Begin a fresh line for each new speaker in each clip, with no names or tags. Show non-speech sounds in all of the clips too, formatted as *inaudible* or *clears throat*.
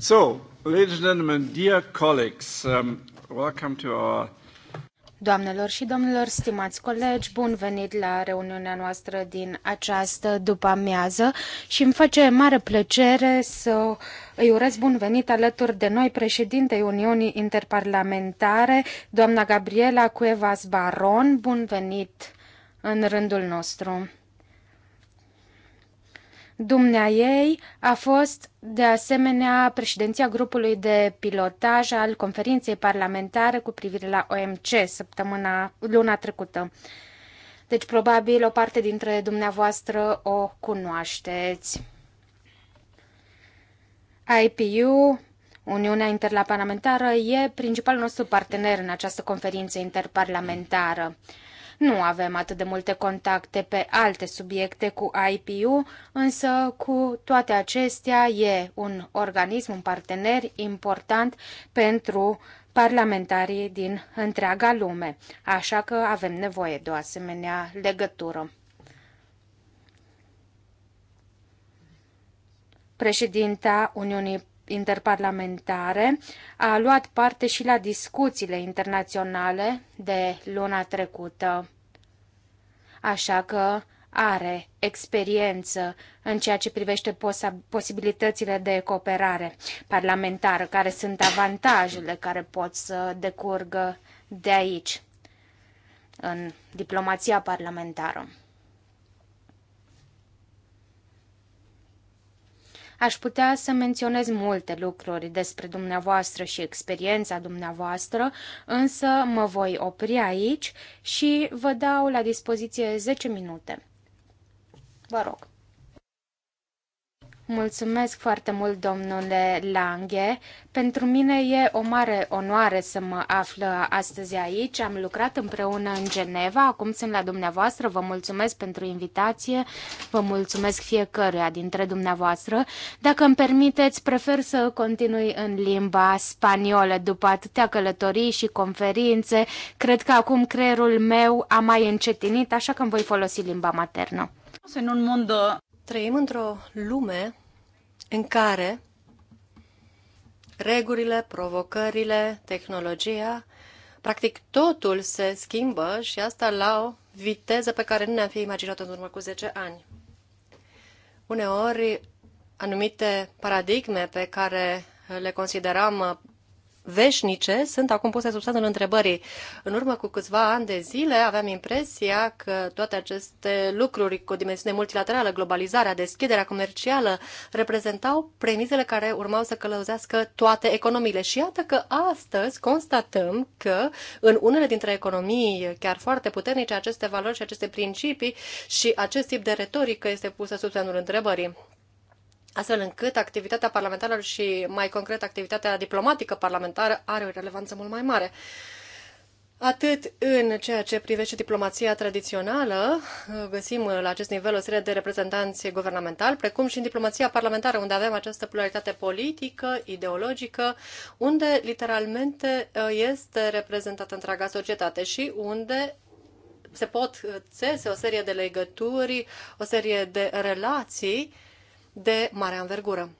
So, ladies and gentlemen, dear colleagues, um, welcome to our
Doamnelor și domnilor, stimați colegi, bun venit la reuniunea noastră din această după-amiază și îmi face mare plăcere să îi urez bun venit alături de noi președintei Uniunii Interparlamentare, doamna Gabriela Cuevas Baron. Bun venit în rândul nostru. Dumnea ei a fost, de asemenea, președinția grupului de pilotaj al conferinței parlamentare cu privire la OMC săptămâna, luna trecută. Deci, probabil, o parte dintre dumneavoastră o cunoașteți. IPU, Uniunea Interparlamentară, e principalul nostru partener în această conferință interparlamentară. Nu avem atât de multe contacte pe alte subiecte cu IPU, însă cu toate acestea e un organism, un partener important pentru parlamentarii din întreaga lume, așa că avem nevoie de o asemenea legătură. Președinta Uniunii interparlamentare a luat parte și la discuțiile internaționale de luna trecută. Așa că are experiență în ceea ce privește posibilitățile de cooperare parlamentară, care sunt avantajele care pot să decurgă de aici, în diplomația parlamentară. Aș putea să menționez multe lucruri despre dumneavoastră și experiența dumneavoastră, însă mă voi opri aici și vă dau la dispoziție 10 minute. Vă rog. Mulțumesc foarte mult, domnule Lange. Pentru mine e o mare onoare să mă aflu astăzi aici. Am lucrat împreună în Geneva, acum sunt la dumneavoastră. Vă mulțumesc pentru invitație, vă mulțumesc fiecăruia dintre dumneavoastră. Dacă îmi permiteți, prefer să continui în limba spaniolă după atâtea călătorii și conferințe. Cred că acum creierul meu a mai încetinit, așa că îmi voi folosi limba maternă.
În un mundo Trăim într-o lume în care regulile, provocările, tehnologia, practic totul se schimbă și asta la o viteză pe care nu ne-am fi imaginat în urmă cu 10 ani. Uneori, anumite paradigme pe care le consideram veșnice sunt acum puse sub semnul întrebării. În urmă cu câțiva ani de zile aveam impresia că toate aceste lucruri cu dimensiune multilaterală, globalizarea, deschiderea comercială, reprezentau premizele care urmau să călăuzească toate economiile. Și iată că astăzi constatăm că în unele dintre economii chiar foarte puternice aceste valori și aceste principii și acest tip de retorică este pusă sub semnul întrebării astfel încât activitatea parlamentară și, mai concret, activitatea diplomatică parlamentară are o relevanță mult mai mare atât în ceea ce privește diplomația tradițională, găsim la acest nivel o serie de reprezentanți guvernamentali, precum și în diplomația parlamentară, unde avem această pluralitate politică, ideologică, unde literalmente uh, este reprezentată întreaga societate și unde se pot uh, țese o serie de legături, o serie de relații de mare anvergură.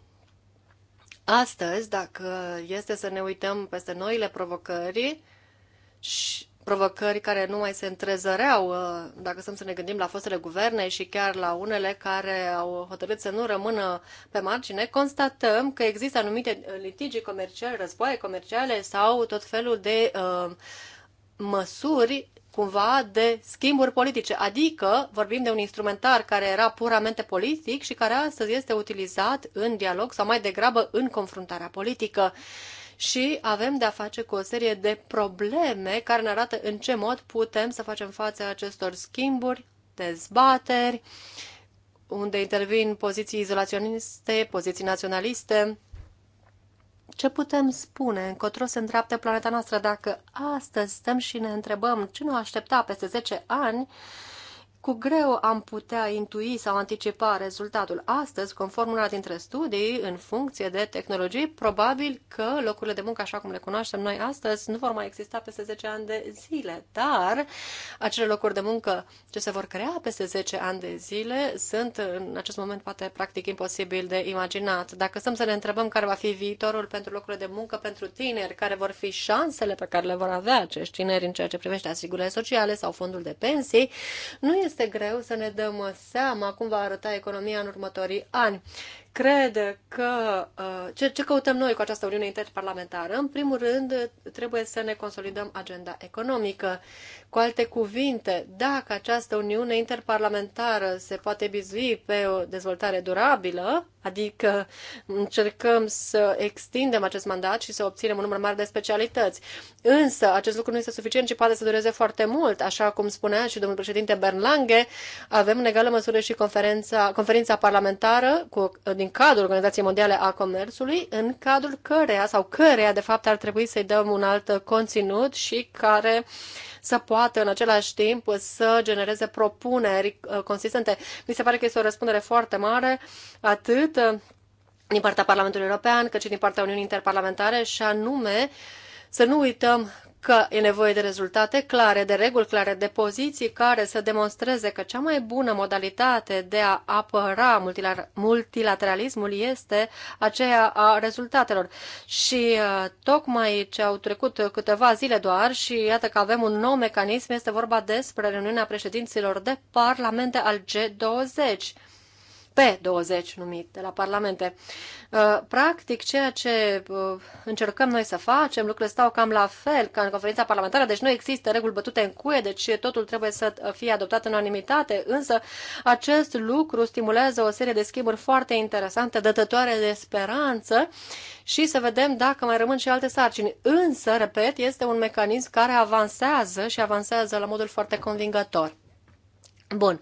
Astăzi, dacă este să ne uităm peste noile provocări și provocări care nu mai se întrezăreau, uh, dacă sunt să ne gândim la fostele guverne și chiar la unele care au hotărât să nu rămână pe margine, constatăm că există anumite litigii comerciale, războaie comerciale sau tot felul de uh, măsuri cumva de schimburi politice, adică vorbim de un instrumentar care era puramente politic și care astăzi este utilizat în dialog sau mai degrabă în confruntarea politică și avem de-a face cu o serie de probleme care ne arată în ce mod putem să facem față acestor schimburi, dezbateri, unde intervin poziții izolaționiste, poziții naționaliste ce putem spune? Încotro se îndreaptă planeta noastră dacă astăzi stăm și ne întrebăm ce nu aștepta peste 10 ani, cu greu am putea intui sau anticipa rezultatul. Astăzi, conform una dintre studii, în funcție de tehnologii, probabil că locurile de muncă, așa cum le cunoaștem noi astăzi, nu vor mai exista peste 10 ani de zile, dar acele locuri de muncă ce se vor crea peste 10 ani de zile sunt în acest moment poate practic imposibil de imaginat. Dacă stăm să ne întrebăm care va fi viitorul pentru locurile de muncă pentru tineri, care vor fi șansele pe care le vor avea acești tineri în ceea ce privește asigurările sociale sau fondul de pensii, nu este este greu să ne dăm seama cum va arăta economia în următorii ani crede că uh, ce, ce căutăm noi cu această Uniune Interparlamentară? În primul rând, trebuie să ne consolidăm agenda economică. Cu alte cuvinte, dacă această Uniune Interparlamentară se poate bizui pe o dezvoltare durabilă, adică încercăm să extindem acest mandat și să obținem un număr mare de specialități. Însă, acest lucru nu este suficient și poate să dureze foarte mult. Așa cum spunea și domnul președinte Bernlange, avem în egală măsură și conferința, conferința parlamentară cu, din din cadrul Organizației Mondiale a Comerțului, în cadrul căreia sau căreia, de fapt, ar trebui să-i dăm un alt conținut și care să poată în același timp să genereze propuneri uh, consistente. Mi se pare că este o răspundere foarte mare, atât uh, din partea Parlamentului European, cât și din partea Uniunii Interparlamentare, și anume să nu uităm că e nevoie de rezultate clare, de reguli clare, de poziții care să demonstreze că cea mai bună modalitate de a apăra multilateralismul este aceea a rezultatelor. Și uh, tocmai ce au trecut câteva zile doar și iată că avem un nou mecanism, este vorba despre reuniunea președinților de parlamente al G20 P20 numit de la parlamente. Uh, practic, ceea ce uh, încercăm noi să facem, lucrurile stau cam la fel ca în conferința parlamentară, deci nu există reguli bătute în cuie, deci totul trebuie să fie adoptat în unanimitate, însă acest lucru stimulează o serie de schimburi foarte interesante, dătătoare de speranță și să vedem dacă mai rămân și alte sarcini. Însă, repet, este un mecanism care avansează și avansează la modul foarte convingător. Bun.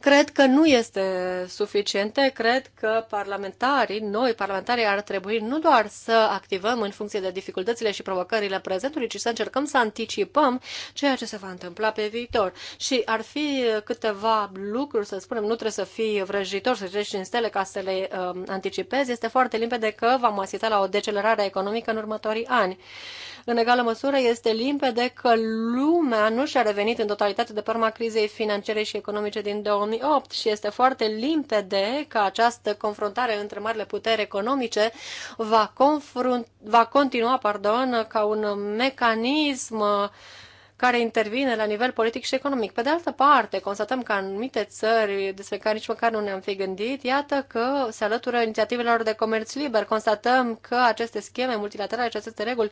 Cred că nu este suficiente, cred că parlamentarii, noi parlamentarii ar trebui nu doar să activăm în funcție de dificultățile și provocările prezentului, ci să încercăm să anticipăm ceea ce se va întâmpla pe viitor. Și ar fi câteva lucruri, să spunem, nu trebuie să fii vrăjitor, să treci în stele ca să le um, anticipezi. Este foarte limpede că vom asista la o decelerare economică în următorii ani. În egală măsură este limpede că lumea nu și-a revenit în totalitate de parma crizei financiare și economice din 2008 și este foarte limpede că această confruntare între marile puteri economice va, confrunt, va continua pardon, ca un mecanism care intervine la nivel politic și economic. Pe de altă parte, constatăm că anumite țări despre care nici măcar nu ne-am fi gândit, iată că se alătură inițiativelor de comerț liber. Constatăm că aceste scheme multilaterale și aceste reguli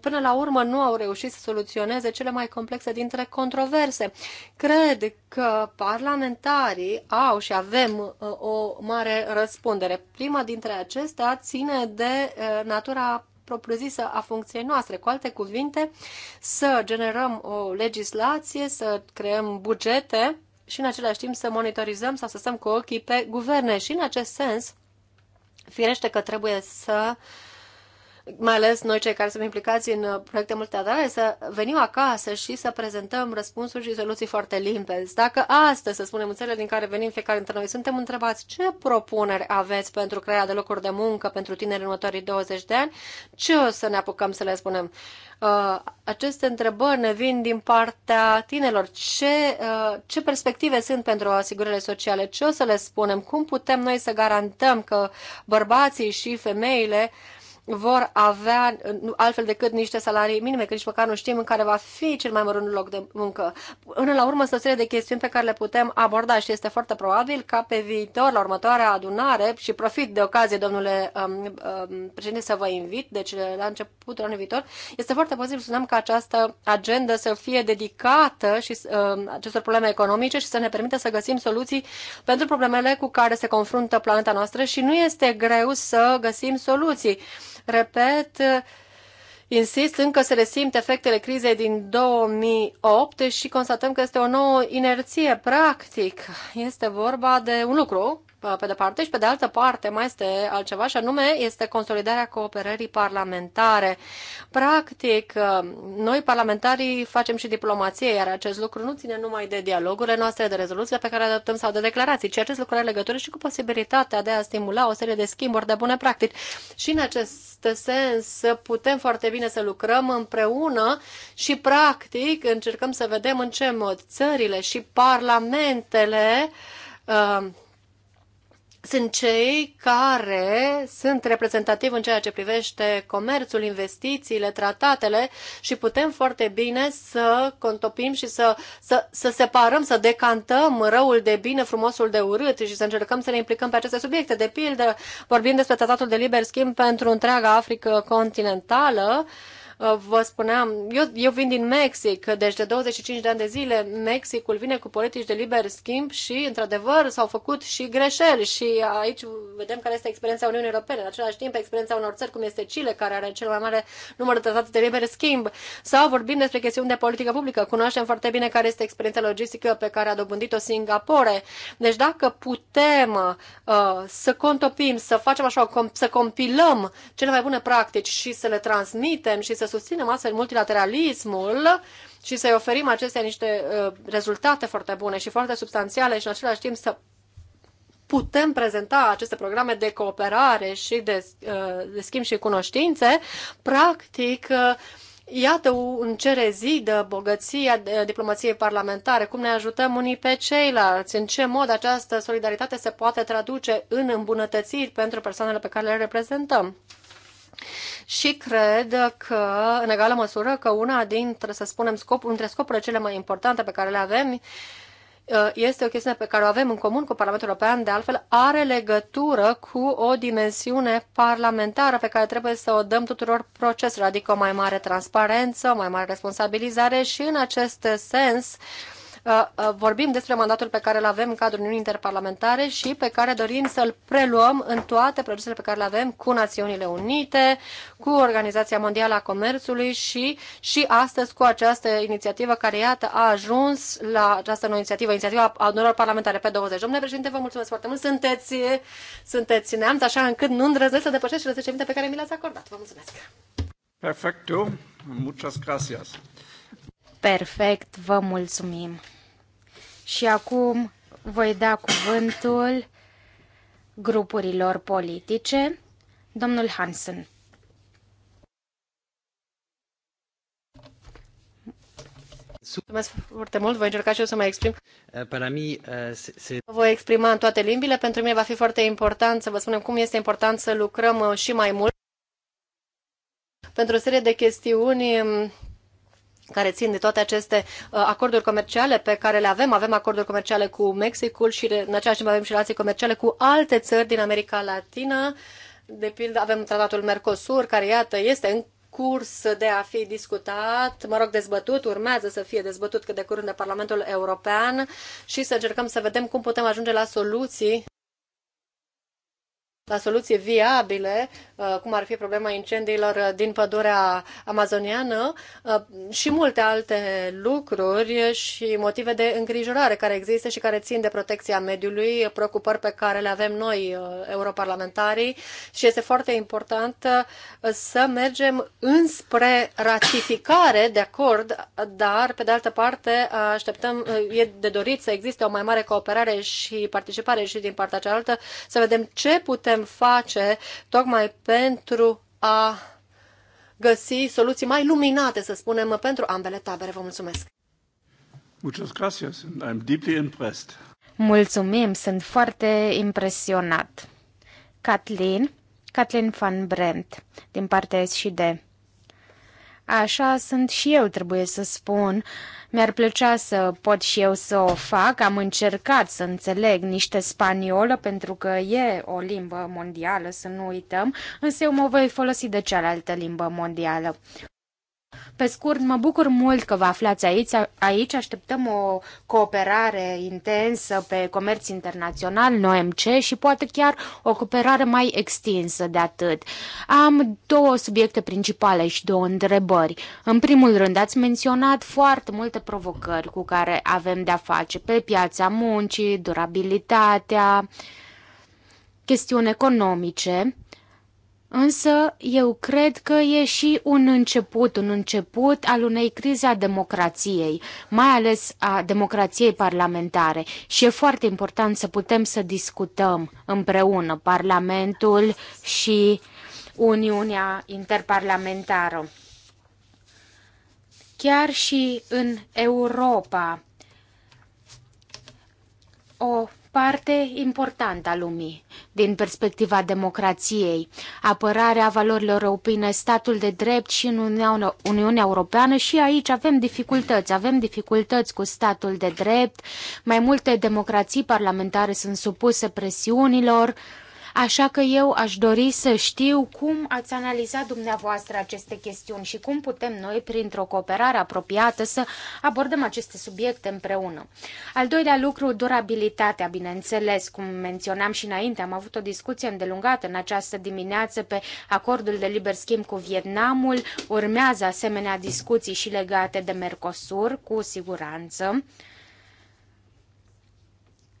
până la urmă nu au reușit să soluționeze cele mai complexe dintre controverse. Cred că parlamentarii au și avem uh, o mare răspundere. Prima dintre acestea ține de uh, natura propriu-zisă a funcției noastre. Cu alte cuvinte, să generăm o legislație, să creăm bugete și în același timp să monitorizăm sau să stăm cu ochii pe guverne. Și în acest sens, firește că trebuie să uh, mai ales noi cei care suntem implicați în uh, proiecte multilaterale, să venim acasă și să prezentăm răspunsuri și soluții foarte limpezi. Dacă astăzi, să spunem, în țările din care venim fiecare dintre noi, suntem întrebați ce propuneri aveți pentru crearea de locuri de muncă pentru tineri în următorii 20 de ani, ce o să ne apucăm să le spunem? Uh, aceste întrebări ne vin din partea tinerilor. Ce, uh, ce perspective sunt pentru asigurările sociale? Ce o să le spunem? Cum putem noi să garantăm că bărbații și femeile uh, vor avea altfel decât niște salarii minime, că nici măcar nu știm în care va fi cel mai mărunt loc de muncă. Până la urmă, sunt o serie de chestiuni pe care le putem aborda și este foarte probabil ca pe viitor, la următoarea adunare, și profit de ocazie, domnule um, um, președinte, să vă invit, deci la începutul anului viitor, este foarte posibil să spunem că această agendă să fie dedicată și um, acestor probleme economice și să ne permită să găsim soluții pentru problemele cu care se confruntă planeta noastră și nu este greu să găsim soluții. Repet, Insist, încă se resimt efectele crizei din 2008 și constatăm că este o nouă inerție. Practic, este vorba de un lucru pe de parte și pe de altă parte mai este altceva și anume este consolidarea cooperării parlamentare. Practic, noi parlamentarii facem și diplomație, iar acest lucru nu ține numai de dialogurile noastre, de rezoluțiile pe care le adoptăm sau de declarații, ci acest lucru are legătură și cu posibilitatea de a stimula o serie de schimburi de bune practici. Și în acest sens putem foarte bine să lucrăm împreună și practic încercăm să vedem în ce mod țările și parlamentele uh, sunt cei care sunt reprezentativi în ceea ce privește comerțul, investițiile, tratatele și putem foarte bine să contopim și să, să, să separăm, să decantăm răul de bine, frumosul de urât și să încercăm să ne implicăm pe aceste subiecte. De pildă, vorbim despre tratatul de liber schimb pentru întreaga Africă continentală, uh, Uh, vă spuneam, eu, eu vin din Mexic, deci de 25 de ani de zile Mexicul vine cu politici de liber schimb și, într-adevăr, s-au făcut și greșeli și aici vedem care este experiența Uniunii Europene. În același timp, experiența unor țări, cum este Chile, care are cel mai mare număr de tratate de liber schimb, sau vorbim despre chestiuni de politică publică. Cunoaștem foarte bine care este experiența logistică pe care a dobândit-o Singapore. Deci dacă putem uh, să contopim, să facem așa, com- să compilăm cele mai bune practici și să le transmitem și să susținem astfel multilateralismul și să-i oferim acestea niște uh, rezultate foarte bune și foarte substanțiale și în același timp să putem prezenta aceste programe de cooperare și de, uh, de schimb și cunoștințe, practic uh, Iată în ce rezidă bogăția diplomației parlamentare, cum ne ajutăm unii pe ceilalți, în ce mod această solidaritate se poate traduce în îmbunătățiri pentru persoanele pe care le reprezentăm și cred că, în egală măsură, că una dintre, să spunem, scopul, dintre scopurile cele mai importante pe care le avem uh, este o chestiune pe care o avem în comun cu Parlamentul European, de altfel are legătură cu o dimensiune parlamentară pe care trebuie să o dăm tuturor proceselor, adică o mai mare transparență, o mai mare responsabilizare și în acest sens uh, Uh, uh, vorbim despre mandatul pe care îl avem în cadrul Uniunii Interparlamentare și pe care dorim să-l preluăm în toate procesele pe care le avem cu Națiunile Unite, cu Organizația Mondială a Comerțului și, și astăzi cu această inițiativă care, iată, a ajuns la această nouă inițiativă, inițiativa adunărilor parlamentare pe 20. Domnule președinte, vă mulțumesc foarte mult. Sunteți, sunteți neamț, așa încât nu îndrăznesc să depășesc cele 10 minute pe care mi le-ați acordat. Vă mulțumesc.
Perfecto. Muchas gracias.
Perfect, vă mulțumim. Și acum voi da cuvântul grupurilor politice. Domnul Hansen. Mulțumesc foarte mult, voi încerca și eu să mă exprim. Eh, para eh, se, se...
Voi exprima în toate limbile, pentru mine va fi foarte important să vă spunem cum este important să lucrăm eh, și mai mult pentru o serie de chestiuni mm, care țin de toate aceste uh, acorduri comerciale pe care le avem. Avem acorduri comerciale cu Mexicul și în același timp avem și relații comerciale cu alte țări din America Latină. De pildă avem tratatul Mercosur, care iată este în curs de a fi discutat, mă rog, dezbătut, urmează să fie dezbătut cât de curând de Parlamentul European și să încercăm să vedem cum putem ajunge la soluții la soluții viabile, uh, cum ar fi problema incendiilor uh, din pădurea amazoniană uh, și multe alte lucruri și motive de îngrijorare care există și care țin de protecția mediului, preocupări pe care le avem noi, europarlamentarii, și este foarte important să mergem înspre ratificare de acord, dar, pe de altă parte, așteptăm, e de dorit să existe o mai mare cooperare și participare și din partea cealaltă, să vedem ce putem putem face tocmai pentru a găsi soluții mai luminate, să spunem, pentru ambele tabere. Vă mulțumesc!
Muchas gracias I'm deeply impressed.
Mulțumim, sunt foarte impresionat. Kathleen, Kathleen van Brent, din partea S.C.D. Așa sunt și eu, trebuie să spun. Mi-ar plăcea să pot și eu să o fac. Am încercat să înțeleg niște spaniolă, pentru că e o limbă mondială, să nu uităm, însă eu mă voi folosi de cealaltă limbă mondială. Pe scurt, mă bucur mult că vă aflați aici. aici. Așteptăm o cooperare intensă pe comerț internațional, NOMC, și poate chiar o cooperare mai extinsă de atât. Am două subiecte principale și două întrebări. În primul rând, ați menționat foarte multe provocări cu care avem de-a face pe piața muncii, durabilitatea, chestiuni economice. Însă eu cred că e și un început, un început al unei crize a democrației, mai ales a democrației parlamentare. Și e foarte important să putem să discutăm împreună Parlamentul și Uniunea Interparlamentară. Chiar și în Europa, o parte importantă a lumii din perspectiva democrației, apărarea valorilor europene, statul de drept și în Uniunea, Europeană și aici avem dificultăți, avem dificultăți cu statul de drept, mai multe democrații parlamentare sunt supuse presiunilor, uh, Așa că eu aș dori să știu cum ați analizat dumneavoastră aceste chestiuni și cum putem noi, printr-o cooperare apropiată, să abordăm aceste subiecte împreună. Al doilea lucru, durabilitatea, bineînțeles, cum menționam și înainte, am avut o discuție îndelungată în această dimineață pe acordul de liber schimb cu Vietnamul, urmează asemenea discuții și legate de Mercosur, cu siguranță.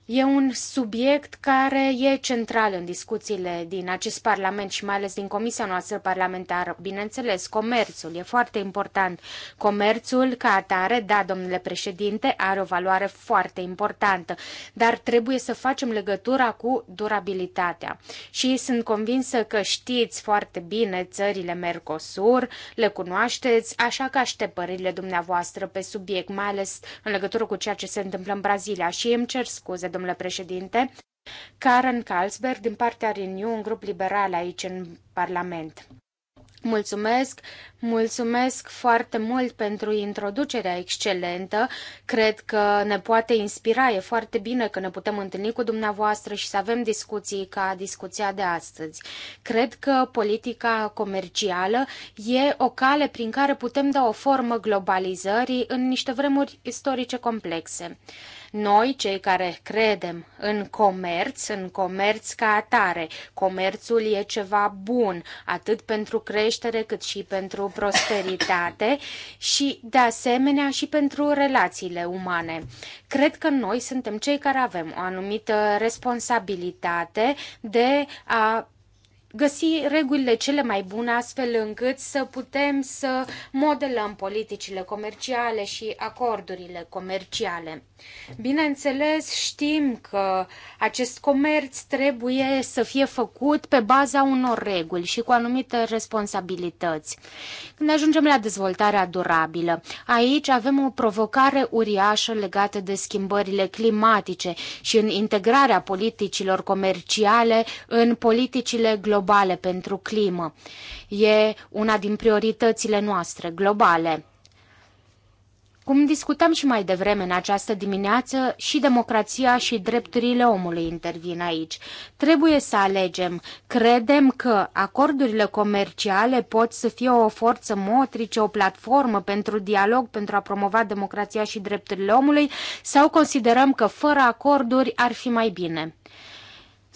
E un subiect care e central în discuțiile din acest Parlament și mai ales din Comisia noastră parlamentară. Bineînțeles, comerțul e foarte important. Comerțul ca atare, da, domnule președinte, are o valoare foarte importantă, dar trebuie să facem legătura cu durabilitatea. Și sunt convinsă că știți foarte bine țările Mercosur, le cunoașteți, așa că aștept părerile dumneavoastră pe subiect, mai ales în legătură cu ceea ce se întâmplă în Brazilia. Și îmi cer scuze domnule președinte. Karen Kalsberg, din partea Renew, un grup liberal aici în Parlament. Mulțumesc, mulțumesc foarte mult pentru introducerea excelentă. Cred că ne poate inspira. E foarte bine că ne putem întâlni cu dumneavoastră și să avem discuții ca discuția de astăzi. Cred că politica comercială e o cale prin care putem da o formă globalizării în niște vremuri istorice complexe. Noi, cei care credem în comerț, în comerț ca atare, comerțul e ceva bun, atât pentru creștere cât și pentru prosperitate *laughs* și, de asemenea, și pentru relațiile umane. Cred că noi suntem cei care avem o anumită responsabilitate de a găsi regulile cele mai bune astfel încât să putem să modelăm politicile comerciale și acordurile comerciale. Bineînțeles, știm că acest comerț trebuie să fie făcut pe baza unor reguli și cu anumite responsabilități. Când ajungem la dezvoltarea durabilă, aici avem o provocare uriașă legată de schimbările climatice și în integrarea politicilor comerciale în politicile globale globale pentru climă. E una din prioritățile noastre globale. Cum discutam și mai devreme în această dimineață, și democrația și drepturile omului intervin aici. Trebuie să alegem. Credem că acordurile comerciale pot să fie o forță motrice, o platformă pentru dialog, pentru a promova democrația și drepturile omului, sau considerăm că fără acorduri ar fi mai bine.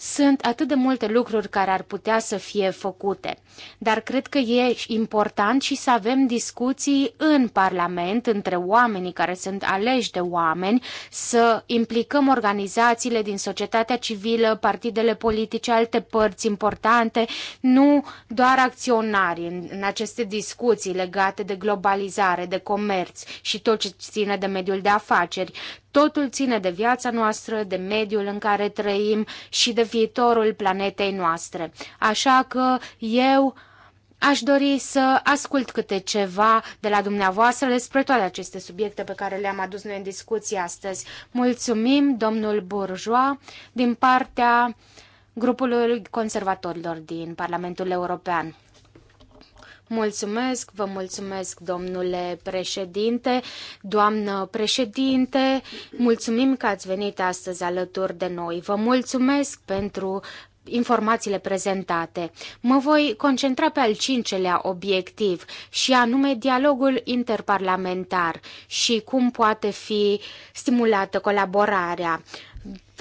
Sunt atât de multe lucruri care ar putea să fie făcute, dar cred că e important și să avem discuții în Parlament între oamenii care sunt aleși de oameni, să implicăm organizațiile din societatea civilă, partidele politice, alte părți importante, nu doar acționari în, în aceste discuții legate de globalizare, de comerț și tot ce ține de mediul de afaceri. Totul ține de viața noastră, de mediul în care trăim și de viitorul planetei noastre. Așa că eu aș dori să ascult câte ceva de la dumneavoastră despre toate aceste subiecte pe care le-am adus noi în discuție astăzi. Mulțumim, domnul Bourgeois, din partea grupului conservatorilor din Parlamentul European. Mulțumesc, vă mulțumesc, domnule președinte, doamnă președinte, mulțumim că ați venit astăzi alături de noi. Vă mulțumesc pentru informațiile prezentate. Mă voi concentra pe al cincelea obiectiv și anume dialogul interparlamentar și cum poate fi stimulată colaborarea.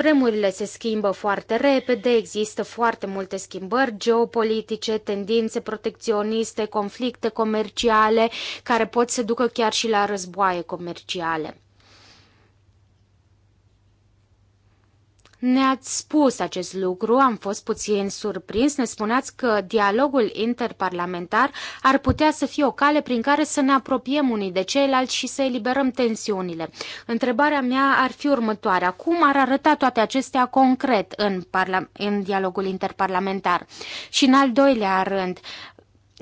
Vremurile se schimbă foarte repede, există foarte multe schimbări geopolitice, tendințe protecționiste, conflicte comerciale care pot să ducă chiar și la războaie comerciale. Ne-ați spus acest lucru, am fost puțin surprins. Ne spuneați că dialogul interparlamentar ar putea să fie o cale prin care să ne apropiem unii de ceilalți și să eliberăm tensiunile. Întrebarea mea ar fi următoarea. Cum ar arăta toate acestea concret în, în dialogul interparlamentar? Și în al doilea rând,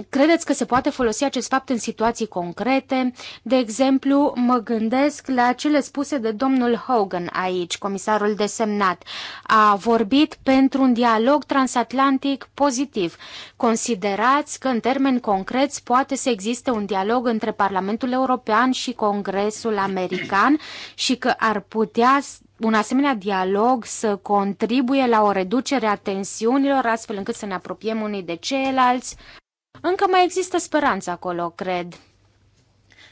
Credeți că se poate folosi acest fapt în situații concrete? De exemplu, mă gândesc la cele spuse de domnul Hogan aici, comisarul desemnat. A vorbit pentru un dialog transatlantic pozitiv. Considerați că în termeni concreți poate să existe un dialog între Parlamentul European și Congresul American și că ar putea un asemenea dialog să contribuie la o reducere a tensiunilor astfel încât să ne apropiem unii de ceilalți? Încă mai există speranță acolo, cred.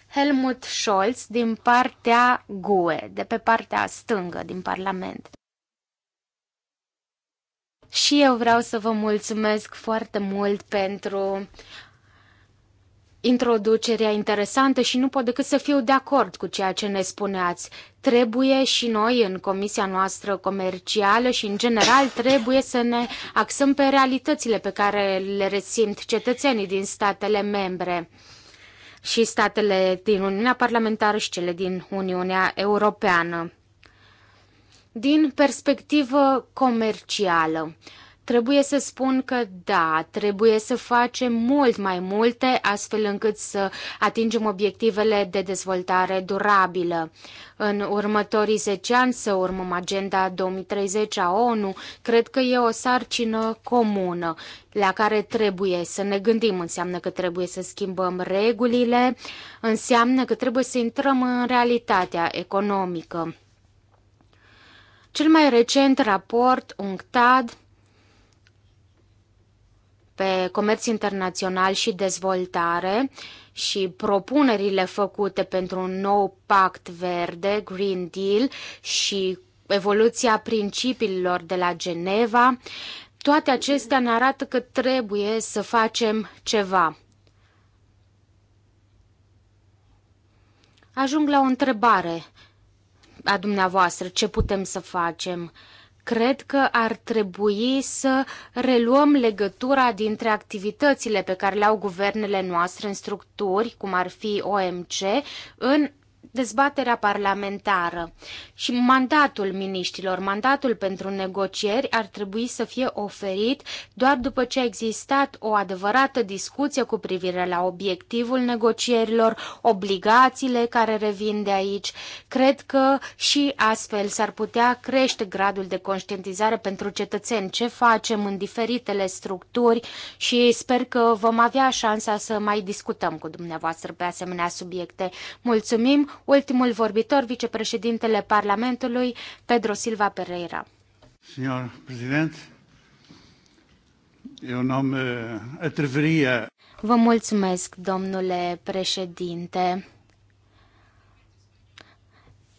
Helmut Scholz din partea GUE, de pe partea stângă din Parlament. Și eu vreau să vă mulțumesc foarte mult pentru introducerea interesantă și nu pot decât să fiu de acord cu ceea ce ne spuneați. Trebuie și noi în comisia noastră comercială și în general trebuie să ne axăm pe realitățile pe care le resimt cetățenii din statele membre și statele din Uniunea Parlamentară și cele din Uniunea Europeană. Din perspectivă comercială, Trebuie să spun că da, trebuie să facem mult mai multe astfel încât să atingem obiectivele de dezvoltare durabilă. În următorii 10 ani să urmăm agenda 2030 a ONU, cred că e o sarcină comună la care trebuie să ne gândim. Înseamnă că trebuie să schimbăm regulile, înseamnă că trebuie să intrăm în realitatea economică. Cel mai recent raport UNCTAD pe comerț internațional și dezvoltare și propunerile făcute pentru un nou pact verde, Green Deal și evoluția principiilor de la Geneva, toate acestea ne arată că trebuie să facem ceva. Ajung la o întrebare a dumneavoastră, ce putem să facem? Cred că ar trebui să reluăm legătura dintre activitățile pe care le au guvernele noastre în structuri, cum ar fi OMC, în dezbaterea parlamentară și mandatul miniștilor, mandatul pentru negocieri ar trebui să fie oferit doar după ce a existat o adevărată discuție cu privire la obiectivul negocierilor, obligațiile care revin de aici. Cred că și astfel s-ar putea crește gradul de conștientizare pentru cetățeni, ce facem în diferitele structuri și sper că vom avea șansa să mai discutăm cu dumneavoastră pe asemenea subiecte. Mulțumim! Ultimul vorbitor, vicepreședintele Parlamentului, Pedro Silva Pereira.
Senhor Presidente, eu não me eh, atreveria...
Vă mulțumesc, domnule președinte.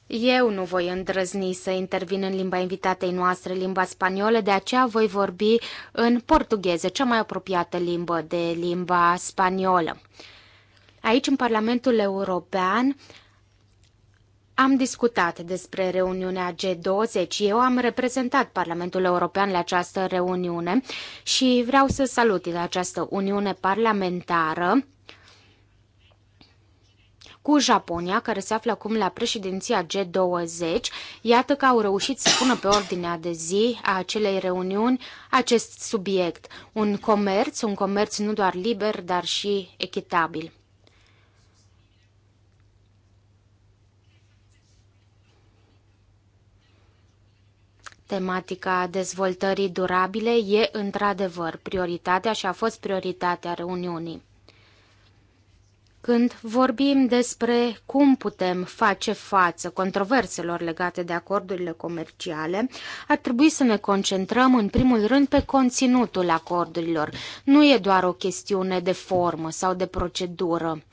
Eu nu voi îndrăzni să intervin în limba invitatei noastre, limba spaniolă, de aceea voi vorbi în portugheză, cea mai apropiată limbă de limba spaniolă. Aici, în Parlamentul European, am discutat despre reuniunea G20. Eu am reprezentat Parlamentul European la această reuniune și vreau să salut această uniune parlamentară cu Japonia, care se află acum la președinția G20. Iată că au reușit să pună pe ordinea de zi a acelei reuniuni acest subiect, un comerț, un comerț nu doar liber, dar și echitabil. Tematica dezvoltării durabile e într-adevăr prioritatea și a fost prioritatea reuniunii. Când vorbim despre cum putem face față controverselor legate de acordurile comerciale, ar trebui să ne concentrăm în primul rând pe conținutul acordurilor. Nu e doar o chestiune de formă sau de procedură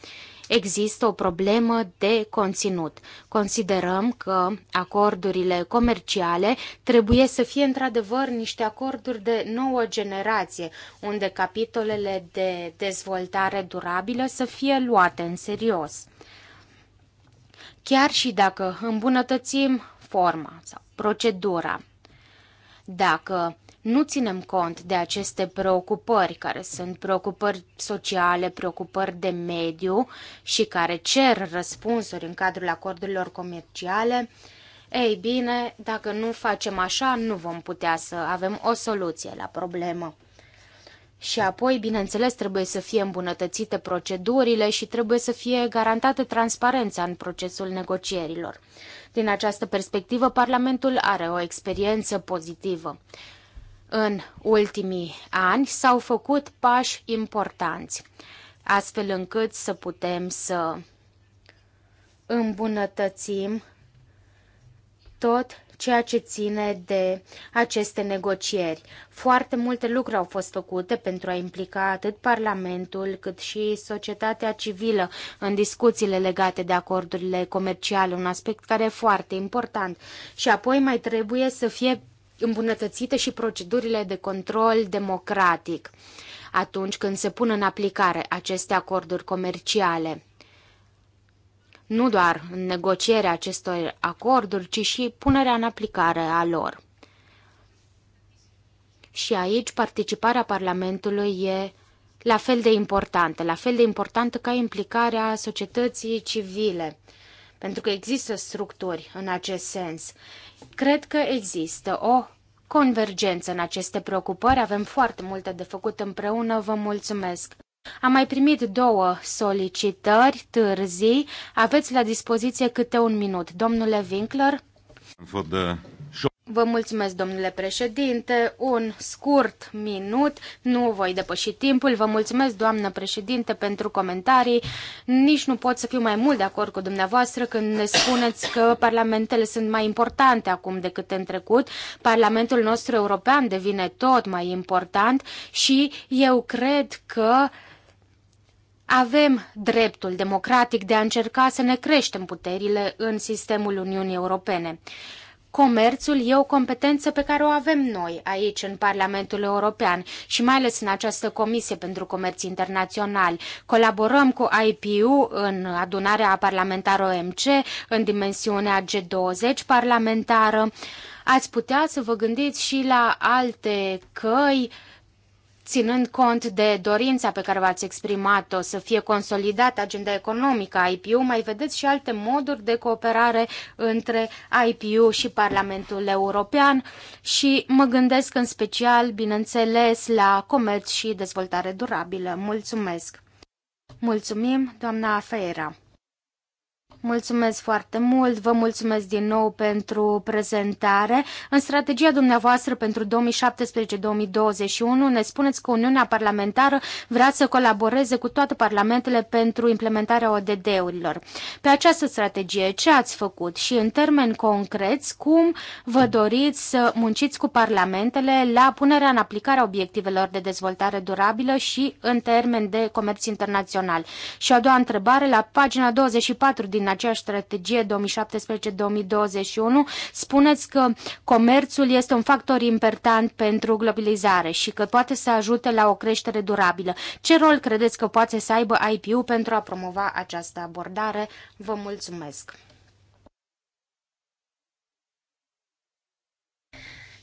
există o problemă de conținut. Considerăm că acordurile comerciale trebuie să fie într-adevăr niște acorduri de nouă generație, unde capitolele de dezvoltare durabilă să fie luate în serios. Chiar și dacă îmbunătățim forma sau procedura, dacă nu ținem cont de aceste preocupări, care sunt preocupări sociale, preocupări de mediu și care cer răspunsuri în cadrul acordurilor comerciale, ei bine, dacă nu facem așa, nu vom putea să avem o soluție la problemă. Și apoi, bineînțeles, trebuie să fie îmbunătățite procedurile și trebuie să fie garantată transparența în procesul negocierilor. Din această perspectivă, Parlamentul are o experiență pozitivă. În ultimii ani s-au făcut pași importanți, astfel încât să putem să îmbunătățim tot ceea ce ține de aceste negocieri. Foarte multe lucruri au fost făcute pentru a implica atât Parlamentul cât și societatea civilă în discuțiile legate de acordurile comerciale, un aspect care e foarte important. Și apoi mai trebuie să fie îmbunătățite și procedurile de control democratic atunci când se pun în aplicare aceste acorduri comerciale. Nu doar în negocierea acestor acorduri, ci și punerea în aplicare a lor. Și aici participarea Parlamentului e la fel de importantă, la fel de importantă ca implicarea societății civile, pentru că există structuri în acest sens. Cred că există o convergență în aceste preocupări, avem foarte multe de făcut împreună, vă mulțumesc. Am mai primit două solicitări târzii, aveți la dispoziție câte un minut. Domnule Winkler? Văd. Vă mulțumesc, domnule președinte. Un scurt minut, nu voi depăși timpul. Vă mulțumesc, doamnă președinte, pentru comentarii. Nici nu pot să fiu mai mult de acord cu dumneavoastră când ne spuneți că parlamentele sunt mai importante acum decât în trecut. Parlamentul nostru european devine tot mai important și eu cred că avem dreptul democratic de a încerca să ne creștem puterile în sistemul Uniunii Europene. Comerțul e o competență pe care o avem noi aici în Parlamentul European și mai ales în această Comisie pentru Comerț Internațional. Colaborăm cu IPU în adunarea parlamentară OMC, în dimensiunea G20 parlamentară. Ați putea să vă gândiți și la alte căi uh, ținând cont de dorința pe care v-ați exprimat-o să fie consolidată agenda economică a IPU, mai vedeți și alte moduri de cooperare între IPU și Parlamentul European și mă gândesc în special, bineînțeles, la comerț și dezvoltare durabilă. Mulțumesc! Mulțumim, doamna Feira! Mulțumesc foarte mult, vă mulțumesc din nou pentru prezentare. În strategia dumneavoastră pentru 2017-2021 ne spuneți că Uniunea Parlamentară vrea să colaboreze cu toate parlamentele pentru implementarea ODD-urilor. Pe această strategie, ce ați făcut și în termeni concreți, cum vă doriți să munciți cu parlamentele la punerea în aplicare a obiectivelor de dezvoltare durabilă și în termen de comerț internațional? Și a doua întrebare, la pagina 24 din aceeași strategie 2017-2021, spuneți că comerțul este un factor important pentru globalizare și că poate să ajute la o creștere durabilă. Ce rol credeți că poate să aibă IPU pentru a promova această abordare? Vă mulțumesc!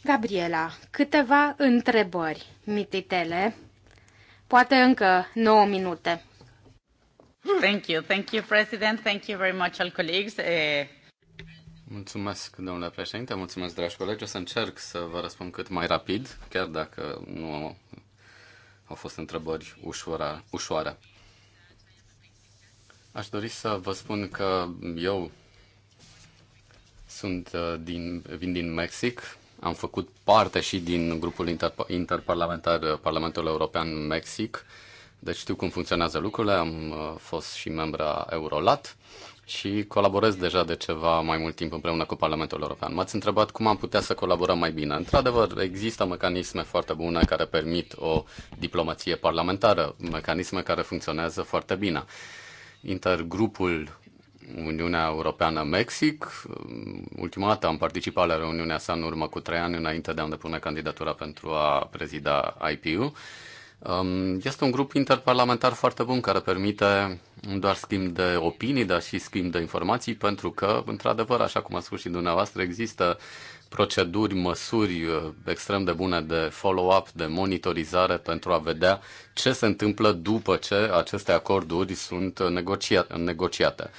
Gabriela, câteva întrebări mititele. Poate încă 9 minute.
Mulțumesc, domnule președinte, mulțumesc, dragi colegi. O să încerc să vă răspund cât mai rapid, chiar dacă nu au fost întrebări ușoara, ușoare. Aș dori să vă spun că eu sunt eh, din, vin din Mexic, am făcut parte și din grupul interparlamentar eh, Parlamentul European Mexic, deci știu cum funcționează lucrurile, am uh, fost și membra Eurolat și colaborez deja de ceva mai mult timp împreună cu Parlamentul European. M-ați întrebat cum am putea să colaborăm mai bine. Într-adevăr, există mecanisme foarte bune care permit o diplomație parlamentară, mecanisme care funcționează foarte bine. Intergrupul Uniunea Europeană-Mexic. Um, ultima dată am participat la reuniunea sa în urmă cu trei ani înainte de a îndepune candidatura pentru a prezida IPU Um, este un grup interparlamentar foarte bun care permite nu doar schimb de opinii, dar și schimb de informații, pentru că, într-adevăr, așa cum a spus și dumneavoastră, există proceduri, măsuri uh, extrem de bune de follow-up, de monitorizare pentru a vedea ce se întâmplă după ce aceste acorduri sunt negociate.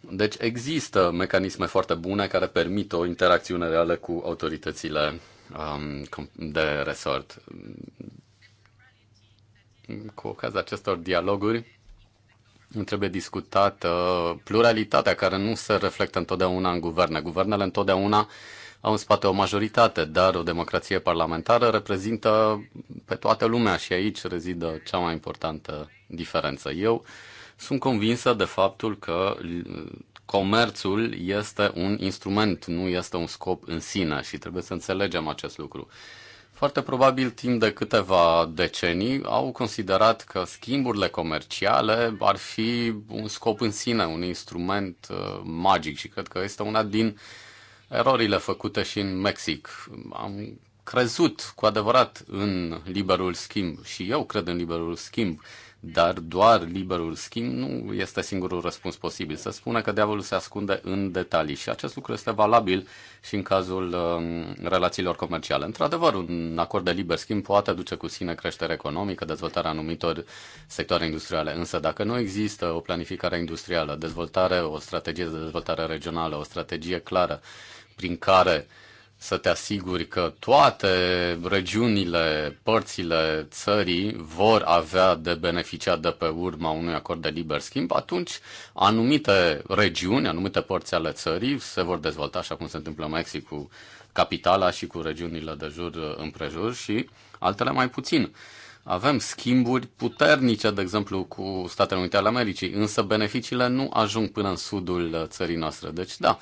Deci există mecanisme foarte bune care permit o interacțiune reală cu autoritățile um, de resort cu ocazia acestor dialoguri trebuie discutată pluralitatea care nu se reflectă întotdeauna în guverne. Guvernele întotdeauna au în spate o majoritate, dar o democrație parlamentară reprezintă pe toată lumea și aici rezidă cea mai importantă diferență. Eu sunt convinsă de faptul că comerțul este un instrument, nu este un scop în sine și trebuie să înțelegem acest lucru foarte probabil timp de câteva decenii au considerat că schimburile comerciale ar fi un scop în sine, un instrument uh, magic și cred că este una din erorile făcute și în Mexic. Am crezut cu adevărat în liberul schimb și eu cred în liberul schimb dar doar liberul schimb nu este singurul răspuns posibil. Se spune că diavolul se ascunde în detalii și acest lucru este valabil și în cazul um, relațiilor comerciale. Într-adevăr, un acord de liber schimb poate duce cu sine creștere economică, dezvoltarea anumitor sectoare industriale, însă dacă nu există o planificare industrială, dezvoltare, o strategie de dezvoltare regională, o strategie clară prin care uh, să te asiguri că toate regiunile, părțile țării vor avea de beneficiat de pe urma unui acord de liber schimb, atunci anumite regiuni, anumite părți ale țării se vor dezvolta, așa cum se întâmplă în Mexic cu capitala și cu regiunile de jur împrejur și altele mai puțin. Avem schimburi puternice, de exemplu, cu Statele Unite ale Americii, însă beneficiile nu ajung până în sudul țării noastre. Deci, da,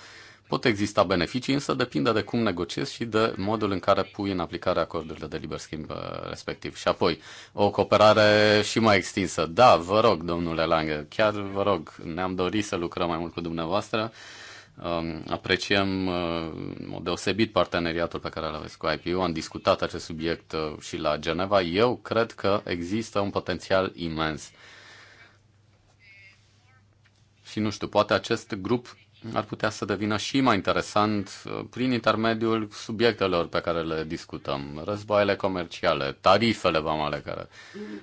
Pot exista beneficii, însă depinde de cum negociezi și de modul în care pui în aplicare acordurile de liber schimb uh, respectiv. Și apoi, o cooperare și mai extinsă. Da, vă rog, domnule Lange, chiar vă rog, ne-am dorit să lucrăm mai mult cu dumneavoastră. Um, apreciem uh, deosebit parteneriatul pe care l aveți cu IPU. Am discutat acest subiect uh, și la Geneva. Eu cred că există un potențial imens. Și nu știu, poate acest grup ar putea să devină și mai interesant uh, prin intermediul subiectelor pe care le discutăm. Războaiele comerciale, tarifele vamale care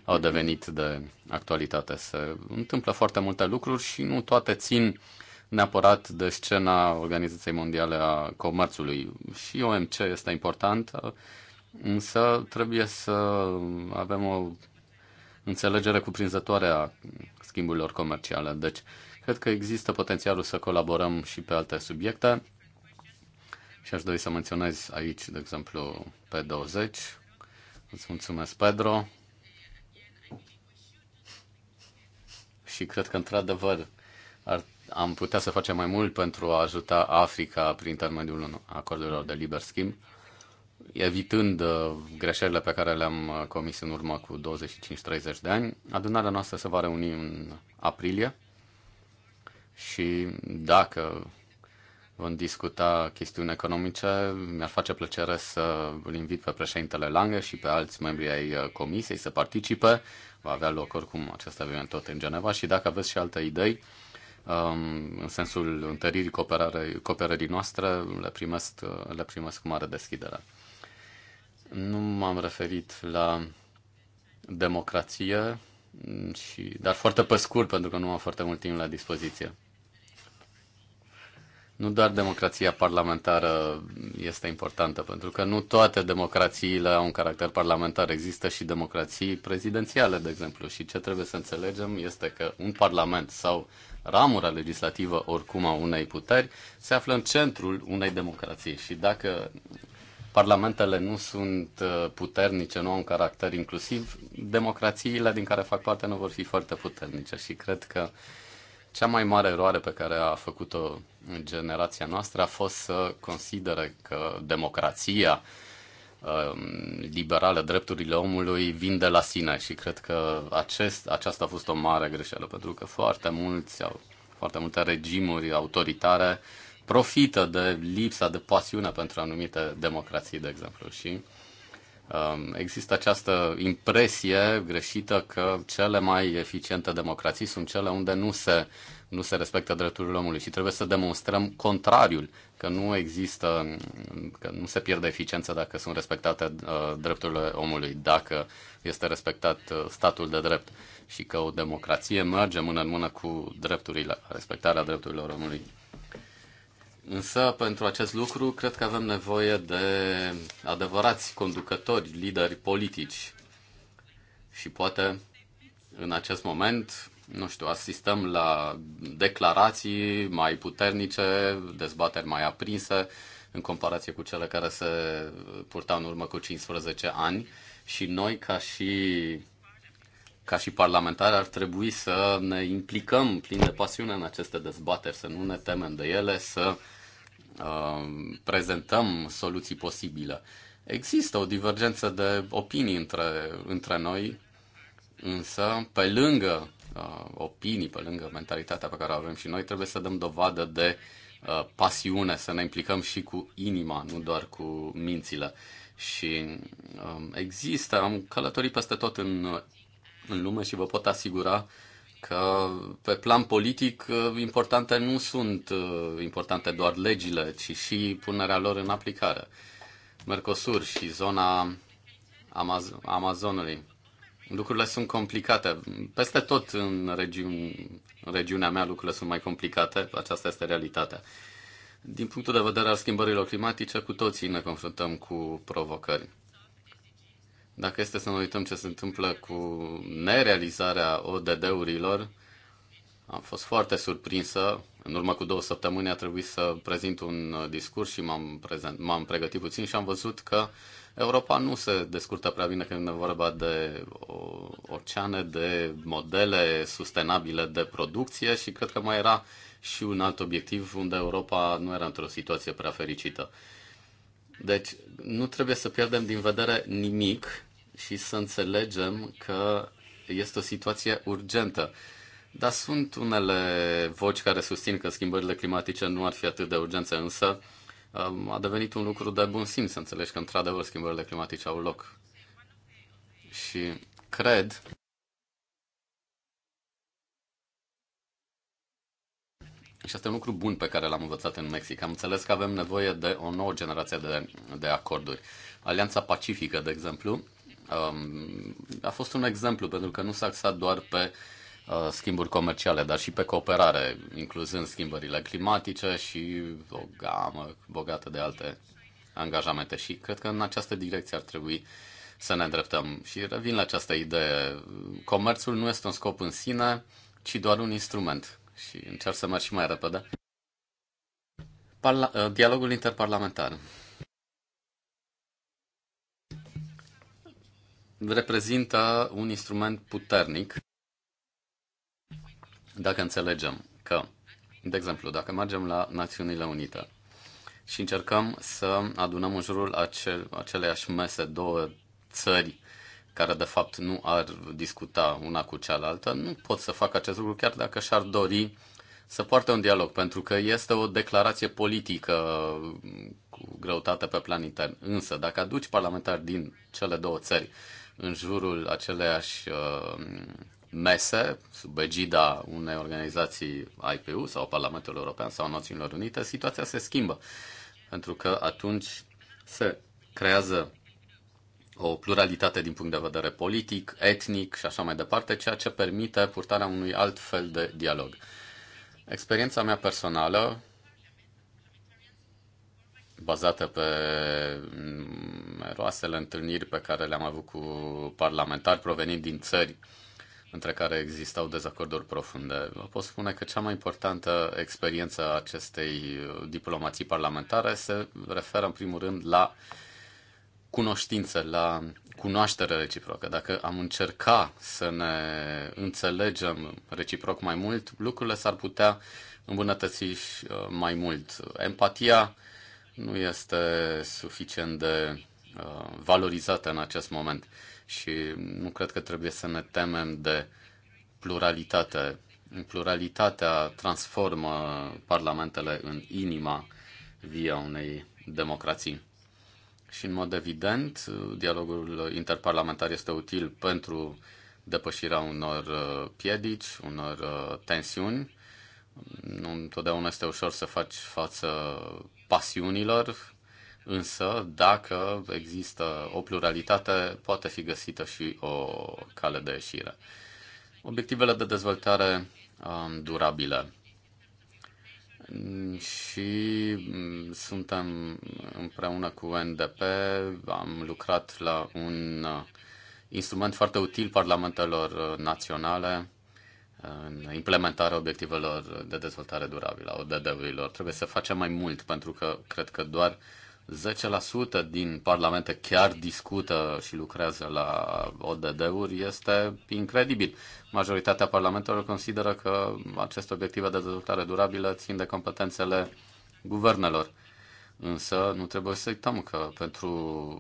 au devenit de actualitate. Se întâmplă foarte multe lucruri și nu toate țin neapărat de scena Organizației Mondiale a Comerțului. Și OMC este important, uh, însă trebuie să avem o înțelegere cuprinzătoare a schimburilor comerciale. Deci, Cred că există potențialul să colaborăm și pe alte subiecte și aș dori să menționez aici, de exemplu, pe 20. Îți mulțumesc, Pedro. Și cred că, într-adevăr, ar, am putea să facem mai mult pentru a ajuta Africa prin intermediul acordurilor de liber schimb, evitând uh, greșelile pe care le-am uh, comis în urmă cu 25-30 de ani. Adunarea noastră se va reuni în aprilie și dacă vom discuta chestiuni economice, mi-ar face plăcere să îl invit pe președintele Lange și pe alți membri ai uh, comisiei să participe. Va avea loc oricum acest eveniment tot în Geneva și dacă aveți și alte idei, um, în sensul întăririi cooperării noastre, le primesc, uh, le primesc cu mare deschidere. Nu m-am referit la democrație, și, dar foarte pe scurt, pentru că nu am foarte mult timp la dispoziție. Nu doar democrația parlamentară este importantă, pentru că nu toate democrațiile au un caracter parlamentar. Există și democrații prezidențiale, de exemplu. Și ce trebuie să înțelegem este că un parlament sau ramura legislativă, oricum a unei puteri, se află în centrul unei democrații. Și dacă parlamentele nu sunt uh, puternice, nu au un caracter inclusiv, democrațiile din care fac parte nu vor fi foarte puternice. Și cred că cea mai mare eroare pe care a făcut-o generația noastră a fost să considere că democrația um, liberală, drepturile omului vin de la sine și cred că acest, aceasta a fost o mare greșeală pentru că foarte mulți au foarte multe regimuri autoritare profită de lipsa de pasiune pentru anumite democrații, de exemplu. Și Um, există această impresie greșită că cele mai eficiente democrații sunt cele unde nu se, nu se respectă drepturile omului și trebuie să demonstrăm contrariul, că nu există, că nu se pierde eficiența dacă sunt respectate uh, drepturile omului, dacă este respectat uh, statul de drept și că o democrație merge mână în mână cu drepturile, respectarea drepturilor omului. Însă, pentru acest lucru, cred că avem nevoie de adevărați conducători, lideri politici. Și poate, în acest moment, nu știu, asistăm la declarații mai puternice, dezbateri mai aprinse, în comparație cu cele care se purtau în urmă cu 15 ani. Și noi, ca și ca și parlamentari ar trebui să ne implicăm plin de pasiune în aceste dezbateri, să nu ne temem de ele, să Um, prezentăm soluții posibile. Există o divergență de opinii între, între noi, însă pe lângă uh, opinii, pe lângă mentalitatea pe care o avem și noi, trebuie să dăm dovadă de uh, pasiune, să ne implicăm și cu inima, nu doar cu mințile. Și uh, există, am călătorit peste tot în, în lume și vă pot asigura că pe plan politic uh, importante nu sunt uh, importante doar legile, ci și punerea lor în aplicare. Mercosur și zona Amaz- Amazonului. Lucrurile sunt complicate. Peste tot în, regi- în regiunea mea lucrurile sunt mai complicate. Aceasta este realitatea. Din punctul de vedere al schimbărilor climatice, cu toții ne confruntăm cu provocări. Dacă este să ne uităm ce se întâmplă cu nerealizarea ODD-urilor, am fost foarte surprinsă. În urmă cu două săptămâni a trebuit să prezint un uh, discurs și m-am, prezent, m-am pregătit puțin și am văzut că Europa nu se descurtă prea bine când e vorba de oceane, de modele sustenabile de producție și cred că mai era și un alt obiectiv unde Europa nu era într-o situație prea fericită. Deci nu trebuie să pierdem din vedere nimic și să înțelegem că este o situație urgentă. Dar sunt unele voci care susțin că schimbările climatice nu ar fi atât de urgențe, însă um, a devenit un lucru de bun simț să înțelegi că, într-adevăr, schimbările climatice au loc. Și cred Și asta e un lucru bun pe care l-am învățat în Mexic. Am înțeles că avem nevoie de o nouă generație de, de acorduri. Alianța Pacifică, de exemplu, Um, a fost un exemplu, pentru că nu s-a axat doar pe uh, schimburi comerciale, dar și pe cooperare, incluzând schimbările climatice și o gamă bogată de alte angajamente. Și cred că în această direcție ar trebui să ne îndreptăm. Și revin la această idee. Comerțul nu este un scop în sine, ci doar un instrument. Și încerc să merg și mai repede. Parla- uh, dialogul interparlamentar. reprezintă un instrument puternic dacă înțelegem că, de exemplu, dacă mergem la Națiunile Unite și încercăm să adunăm în jurul acel, aceleiași mese două țări care de fapt nu ar discuta una cu cealaltă, nu pot să facă acest lucru chiar dacă și-ar dori să poartă un dialog, pentru că este o declarație politică cu greutate pe plan intern. Însă, dacă aduci parlamentari din cele două țări în jurul aceleiași uh, mese, sub egida unei organizații IPU sau Parlamentul European sau Națiunilor Unite, situația se schimbă. Pentru că atunci se creează o pluralitate din punct de vedere politic, etnic și așa mai departe, ceea ce permite purtarea unui alt fel de dialog. Experiența mea personală bazată pe mm, numeroasele întâlniri pe care le-am avut cu parlamentari provenind din țări între care existau dezacorduri profunde. Vă pot spune că cea mai importantă experiență a acestei diplomații parlamentare se referă în primul rând la cunoștință, la cunoaștere reciprocă. Dacă am încerca să ne înțelegem reciproc mai mult, lucrurile s-ar putea îmbunătăți uh, mai mult. Empatia nu este suficient de uh, valorizată în acest moment și nu cred că trebuie să ne temem de pluralitate. Pluralitatea transformă parlamentele în inima via unei democrații. Și, în mod evident, dialogul interparlamentar este util pentru depășirea unor uh, piedici, unor uh, tensiuni nu întotdeauna este ușor să faci față pasiunilor, însă dacă există o pluralitate, poate fi găsită și o cale de ieșire. Obiectivele de dezvoltare um, durabile. Și mm, suntem împreună cu NDP, am lucrat la un uh, instrument foarte util parlamentelor uh, naționale în implementarea obiectivelor de dezvoltare durabilă, a ODD-urilor. Trebuie să facem mai mult, pentru că cred că doar 10% din parlamente chiar discută și lucrează la ODD-uri este incredibil. Majoritatea parlamentelor consideră că aceste obiective de dezvoltare durabilă țin de competențele guvernelor. Însă nu trebuie să uităm că pentru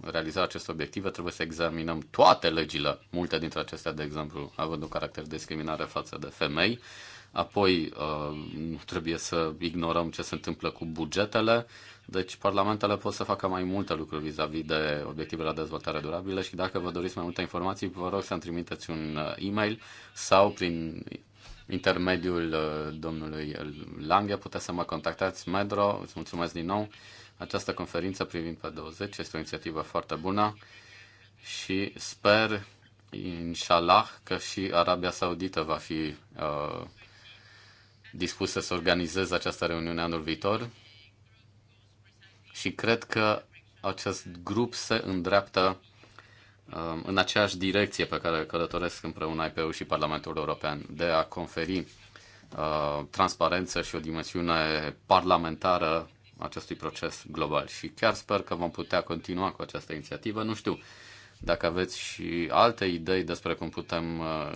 realizarea acestor obiective trebuie să examinăm toate legile, multe dintre acestea, de exemplu, având un caracter de discriminare față de femei. Apoi uh, nu trebuie să ignorăm ce se întâmplă cu bugetele. Deci parlamentele pot să facă mai multe lucruri vis-a-vis -vis de obiectivele de dezvoltare durabilă și dacă vă doriți mai multe informații, vă rog să-mi trimiteți un uh, e-mail sau prin intermediul uh, domnului Lange. Puteți să mă contactați, Medro, îți mulțumesc din nou. Această conferință privind pe 20 este o inițiativă foarte bună și sper, inshallah, că și Arabia Saudită va fi uh, dispusă să organizeze această reuniune anul viitor și cred că acest grup se îndreaptă Um, în aceeași direcție pe care călătoresc împreună IPU și Parlamentul European, de a conferi uh, transparență și o dimensiune parlamentară acestui proces global. Și chiar sper că vom putea continua cu această inițiativă. Nu știu dacă aveți și alte idei despre cum putem uh,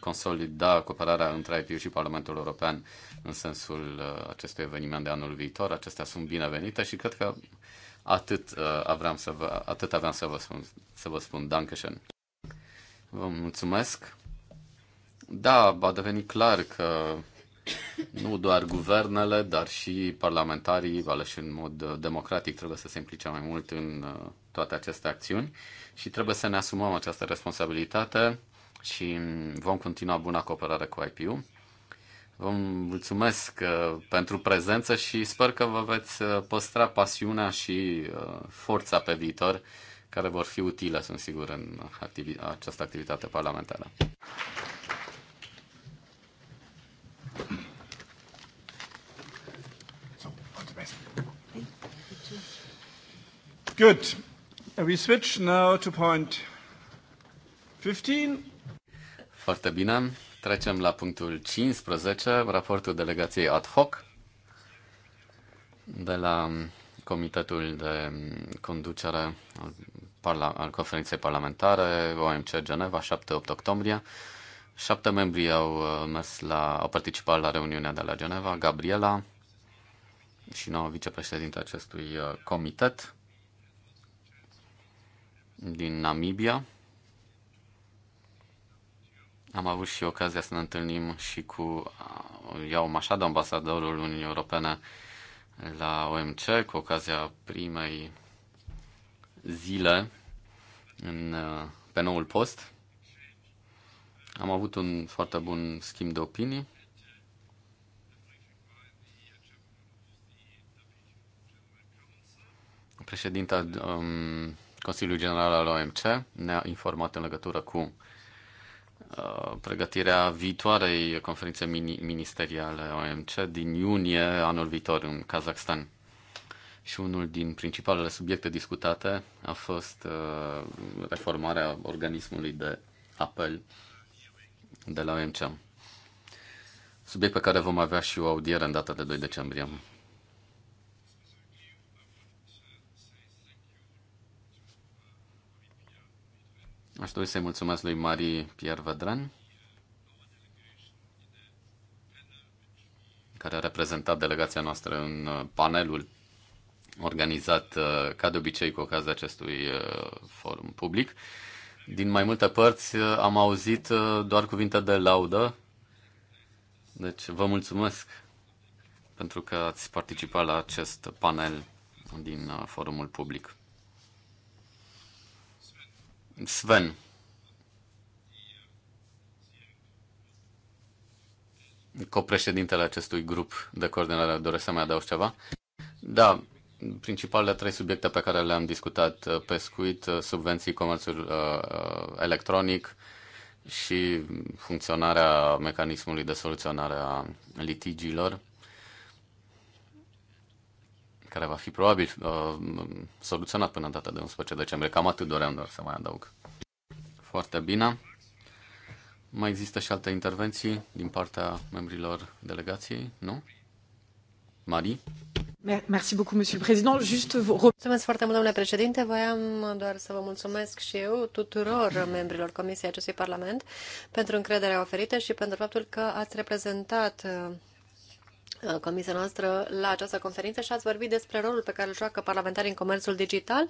consolida cooperarea între IPU și Parlamentul European în sensul uh, acestui eveniment de anul viitor. Acestea sunt binevenite și cred că Atât, uh, aveam să vă, atât aveam să vă spun, să vă spun Dankeschön. Vă mulțumesc. Da, a devenit clar că nu doar guvernele, dar și parlamentarii, aleși în mod uh, democratic, trebuie să se implice mai mult în uh, toate aceste acțiuni și trebuie să ne asumăm această responsabilitate și mm, vom continua buna cooperare cu IPU. Vă mulțumesc uh, pentru prezență și sper că vă veți uh, păstra pasiunea și uh, forța pe viitor, care vor fi utile, sunt sigur, în activi- această activitate parlamentară.
Good. We switch now to point 15.
Foarte bine. Trecem la punctul 15, raportul delegației ad hoc de la Comitetul de Conducere al, parla- al Conferinței Parlamentare OMC Geneva, 7-8 octombrie. Șapte membri au uh, mers la, au participat la reuniunea de la Geneva, Gabriela și nouă vicepreședinte acestui uh, comitet din Namibia, am avut și ocazia să ne întâlnim și cu uh, Iau Mașad, ambasadorul Uniunii Europene la OMC, cu ocazia primei zile în, uh, pe noul post. Am avut un foarte bun schimb de opinii. Președinta um, Consiliului General al OMC ne-a informat în legătură cu Uh, pregătirea viitoarei conferințe ministeriale OMC din iunie anul viitor în Kazakhstan. Și unul din principalele subiecte discutate a fost uh, reformarea organismului de apel de la OMC. Subiect pe care vom avea și o audiere în data de 2 decembrie. Aș dori să-i mulțumesc lui Marie Pierre Vedran, care a reprezentat delegația noastră în uh, panelul organizat uh, ca de obicei cu ocazia acestui uh, forum public. Din mai multe părți am auzit doar cuvinte de laudă, deci vă mulțumesc pentru că ați participat la acest panel din forumul public. Sven. Copreședintele acestui grup de coordonare, doresc să mai adaug ceva? Da, principalele trei subiecte pe care le-am discutat, uh, pescuit, uh, subvenții, comerțul uh, uh, electronic și funcționarea mecanismului de soluționare a litigiilor care va fi probabil uh, soluționat până în data de 11 decembrie. Cam atât doream doar să mai adaug. Foarte bine. Mai există și alte intervenții din partea membrilor delegației, nu? Marie?
Merci beaucoup, Monsieur le Président.
vous... Mulțumesc foarte mult, domnule președinte. Voiam doar să vă mulțumesc și eu tuturor membrilor Comisiei acestui Parlament pentru încrederea oferită și pentru faptul că ați reprezentat Uh, comisia noastră la această conferință și ați vorbit despre rolul pe care îl joacă parlamentarii în comerțul digital.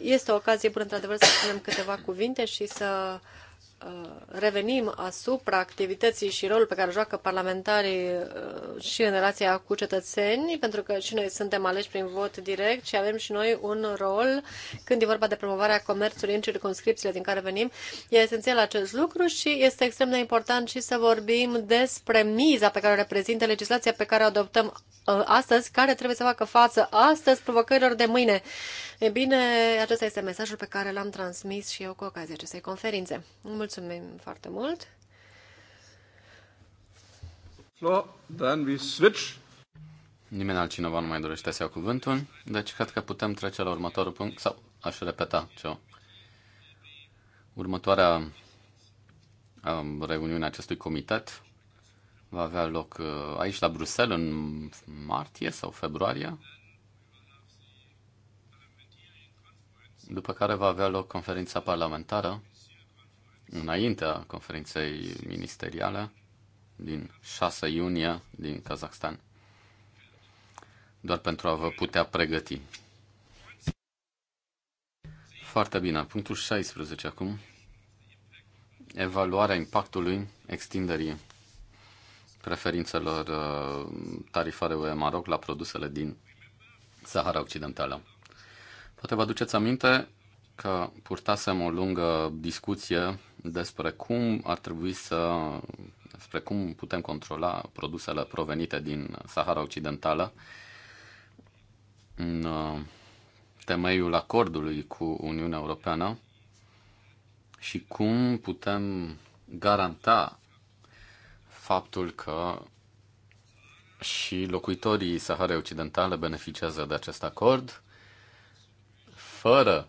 Este o ocazie bună, într-adevăr, să spunem câteva cuvinte și să uh, Uh, revenim asupra activității și rolul pe care joacă parlamentarii uh, și în relația cu cetățenii, pentru că și noi suntem aleși prin vot direct și avem și noi un rol când e vorba de promovarea comerțului în circunscripțiile din care venim. E esențial acest lucru și este extrem de important și să vorbim despre miza pe care o reprezintă legislația pe care o adoptăm uh, astăzi, care trebuie să facă față astăzi provocărilor de mâine. E bine, acesta este mesajul pe care l-am transmis și eu cu ocazia acestei conferințe. Mulțumim foarte mult!
So, then we switch.
Nimeni altcineva nu mai dorește să ia cuvântul, deci cred că putem trece la următorul punct, sau aș repeta ce Următoarea um, reuniune a acestui comitet va avea loc uh, aici la Bruxelles în martie sau februarie, după care va avea loc conferința parlamentară, înaintea conferinței ministeriale din 6 iunie din Kazakhstan, doar pentru a vă putea pregăti. Foarte bine. Punctul 16 acum. Evaluarea impactului extinderii preferințelor uh, tarifare UE Maroc la produsele din Sahara Occidentală. Poate vă aduceți aminte că purtasem o lungă discuție despre cum ar trebui să despre cum putem controla produsele provenite din Sahara Occidentală în uh, temeiul acordului cu Uniunea Europeană și cum putem garanta faptul că și locuitorii Saharei Occidentale beneficiază de acest acord fără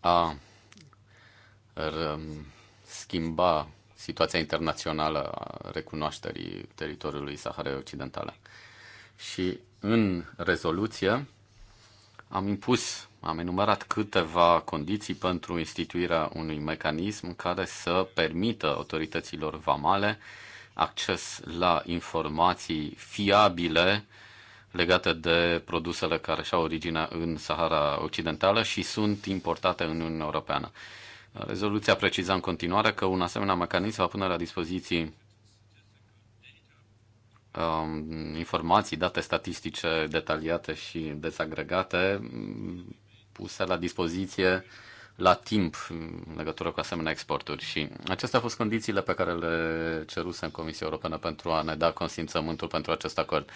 a schimba situația internațională a recunoașterii teritoriului Saharei Occidentale. Și în rezoluție am impus, am enumerat câteva condiții pentru instituirea unui mecanism care să permită autorităților vamale acces la informații fiabile uh, legate de produsele care și-au originea în Sahara Occidentală și sunt importate în Uniunea Europeană. Rezoluția preciza în continuare că un asemenea mecanism va pune la dispoziție um, informații, date statistice detaliate și dezagregate mm, puse la dispoziție la timp în legătură cu asemenea exporturi. Și acestea au fost condițiile pe care le ceruse în Comisia Europeană pentru a ne da consimțământul pentru acest acord.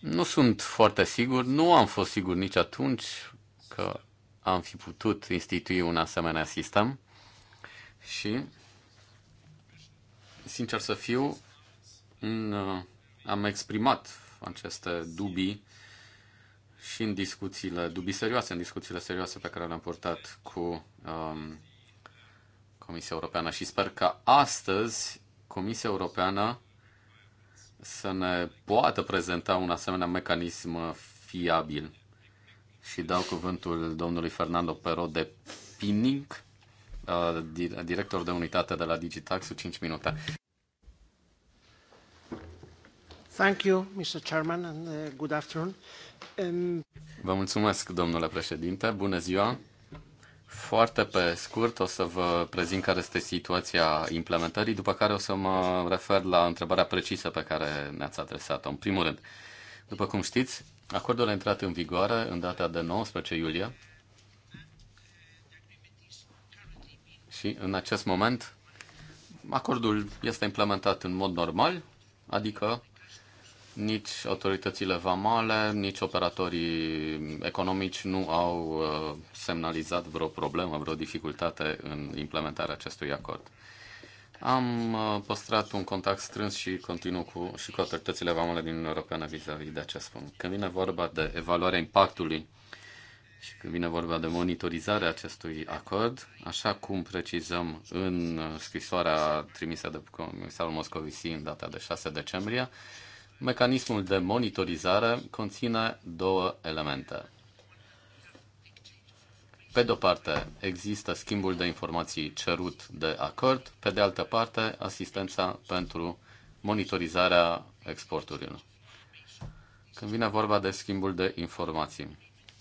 Nu sunt foarte sigur, nu am fost sigur nici atunci că am fi putut institui un asemenea sistem și, sincer să fiu, în, uh, am exprimat aceste dubii și în discuțiile, dubii serioase, în discuțiile serioase pe care le-am purtat cu um, Comisia Europeană și sper că astăzi Comisia Europeană să ne poată prezenta un asemenea mecanism fiabil. Și dau cuvântul domnului Fernando Pero de Pinning, uh, director de unitate de la Digitax, 5 minute.
Thank you, Mr. Chairman, and uh, good afternoon. Um...
Vă mulțumesc, domnule președinte. Bună ziua! Foarte pe scurt o să vă prezint care este situația implementării, după care o să mă refer la întrebarea precisă pe care ne-ați adresat-o. În primul rând, după cum știți, acordul a intrat în vigoare în data de 19 iulie și în acest moment acordul este implementat în mod normal, adică nici autoritățile vamale, nici operatorii economici nu au uh, semnalizat vreo problemă, vreo dificultate în implementarea acestui acord. Am uh, păstrat un contact strâns și continuu cu, și cu autoritățile vamale din Uniunea Europeană vis-a-vis de acest punct. Când vine vorba de evaluarea impactului și când vine vorba de monitorizarea acestui acord, așa cum precizăm în scrisoarea trimisă de comisarul Moscovici în data de 6 decembrie, Mecanismul de monitorizare conține două elemente. Pe de-o parte, există schimbul de informații cerut de acord, pe de altă parte, asistența pentru monitorizarea exporturilor. Când vine vorba de schimbul de informații,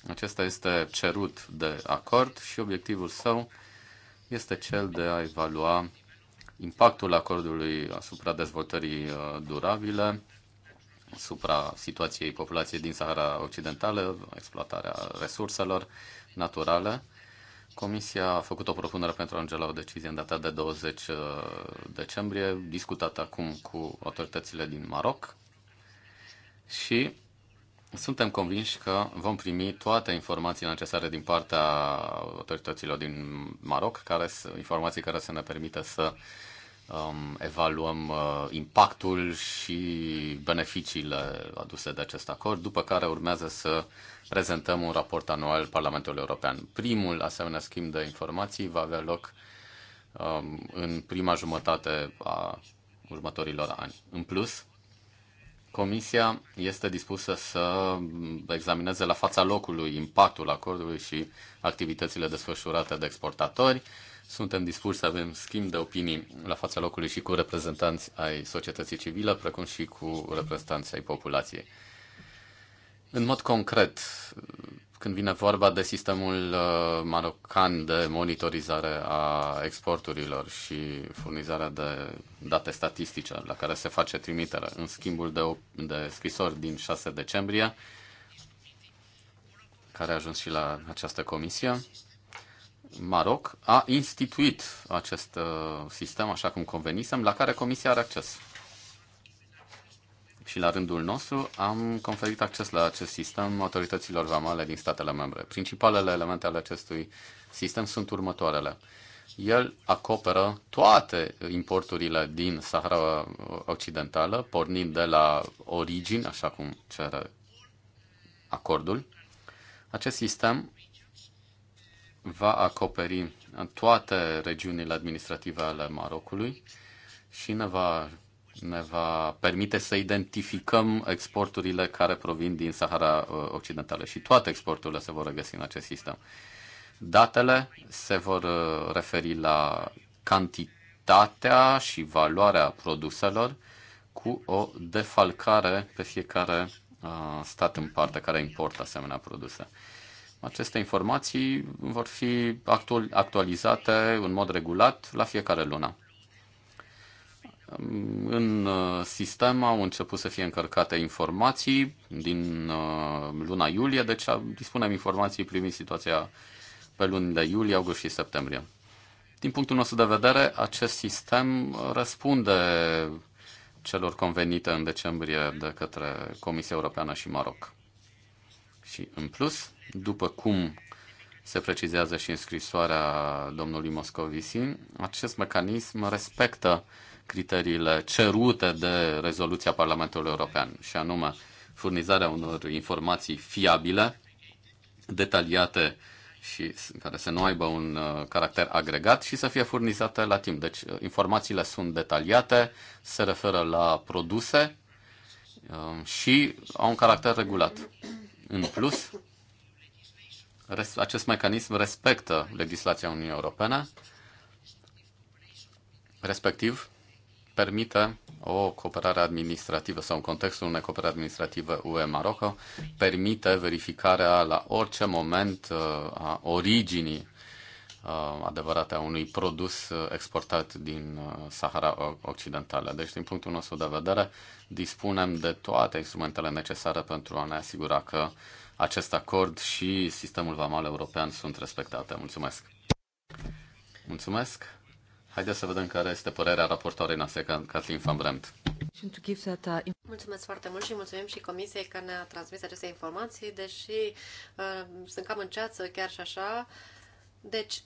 acesta este cerut de acord și obiectivul său este cel de a evalua impactul acordului asupra dezvoltării uh, durabile, supra situației populației din Sahara Occidentală, exploatarea resurselor naturale. Comisia a făcut o propunere pentru a ajunge la o decizie în data de 20 uh, decembrie, discutată acum cu autoritățile din Maroc și suntem convinși că vom primi toate informațiile necesare din partea autorităților din Maroc, care, sunt informații care să ne permită să um, evaluăm uh, impactul și beneficiile aduse de acest acord, după care urmează să prezentăm un raport anual Parlamentului European. Primul asemenea schimb de informații va avea loc um, în prima jumătate a următorilor ani. În plus, Comisia este dispusă să examineze la fața locului impactul acordului și activitățile desfășurate de exportatori, suntem dispuși să avem schimb de opinii la fața locului și cu reprezentanți ai societății civile, precum și cu reprezentanți ai populației. În mod concret, când vine vorba de sistemul uh, marocan de monitorizare a exporturilor și furnizarea de date statistice la care se face trimitere în schimbul de, de scrisori din 6 decembrie, care a ajuns și la această comisie, Maroc a instituit acest uh, sistem, așa cum convenisem, la care Comisia are acces. Și la rândul nostru am conferit acces la acest sistem autorităților vamale din statele membre. Principalele elemente ale acestui sistem sunt următoarele. El acoperă toate importurile din Sahara Occidentală, pornind de la origini, așa cum cere acordul. Acest sistem va acoperi toate regiunile administrative ale Marocului și ne va, ne va permite să identificăm exporturile care provin din Sahara uh, Occidentală și toate exporturile se vor regăsi în acest sistem. Datele se vor uh, referi la cantitatea și valoarea produselor cu o defalcare pe fiecare uh, stat în parte care importă asemenea produse. Aceste informații vor fi actualizate în mod regulat la fiecare lună. În uh, sistem au început să fie încărcate informații din uh, luna iulie, deci dispunem informații privind situația pe lunile iulie, august și septembrie. Din punctul nostru de vedere, acest sistem răspunde celor convenite în decembrie de către Comisia Europeană și Maroc. Și în plus, după cum se precizează și în scrisoarea domnului Moscovici, acest mecanism respectă criteriile cerute de rezoluția Parlamentului European, și anume furnizarea unor informații fiabile, detaliate și care să nu aibă un uh, caracter agregat și să fie furnizate la timp. Deci uh, informațiile sunt detaliate, se referă la produse uh, și au un caracter regulat. În plus, acest mecanism respectă legislația Uniunii Europene, respectiv permite o cooperare administrativă sau în contextul unei cooperări administrative UE-Maroco, permite verificarea la orice moment uh, a originii uh, adevărate a unui produs exportat din uh, Sahara Occidentală. Deci, din punctul nostru de vedere, dispunem de toate instrumentele necesare pentru a ne asigura că acest acord și sistemul vamal european sunt respectate. Mulțumesc! Mulțumesc! Haideți să vedem care este părerea raportoarei noastre, Kathleen Van Bremt.
Mulțumesc foarte mult și mulțumim și comisiei că ne-a transmis aceste informații, deși uh, sunt cam în ceață chiar și așa. Deci,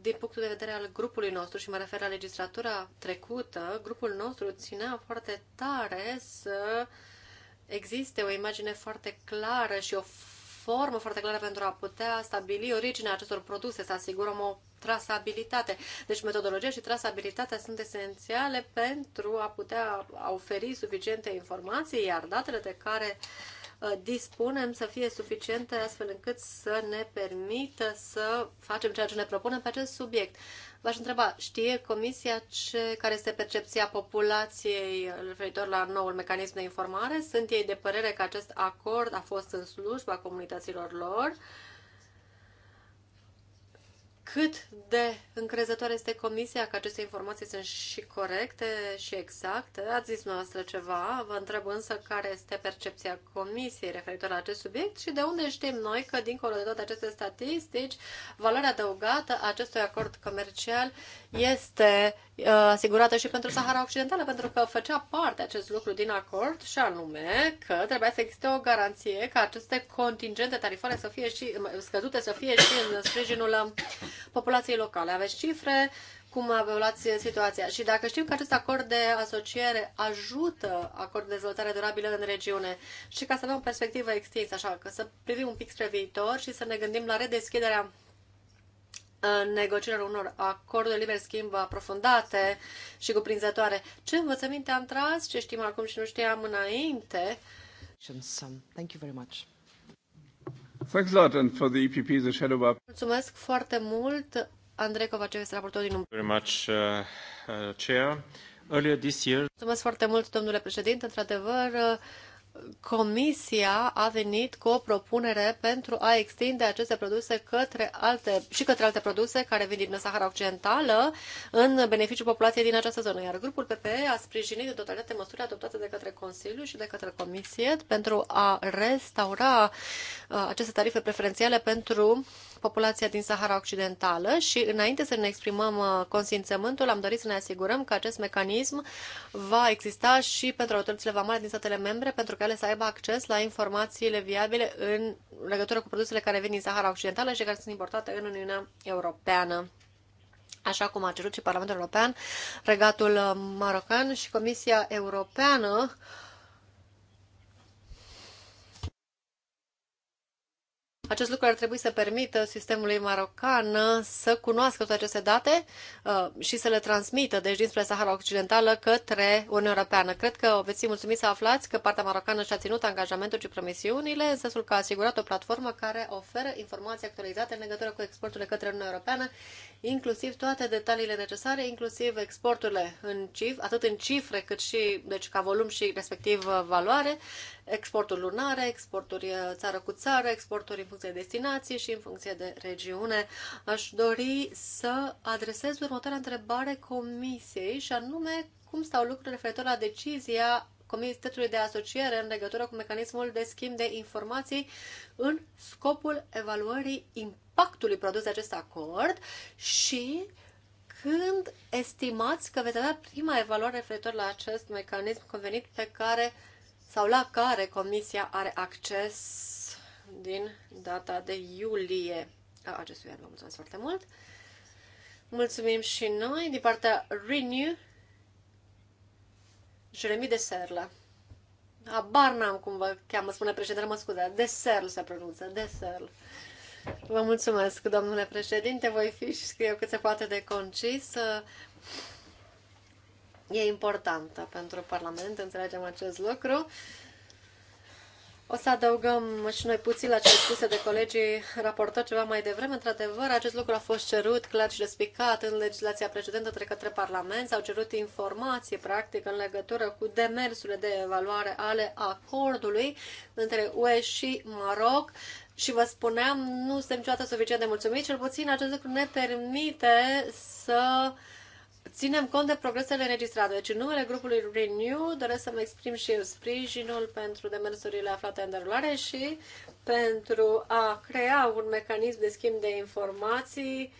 din punctul de vedere al grupului nostru, și mă refer la legislatura trecută, grupul nostru ținea foarte tare să uh, existe o imagine foarte clară și o formă foarte clară pentru a putea stabili originea acestor produse, să asigurăm o trasabilitate. Deci metodologia și trasabilitatea sunt esențiale pentru a putea oferi suficiente informații, iar datele de care uh, dispunem să fie suficiente astfel încât să ne permită să facem ceea ce ne propunem pe acest subiect. V-aș întreba, știe Comisia ce, care este percepția populației referitor la noul mecanism de informare? Sunt ei de părere că acest acord a fost în slujba comunităților lor? Uh, cât de încrezătoare este comisia că aceste informații sunt și corecte și exacte. Ați zis noastră ceva, vă întreb însă care este percepția comisiei referitor la acest subiect și de unde știm noi că, dincolo de toate aceste statistici, valoarea adăugată a acestui acord comercial este uh, asigurată și pentru Sahara Occidentală, pentru că făcea parte acest lucru din acord și anume că trebuia să existe o garanție că aceste contingente tarifare să fie și scăzute, să fie și în sprijinul populației locale. Aveți cifre? Cum evaluați situația? Și dacă știm că acest acord de asociere ajută acordul de dezvoltare durabilă în regiune și ca să avem o perspectivă extinsă, așa că să privim un pic spre viitor și să ne gândim la redeschiderea uh, negocierilor unor acorduri de liber schimb aprofundate și cuprinzătoare. Ce învățăminte am tras, ce știm acum și nu știam înainte? Thank you very much.
Thanks a lot and for the EPP, the shadow
Mulțumesc foarte mult. Andrei Covacev este raportor din
Very much, uh, uh, chair. Earlier this year...
Mulțumesc foarte mult, domnule președinte. Într-adevăr, uh, Comisia a venit cu o propunere pentru a extinde aceste produse către alte, și către alte produse care vin din Sahara Occidentală în beneficiul populației din această zonă. Iar grupul PPE a sprijinit în totalitate măsuri adoptate de către Consiliu și de către Comisie pentru a restaura uh, aceste tarife preferențiale pentru populația din Sahara Occidentală și înainte să ne exprimăm uh, consimțământul, am dorit să ne asigurăm că acest mecanism va exista și pentru autoritățile vamale din statele membre, pentru că ele să aibă acces la informațiile viabile în legătură cu produsele care vin din Sahara Occidentală și care sunt importate în Uniunea Europeană așa cum a cerut și Parlamentul European, Regatul uh, Marocan și Comisia Europeană Acest lucru ar trebui să permită sistemului marocan uh, să cunoască toate aceste date uh, și să le transmită, deci dinspre Sahara Occidentală către Uniunea Europeană. Cred că veți fi mulțumit să aflați că partea marocană și-a ținut angajamentul și promisiunile, în sensul că a asigurat o platformă care oferă informații actualizate în legătură cu exporturile către Uniunea Europeană, inclusiv toate detaliile necesare, inclusiv exporturile în cif, atât în cifre cât și, deci ca volum și respectiv uh, valoare, exporturi lunare, exporturi țară cu țară, exporturi în funcție de destinație și în funcție de regiune. Aș dori să adresez următoarea întrebare Comisiei și anume cum stau lucrurile referitor la decizia Comitetului de Asociere în legătură cu mecanismul de schimb de informații în scopul evaluării impactului produs de acest acord și când estimați că veți avea prima evaluare referitor la acest mecanism convenit pe care sau la care Comisia are acces din data de iulie a acestui an. Vă mulțumesc foarte mult! Mulțumim și noi din partea Renew, Jeremy de Serla. Abar n-am cum vă cheamă, spune președintele, mă scuze, de Serl se pronunță, de Serl. Vă mulțumesc, domnule președinte, voi fi și scriu cât se poate de concis. E importantă pentru Parlament, înțelegem acest lucru. O să adăugăm și noi puțin la cele spuse de colegii raportori ceva mai devreme. Într-adevăr, acest lucru a fost cerut clar și despicat în legislația precedentă de către Parlament. S-au cerut informații, practic, în legătură cu demersurile de evaluare ale acordului între UE și Maroc. Și vă spuneam, nu suntem niciodată suficient de mulțumiți, cel puțin acest lucru ne permite să uh, ținem cont de progresele înregistrate. Deci, în numele grupului Renew, doresc să-mi exprim și eu sprijinul pentru demersurile aflate în derulare și pentru a crea un mecanism de schimb de informații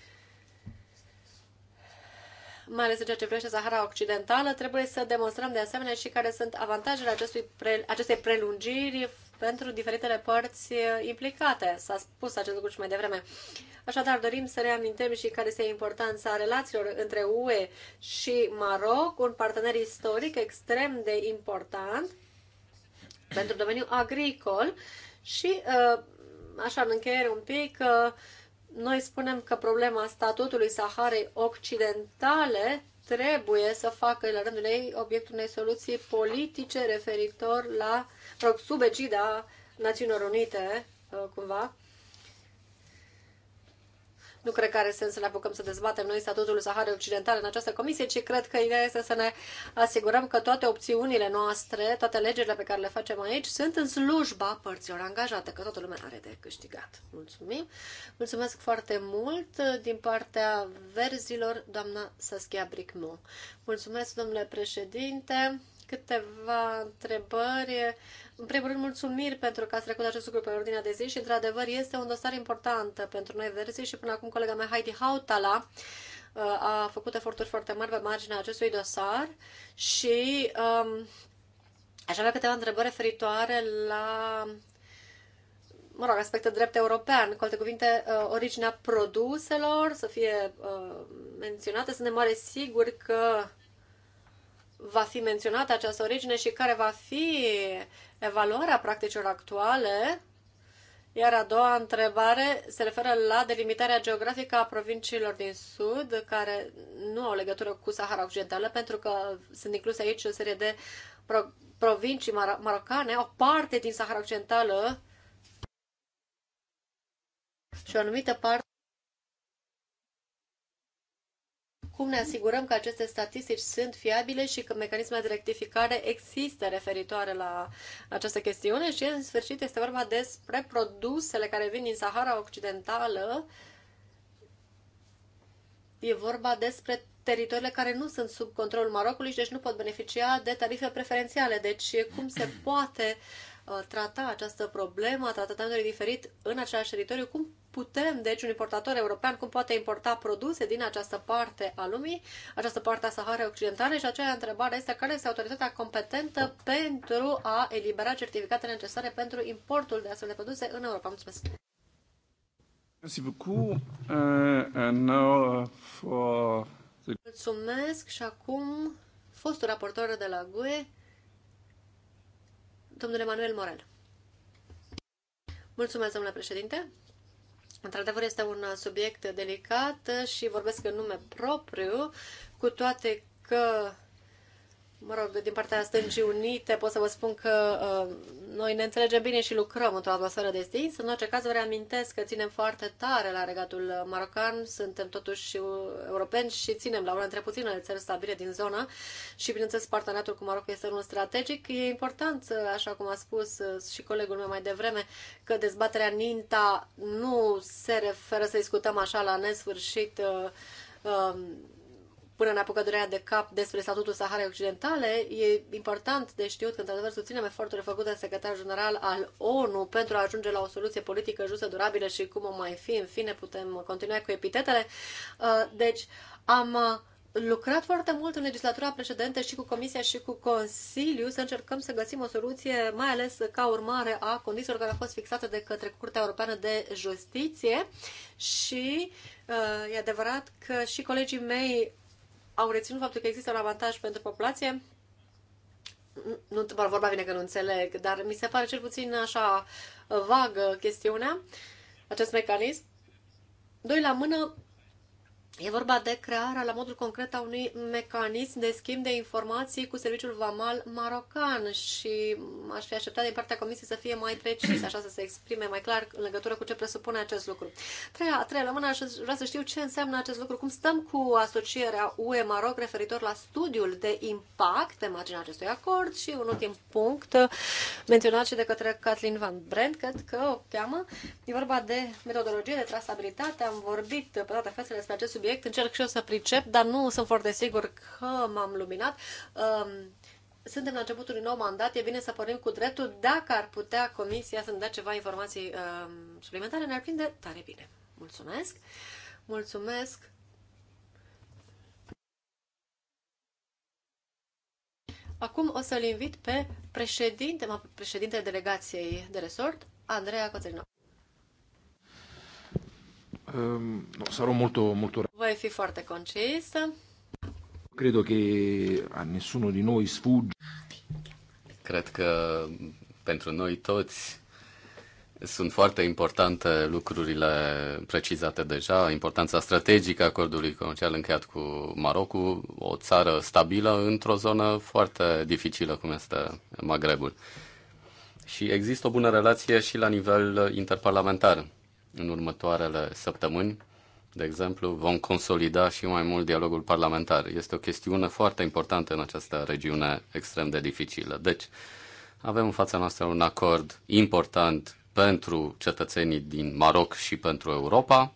mai ales în ceea ce privește Sahara Occidentală, trebuie să demonstrăm de asemenea și care sunt avantajele acestui pre, acestei prelungiri pentru diferitele părți eh, implicate. S-a spus acest lucru și mai devreme. Așadar, dorim să reamintem și care este importanța relațiilor între UE și Maroc, un partener istoric extrem de important pentru domeniul agricol și, eh, așa, în încheiere un pic, eh, noi spunem că problema statutului Saharei Occidentale trebuie să facă, la rândul ei, obiectul unei soluții politice referitor la rog, sub egida Națiunilor Unite, uh, cumva. Nu cred că are sens să ne apucăm să dezbatem noi statutul Saharei Occidentale în această comisie, ci cred că ideea este să ne asigurăm că toate opțiunile noastre, toate legile pe care le facem aici, sunt în slujba părților angajate, că toată lumea are de câștigat. Mulțumim! Mulțumesc foarte mult din partea verzilor, doamna Saskia Bricmo. Mulțumesc, domnule președinte! Câteva întrebări în primul rând, mulțumiri pentru că ați trecut acest lucru pe ordinea de zi și, într-adevăr, este un dosar important pentru noi verzi și până acum colega mea Heidi Hautala uh, a făcut eforturi foarte mari pe marginea acestui dosar și um, aș avea câteva întrebări referitoare la mă rog, aspecte drept european, cu alte cuvinte, uh, originea produselor să fie uh, menționată. Suntem mare siguri că va fi menționată această origine și care va fi evaluarea practicilor actuale. Iar a doua întrebare se referă la delimitarea geografică a provinciilor din Sud, care nu au legătură cu Sahara Occidentală, pentru că sunt incluse aici o serie de pro- provincii mar- marocane, o parte din Sahara Occidentală și o anumită parte cum ne asigurăm că aceste statistici sunt fiabile și că mecanismele de rectificare există referitoare la această chestiune și, în sfârșit, este vorba despre produsele care vin din Sahara Occidentală. E vorba despre teritoriile care nu sunt sub controlul Marocului și deci nu pot beneficia de tarife preferențiale. Deci, cum se poate uh, Uh, trata această problemă trata în diferit în același teritoriu, cum putem, deci, un importator european, cum poate importa produse din această parte a lumii, această parte a Saharei Occidentale și aceea întrebare este care este autoritatea competentă pentru a elibera certificatele necesare pentru importul de astfel de produse în Europa. Mulțumesc!
Merci beaucoup. Uh, and now for the...
Mulțumesc și acum fostul raportor de la GUE, Domnule Manuel Morel. Mulțumesc, domnule președinte. Într-adevăr, este un subiect delicat și vorbesc în nume propriu, cu toate că mă rog, din partea stângii unite, pot să vă spun că uh, noi ne înțelegem bine și lucrăm într-o atmosferă de stins. În orice caz, vă reamintesc că ținem foarte tare la regatul marocan, suntem totuși europeni și ținem la una dintre puținele țări stabile din zona și, bineînțeles, parteneriatul cu Maroc este unul strategic. E important, uh, așa cum a spus uh, și colegul meu mai devreme, că dezbaterea Ninta nu se referă să discutăm așa la nesfârșit uh, uh, până în apucătura de cap despre statutul Saharei Occidentale, e important de știut că, într-adevăr, susținem eforturile făcute de secretarul general al ONU pentru a ajunge la o soluție politică justă, durabilă și cum o mai fi. În fine, putem continua cu epitetele. Uh, deci, am uh, lucrat foarte mult în legislatura precedentă și cu Comisia și cu Consiliu să încercăm să găsim o soluție, mai ales ca urmare a condițiilor care au fost fixate de către Curtea Europeană de Justiție și uh, e adevărat că și colegii mei au reținut faptul că există un avantaj pentru populație. Nu, vorba vine că nu înțeleg, dar mi se pare cel puțin așa uh, vagă chestiunea, acest mecanism. Doi la mână, E vorba de crearea la modul concret a unui mecanism de schimb de informații cu serviciul vamal marocan și aș fi așteptat din partea comisiei să fie mai precis, așa să se exprime mai clar în legătură cu ce presupune acest lucru. Treia, treia la mână, aș vrea să știu ce înseamnă acest lucru, cum stăm cu asocierea UE-Maroc referitor la studiul de impact pe marginea acestui acord și un ultim punct uh, menționat și de către Kathleen Van Brent, cred că o cheamă. E vorba de metodologie, de trasabilitate. Am vorbit pe toate fețele despre acest subiect subiect, încerc și eu să pricep, dar nu sunt foarte sigur că m-am luminat. Um, suntem la începutul unui nou mandat, e bine să pornim cu dreptul. Dacă ar putea comisia să-mi dea ceva informații um, suplimentare, ne-ar prinde tare bine. Mulțumesc! Mulțumesc! Acum o să-l invit pe președinte, președintele delegației de resort, Andreea Coțelino.
Um, sarò molto, molto...
Voi fi foarte concis.
Credo che a nessuno di noi sfugge. Cred că pentru noi toți sunt foarte importante lucrurile precizate deja, importanța strategică a acordului comercial încheiat cu Marocul, o țară stabilă într-o zonă foarte dificilă cum este Magrebul. Și există o bună relație și la nivel interparlamentar în următoarele săptămâni, de exemplu, vom consolida și mai mult dialogul parlamentar. Este o chestiune foarte importantă în această regiune extrem de dificilă. Deci, avem în fața noastră un acord important pentru cetățenii din Maroc și pentru Europa.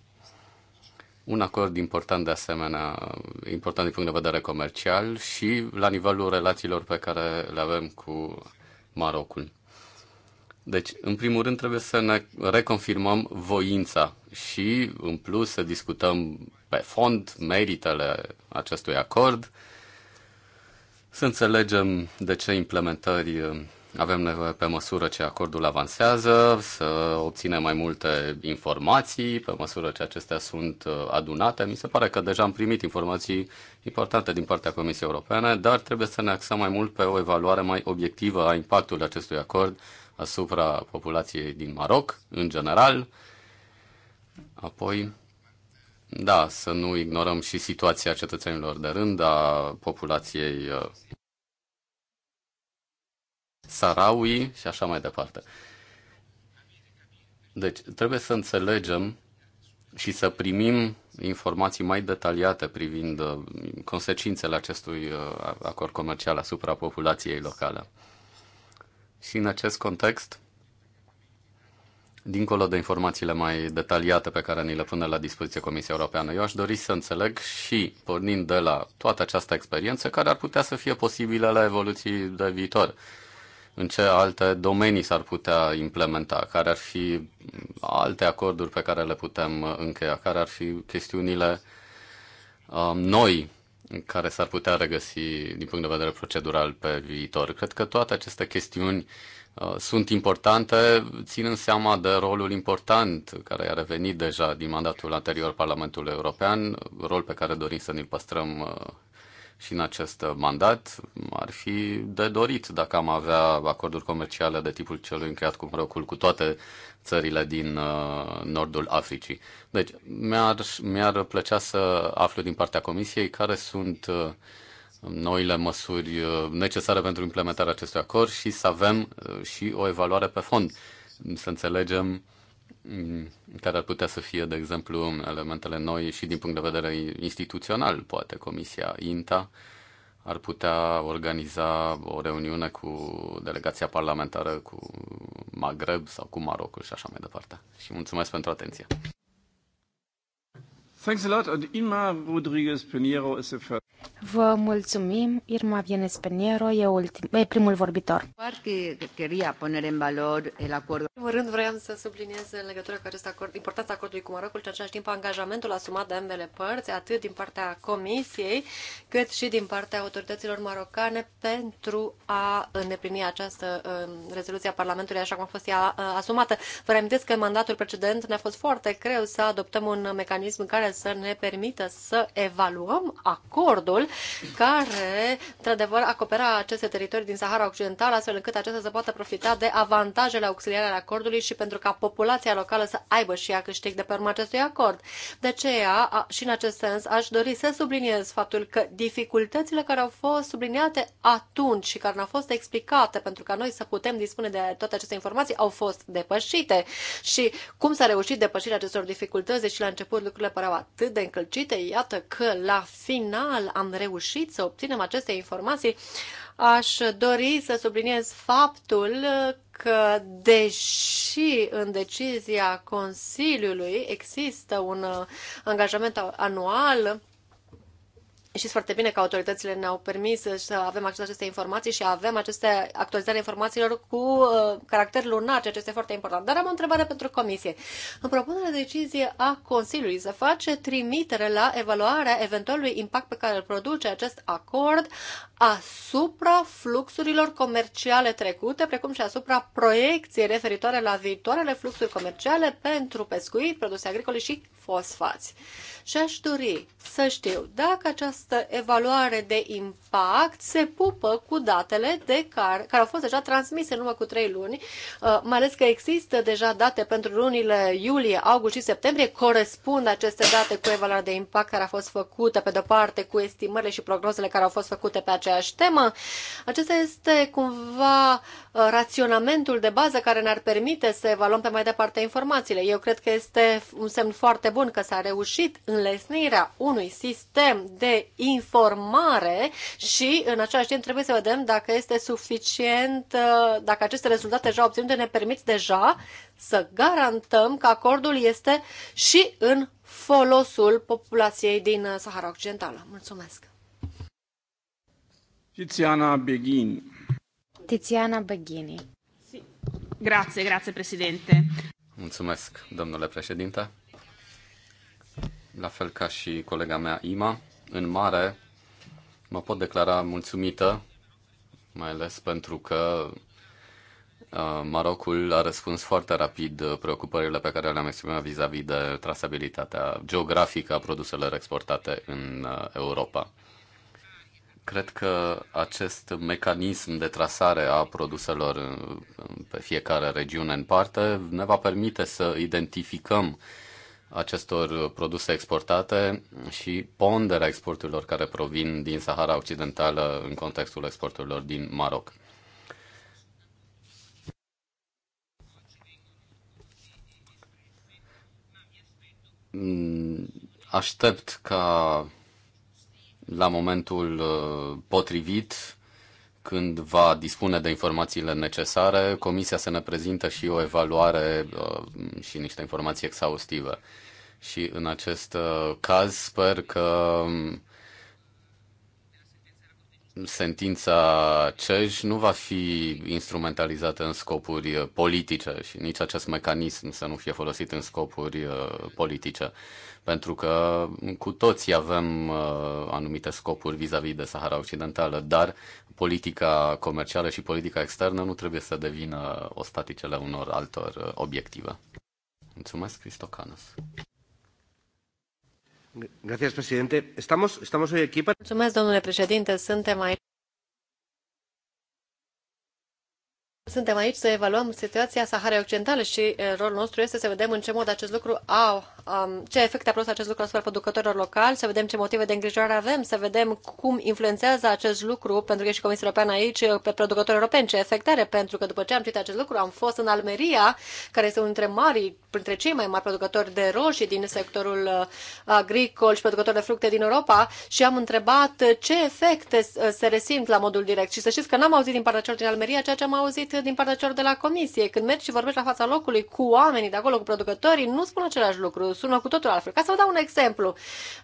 Un acord important de asemenea, important din punct de vedere comercial și la nivelul relațiilor pe care le avem cu Marocul. Deci, în primul rând, trebuie să ne reconfirmăm voința și, în plus, să discutăm pe fond meritele acestui acord, să înțelegem de ce implementări uh, avem nevoie pe măsură ce acordul avansează, să obținem mai multe informații pe măsură ce acestea sunt uh, adunate. Mi se pare că deja am primit informații importante din partea Comisiei Europene, dar trebuie să ne axăm mai mult pe o evaluare mai obiectivă a impactului acestui acord asupra populației din Maroc, în general. Apoi, da, să nu ignorăm și situația cetățenilor de rând, a populației uh, Sarawi și așa mai departe. Deci, trebuie să înțelegem și să primim informații mai detaliate privind uh, consecințele acestui uh, acord comercial asupra populației locale. Și în acest context, dincolo de informațiile mai detaliate pe care ni le pune la dispoziție Comisia Europeană, eu aș dori să înțeleg și, pornind de la toată această experiență, care ar putea să fie posibile la evoluții de viitor. În ce alte domenii s-ar putea implementa? Care ar fi alte acorduri pe care le putem încheia? Care ar fi chestiunile um, noi care s-ar putea regăsi din punct de vedere procedural pe viitor. Cred că toate aceste chestiuni uh, sunt importante, ținând seama de rolul important care a revenit deja din mandatul anterior Parlamentului European, rol pe care dorim să ne păstrăm uh, și în acest mandat ar fi de dorit dacă am avea acorduri comerciale de tipul celui încheiat cu Marocul cu toate țările din uh, nordul Africii. Deci mi-ar, mi-ar plăcea să aflu din partea Comisiei care sunt uh, noile măsuri uh, necesare pentru implementarea acestui acord și să avem uh, și o evaluare pe fond, să înțelegem Mm-hmm. care ar putea să fie, de exemplu, elementele noi și din punct de vedere instituțional, poate Comisia INTA ar putea organiza o reuniune cu delegația parlamentară cu Maghreb sau cu Marocul și așa mai departe. Și mulțumesc pentru atenție.
Thanks a lot. And Irma Rodriguez Pinheiro is the first.
Vă mulțumim. Irma Vienes Pinheiro e, ultim, e primul vorbitor. Quería poner în valor el acuerdo. În primul
rând vreau să subliniez în legătură cu acest acord, importanța acordului cu Marocul în același timp angajamentul asumat de ambele părți, atât din partea Comisiei, cât și din partea autorităților marocane pentru a îndeplini această um, rezoluție a Parlamentului așa cum a fost ea uh, asumată. Vă reamintesc că în mandatul precedent ne-a fost foarte greu să adoptăm un mecanism în care să ne permită să evaluăm acordul care, într-adevăr, acopera aceste teritorii din Sahara Occidentală, astfel încât acestea să poată profita de avantajele auxiliare ale acordului și pentru ca populația locală să aibă și ea câștig de pe urma acestui acord. De aceea, și în acest sens, aș dori să subliniez faptul că dificultățile care au fost subliniate atunci și care n au fost explicate pentru ca noi să putem dispune de toate aceste informații au fost depășite. Și cum s-a reușit depășirea acestor dificultăți, deși la început lucrurile păreau atât de încălcite. Iată că la final am reușit să obținem aceste informații. Aș dori să subliniez faptul că, deși în decizia Consiliului există un angajament anual Știți foarte bine că autoritățile ne-au permis să avem acces la aceste informații și avem aceste actualizări informațiilor cu uh, caracter lunar, ceea ce este foarte important. Dar am o întrebare pentru Comisie. În propunerea de decizie a Consiliului să face trimitere la evaluarea eventualului impact pe care îl produce acest acord asupra fluxurilor comerciale trecute, precum și asupra proiecției referitoare la viitoarele fluxuri comerciale pentru pescuit, produse agricole și fosfați. Și aș dori să știu dacă această această evaluare de impact impact se pupă cu datele de care, care au fost deja transmise numai cu trei luni, uh, mai ales că există deja date pentru lunile iulie, august și septembrie, corespund aceste date cu evaluarea de impact care a fost făcută, pe de-o parte, cu estimările și prognozele care au fost făcute pe aceeași temă. Acesta este cumva uh, raționamentul de bază care ne-ar permite să evaluăm pe mai departe informațiile. Eu cred că este un semn foarte bun că s-a reușit înlesnirea unui sistem de informare și în același timp trebuie să vedem dacă este suficient, uh, dacă aceste rezultate deja obținute ne permit deja să garantăm că acordul este și în folosul populației din uh, Sahara Occidentală.
Mulțumesc!
Tiziana Beghini.
Tiziana Beghini. Grazie, grazie Presidente.
Mulțumesc, domnule președinte. La fel ca și colega mea Ima, în mare mă pot declara mulțumită, mai ales pentru că uh, Marocul a răspuns foarte rapid uh, preocupările pe care le-am exprimat vis-a-vis de trasabilitatea geografică a produselor exportate în uh, Europa. Cred că acest mecanism de trasare a produselor pe fiecare regiune în parte ne va permite să identificăm uh, acestor produse exportate și ponderea exporturilor care provin din Sahara Occidentală în contextul exporturilor din Maroc. Aștept ca la momentul uh, potrivit când va dispune de informațiile necesare, Comisia să ne prezintă și o evaluare uh, și niște informații exhaustive. Și în acest uh, caz sper că um, sentința CEJ nu va fi instrumentalizată în scopuri uh, politice și nici acest mecanism să nu fie folosit în scopuri politice pentru că cu toții avem uh, anumite scopuri vis-a-vis -vis de Sahara Occidentală, dar politica comercială și politica externă nu trebuie să devină ostaticele unor altor uh, obiective. Mulțumesc, Cristocanos. Gracias, presidente. Estamos, estamos hoy aquí para... Mulțumesc,
domnule președinte. Suntem aici. Suntem aici să evaluăm situația Saharei Occidentale și uh, rolul nostru este să vedem în ce mod acest lucru a um, ce efecte a produs acest lucru asupra producătorilor locali, să vedem ce motive de îngrijorare avem, să vedem cum influențează acest lucru, pentru că și Comisia Europeană aici, pe producători europeni, ce efecte are, pentru că după ce am citit acest lucru, am fost în Almeria, care este unul dintre mari, printre cei mai mari producători de roșii din sectorul uh, agricol și producători de fructe din Europa și am întrebat ce efecte uh, se resimt la modul direct. Și să știți că n-am auzit din partea celor din Almeria ceea ce am auzit din partea celor de la Comisie. Când mergi și vorbești la fața locului cu oamenii de acolo, cu producătorii, nu spun același lucru sumă cu totul altfel. Ca să vă dau un exemplu,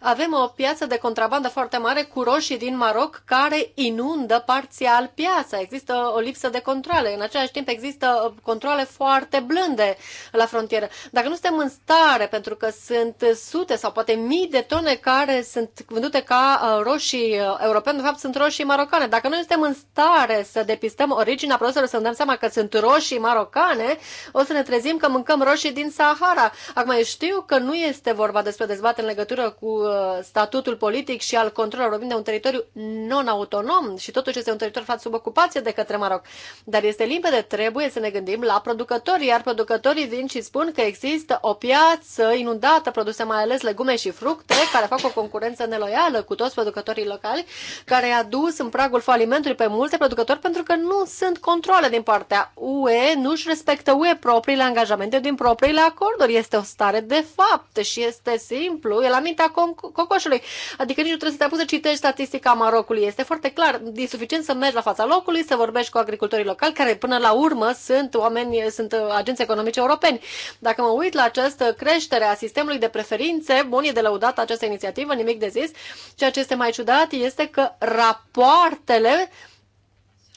avem o piață de contrabandă foarte mare cu roșii din Maroc care inundă parțial piața. Există o lipsă de controle. În același timp există controle foarte blânde la frontieră. Dacă nu suntem în stare, pentru că sunt sute sau poate mii de tone care sunt vândute ca uh, roșii uh, europene, de fapt sunt roșii marocane. Dacă noi suntem în stare să depistăm originea produselor, să ne dăm seama că sunt roșii marocane, o să ne trezim că mâncăm roșii din Sahara. Acum eu știu că că nu este vorba despre o dezbatere în legătură cu uh, statutul politic și al controlului Vorbim de un teritoriu non-autonom și totuși este un teritoriu aflat sub ocupație de către Maroc. Dar este limpede, trebuie să ne gândim la producători, iar producătorii vin și spun că există o piață inundată, produse mai ales legume și fructe, care fac o concurență neloială cu toți producătorii locali, care i-a dus în pragul falimentului pe mulți producători pentru că nu sunt controle din partea UE, nu-și respectă UE propriile angajamente din propriile acorduri. Este o stare de fapt fapt și este simplu, e la mintea co- cocoșului. Adică nici nu trebuie să te apuci să citești statistica Marocului. Este foarte clar, e suficient să mergi la fața locului, să vorbești cu agricultorii locali, care până la urmă sunt oameni, sunt agenți economici europeni. Dacă mă uit la această creștere a sistemului de preferințe, bun, e de lăudat această inițiativă, nimic de zis, ceea ce este mai ciudat este că rapoartele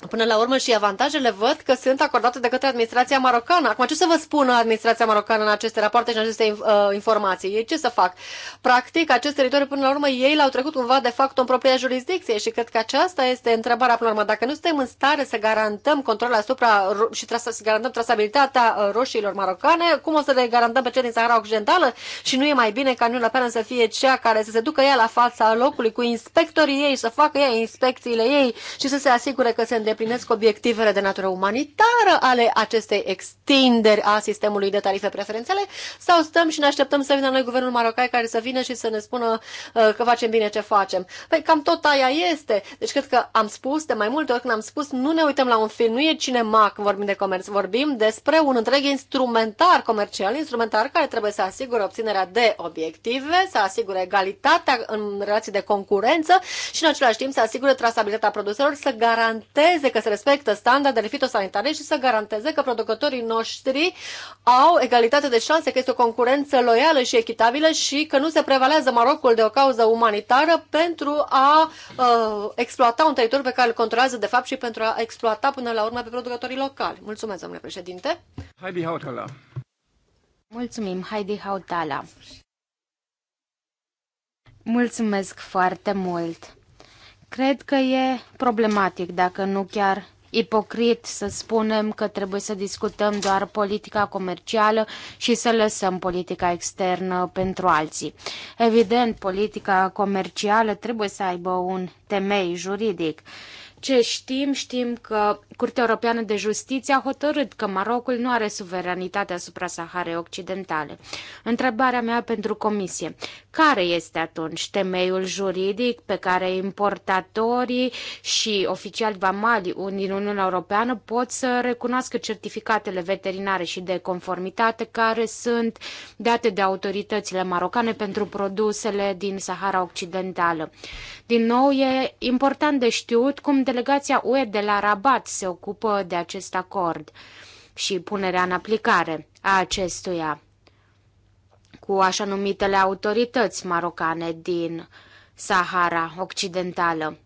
Până la urmă și avantajele văd că sunt acordate de către administrația marocană. Acum, ce să vă spună administrația marocană în aceste rapoarte și în aceste uh, informații? Ei ce să fac? Practic, acest teritoriu, până la urmă, ei l-au trecut cumva de fapt în propria jurisdicție și cred că aceasta este întrebarea până la urmă. Dacă nu suntem în stare să garantăm controlul asupra și trasa, să garantăm trasabilitatea uh, roșiilor marocane, cum o să le garantăm pe cei din Sahara Occidentală? Și nu e mai bine ca Uniunea Europeană să fie cea care să se ducă ea la fața locului cu inspectorii ei, să facă ea inspecțiile ei și să se asigure că se îndeplinesc obiectivele de natură umanitară ale acestei extinderi a sistemului de tarife preferențiale sau stăm și ne așteptăm să vină noi guvernul marocai care să vină și să ne spună uh, că facem bine ce facem. Păi cam tot aia este. Deci cred că am spus de mai multe ori când am spus nu ne uităm la un film, nu e cinema când vorbim de comerț, vorbim despre un întreg instrumentar comercial, instrumentar care trebuie să asigure obținerea de obiective, să asigure egalitatea în relații de concurență și în același timp să asigure trasabilitatea produselor, să garanteze garanteze că se respectă standardele fitosanitare și să garanteze că producătorii noștri au egalitate de șanse, că este o concurență loială și echitabilă și că nu se prevalează Marocul de o cauză umanitară pentru a uh, exploata un teritoriu pe care îl controlează de fapt și pentru a exploata până la urmă
pe producătorii locali. Mulțumesc, domnule președinte.
Heidi Hautala.
Mulțumim, Heidi Hautala. Mulțumesc foarte mult! Cred că e problematic, dacă nu chiar Ipocrit să spunem că trebuie să discutăm doar politica comercială și să lăsăm politica externă pentru alții. Evident, politica comercială trebuie să aibă un temei juridic ce știm? Știm că Curtea Europeană de Justiție a hotărât că Marocul nu are suveranitate asupra Saharei Occidentale. Întrebarea mea pentru Comisie. Care este atunci temeiul juridic pe care importatorii și oficiali vamali din Uniunea Europeană pot să recunoască certificatele veterinare și de conformitate care sunt date de autoritățile marocane pentru produsele din Sahara Occidentală? Din nou, e important de știut cum delegația UE de la Rabat se ocupă de acest acord și punerea în aplicare a acestuia cu așa numitele autorități marocane din Sahara Occidentală.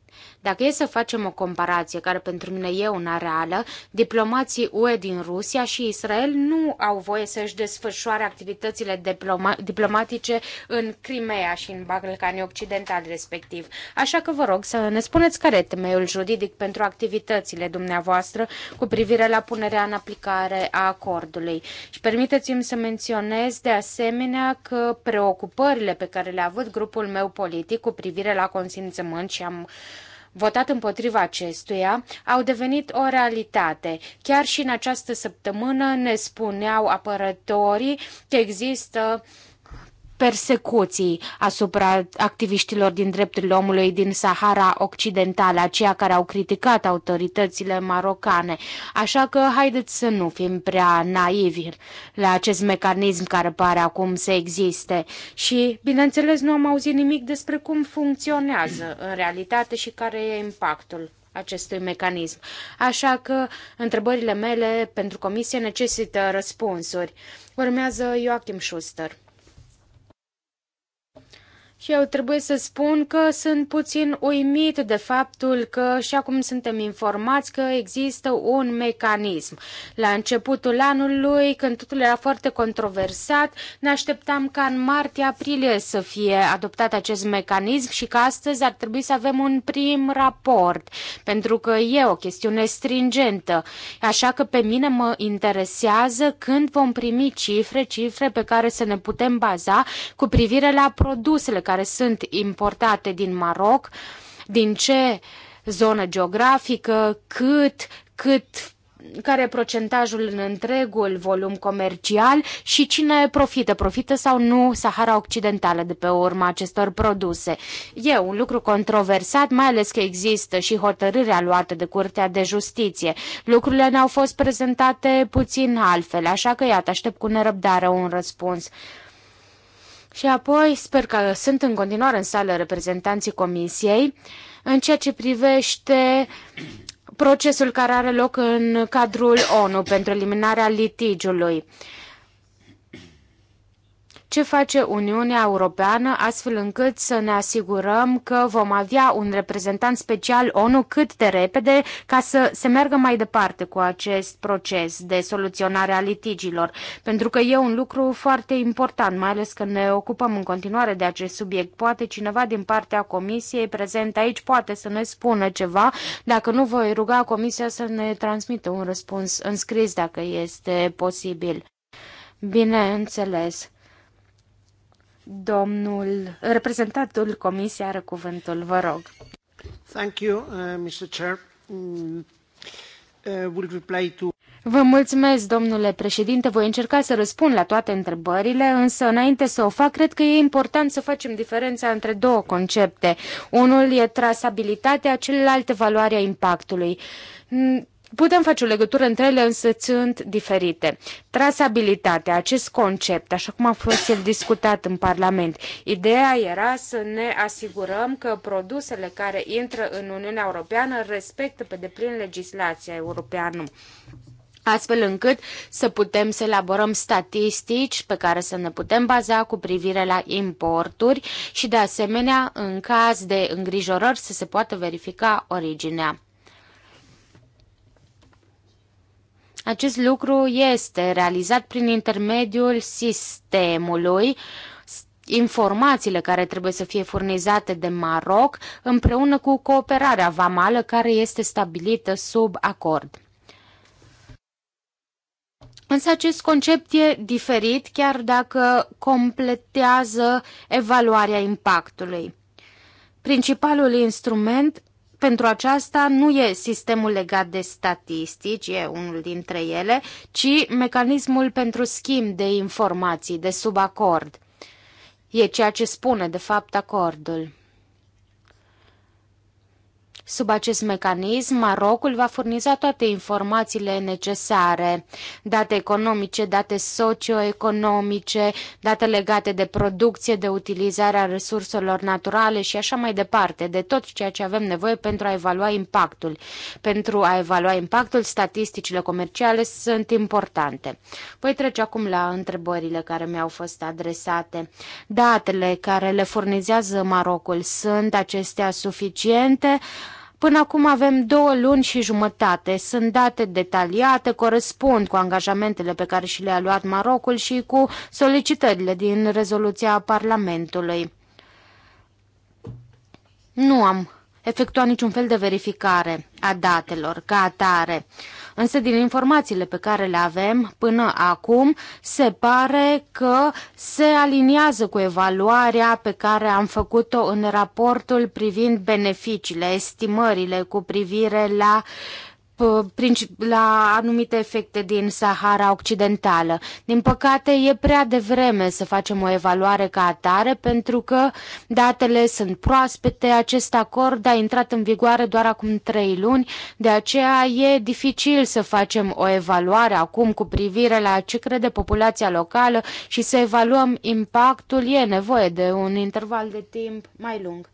Dacă e să facem o comparație, care pentru mine e una reală, diplomații UE din Rusia și Israel nu au voie să-și desfășoare activitățile diploma- diplomatice în Crimea și în Balcanii Occidentali respectiv. Așa că vă rog să ne spuneți care e temeiul juridic pentru activitățile dumneavoastră cu privire la punerea în aplicare a acordului. Și permiteți-mi să menționez de asemenea că preocupările pe care le-a avut grupul meu politic cu privire la consimțământ și am uh, votat împotriva acestuia au devenit o realitate. Chiar și în această săptămână ne spuneau apărătorii că există uh, persecuții asupra activiștilor din drepturile omului din Sahara Occidentală, aceia care au criticat autoritățile marocane. Așa că haideți să nu fim prea naivi la acest mecanism care pare acum să existe. Și, bineînțeles, nu am auzit nimic despre cum funcționează în realitate și care e impactul acestui mecanism. Așa că întrebările mele pentru comisie necesită răspunsuri. Urmează Joachim Schuster. Și eu trebuie să spun că sunt puțin uimit de faptul că și acum suntem informați că există un mecanism. La începutul anului, când totul era foarte controversat, ne așteptam ca în martie-aprilie să fie adoptat acest mecanism și că astăzi ar trebui să avem un prim raport, pentru că e o chestiune stringentă. Așa că pe mine mă interesează când vom primi cifre, cifre pe care să ne putem baza cu privire la produsele care care sunt importate din Maroc, din ce zonă geografică, cât, cât care e procentajul în întregul volum comercial și cine profită, profită sau nu Sahara Occidentală de pe urma acestor produse. E un lucru controversat, mai ales că există și hotărârea luată de Curtea de Justiție. Lucrurile ne-au fost prezentate puțin altfel, așa că iată, aștept cu nerăbdare un răspuns. Și apoi sper că sunt în continuare în sală reprezentanții comisiei în ceea ce privește procesul care are loc în cadrul ONU pentru eliminarea litigiului ce face Uniunea Europeană astfel încât să ne asigurăm că vom avea un reprezentant special ONU cât de repede ca să se meargă mai departe cu acest proces de soluționare a litigilor, pentru că e un lucru foarte important, mai ales că ne ocupăm în continuare de acest subiect. Poate cineva din partea Comisiei prezent aici poate să ne spună ceva, dacă nu voi ruga Comisia să ne transmită un răspuns în scris dacă este posibil. Bineînțeles. Domnul, reprezentantul Comisiei are cuvântul, vă rog.
Thank you, uh, Mr. Chair. Mm, uh, will
reply to... Vă mulțumesc, domnule președinte. Voi încerca să răspund la toate întrebările, însă înainte să o fac, cred că e important să facem diferența între două concepte. Unul e trasabilitatea, celălalt evaluarea impactului. Mm, Putem face o legătură între ele, însă sunt diferite. Trasabilitatea, acest concept, așa cum a fost el discutat în Parlament, ideea era să ne asigurăm că produsele care intră în Uniunea Europeană respectă pe deplin legislația europeană astfel încât să putem să elaborăm statistici pe care să ne putem baza cu privire la importuri și, de asemenea, în caz de îngrijorări să se poată verifica originea. Acest lucru este realizat prin intermediul sistemului informațiile care trebuie să fie furnizate de Maroc împreună cu cooperarea vamală care este stabilită sub acord. Însă acest concept e diferit chiar dacă completează evaluarea impactului. Principalul instrument pentru aceasta nu e sistemul legat de statistici, e unul dintre ele, ci mecanismul pentru schimb de informații, de subacord. E ceea ce spune, de fapt, acordul. Sub acest mecanism, Marocul va furniza toate informațiile necesare, date economice, date socioeconomice, date legate de producție, de utilizarea resurselor naturale și așa mai departe, de tot ceea ce avem nevoie pentru a evalua impactul. Pentru a evalua impactul, statisticile comerciale sunt importante. Voi trece acum la întrebările care mi-au fost adresate. Datele care le furnizează Marocul sunt acestea suficiente? Până acum avem două luni și jumătate. Sunt date detaliate, corespund cu angajamentele pe care și le-a luat Marocul și cu solicitările din rezoluția Parlamentului. Nu am efectuat niciun fel de verificare a datelor ca atare. Însă din informațiile pe care le avem până acum, se pare că se aliniază cu evaluarea pe care am făcut-o în raportul privind beneficiile, estimările cu privire la uh, la anumite efecte din Sahara Occidentală. Din păcate, e prea devreme să facem o evaluare ca atare, pentru că datele sunt proaspete, acest acord a intrat în vigoare doar acum trei luni, de aceea e dificil să facem o evaluare acum cu privire la ce crede populația locală și să evaluăm impactul. E nevoie de un interval de timp mai lung.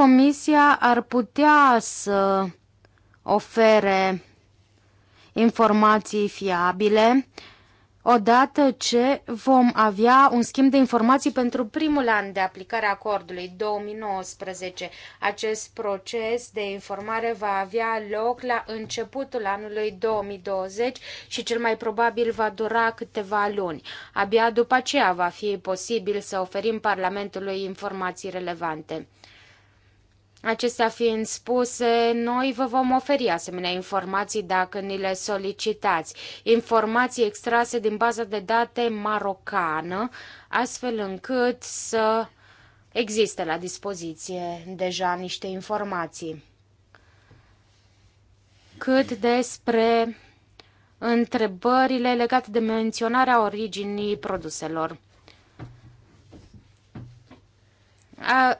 Comisia ar putea să ofere informații fiabile odată ce vom avea un schimb de informații pentru primul an de aplicare a acordului 2019. Acest proces de informare va avea loc la începutul anului 2020 și cel mai probabil va dura câteva luni. Abia după aceea va fi posibil să oferim Parlamentului informații relevante. Acestea fiind spuse, noi vă vom oferi asemenea informații dacă ni le solicitați, informații extrase din baza de date marocană, astfel încât să existe la dispoziție deja niște informații. Cât despre întrebările legate de menționarea originii produselor.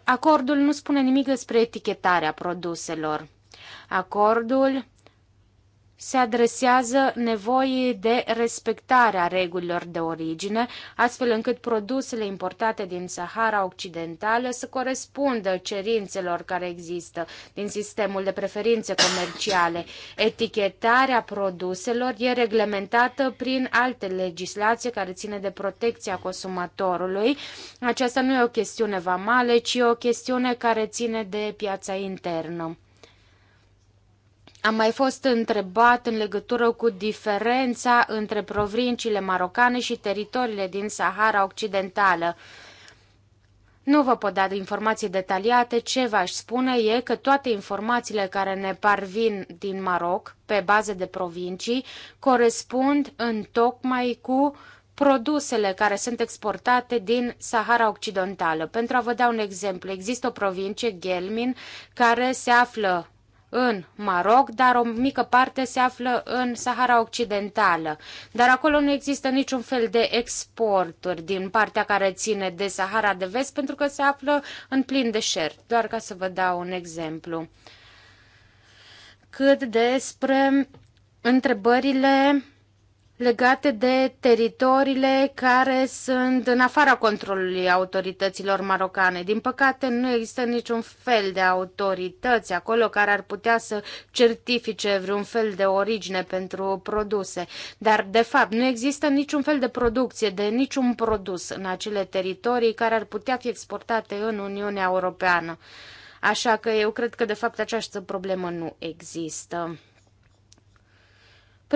Acordul nu spune nimic despre etichetarea produselor. Acordul se adresează nevoii de respectare a regulilor de origine, astfel încât produsele importate din Sahara Occidentală să corespundă cerințelor care există din sistemul de preferințe comerciale. Etichetarea produselor e reglementată prin alte legislații care ține de protecția consumatorului. Aceasta nu e o chestiune vamală, ci e o chestiune care ține de piața internă. Am mai fost întrebat în legătură cu diferența între provinciile marocane și teritoriile din Sahara Occidentală. Nu vă pot da informații detaliate, ce v-aș spune e că toate informațiile care ne parvin din Maroc, pe bază de provincii, corespund în tocmai cu produsele care sunt exportate din Sahara Occidentală. Pentru a vă da un exemplu, există o provincie, Gelmin, care se află în Maroc, dar o mică parte se află în Sahara Occidentală. Dar acolo nu există niciun fel de exporturi din partea care ține de Sahara de Vest, pentru că se află în plin deșert, doar ca să vă dau un exemplu. Cât despre întrebările legate de teritoriile care sunt în afara controlului autorităților marocane. Din păcate, nu există niciun fel de autorități acolo care ar putea să certifice vreun fel de origine pentru produse. Dar, de fapt, nu există niciun fel de producție de niciun produs în acele teritorii care ar putea fi exportate în Uniunea Europeană. Așa că eu cred că, de fapt, această problemă nu există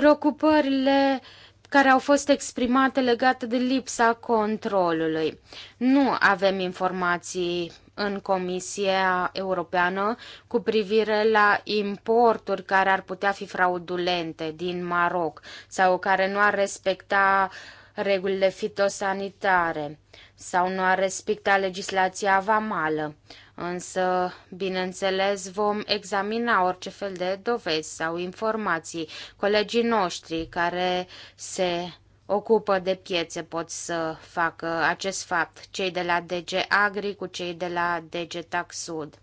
preocupările care au fost exprimate legate de lipsa controlului. Nu avem informații în Comisia Europeană cu privire la importuri care ar putea fi fraudulente din Maroc sau care nu ar respecta regulile fitosanitare sau nu ar respecta legislația vamală însă, bineînțeles, vom examina orice fel de dovezi sau informații. Colegii noștri care se ocupă de piețe pot să facă acest fapt, cei de la DG Agri cu cei de la DG Sud.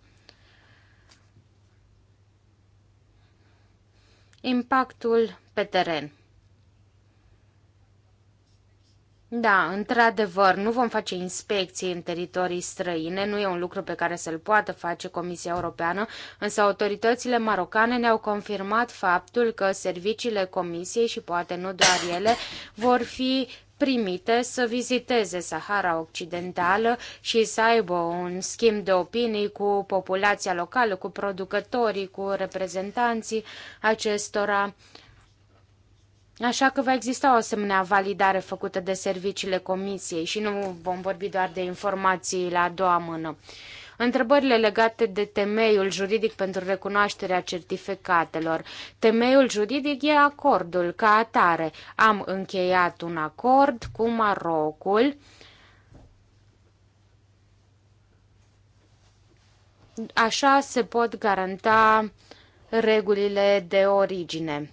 Impactul pe teren Da, într-adevăr, nu vom face inspecții în teritorii străine, nu e un lucru pe care să-l poată face Comisia Europeană, însă autoritățile marocane ne-au confirmat faptul că serviciile Comisiei și poate nu doar ele vor fi primite să viziteze Sahara Occidentală și să aibă un schimb de opinii cu populația locală, cu producătorii, cu reprezentanții acestora. Așa că va exista o asemenea validare făcută de serviciile comisiei și nu vom vorbi doar de informații la a doua mână. Întrebările legate de temeiul juridic pentru recunoașterea certificatelor. Temeiul juridic e acordul ca atare. Am încheiat un acord cu Marocul. Așa se pot garanta regulile de origine.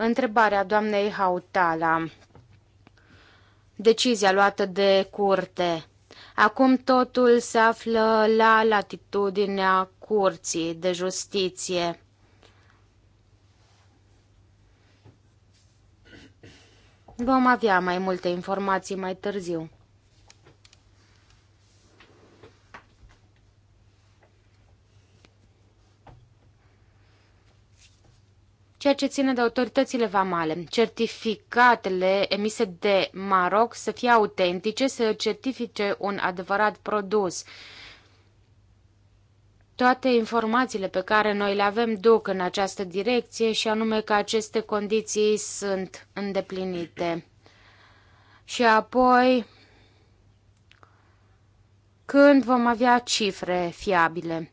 Întrebarea doamnei Hautala. Decizia luată de curte. Acum totul se află la latitudinea curții de justiție. Vom avea mai multe informații mai târziu. ceea ce ține de autoritățile vamale. Certificatele emise de Maroc să fie autentice, să certifice un adevărat produs. Toate informațiile pe care noi le avem duc în această direcție și anume că aceste condiții sunt îndeplinite. Și apoi, când vom avea cifre fiabile?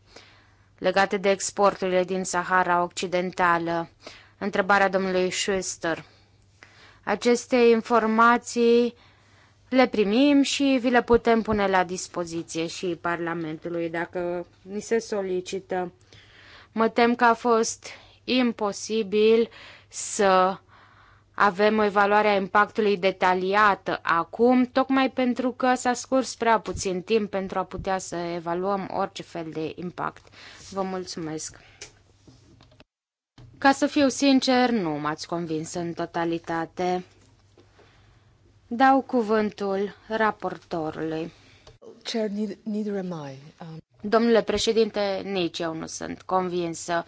legate de exporturile din Sahara Occidentală. Întrebarea domnului Schuster. Aceste informații le primim și vi le putem pune la dispoziție și Parlamentului dacă ni se solicită. Mă tem că a fost imposibil să avem o evaluare a impactului detaliată acum, tocmai pentru că s-a scurs prea puțin timp pentru a putea să evaluăm orice fel de impact. Vă mulțumesc! Ca să fiu sincer, nu m-ați convins în totalitate. Dau cuvântul raportorului. Chair, need, need remind. Um... Domnule președinte, nici eu nu sunt convinsă.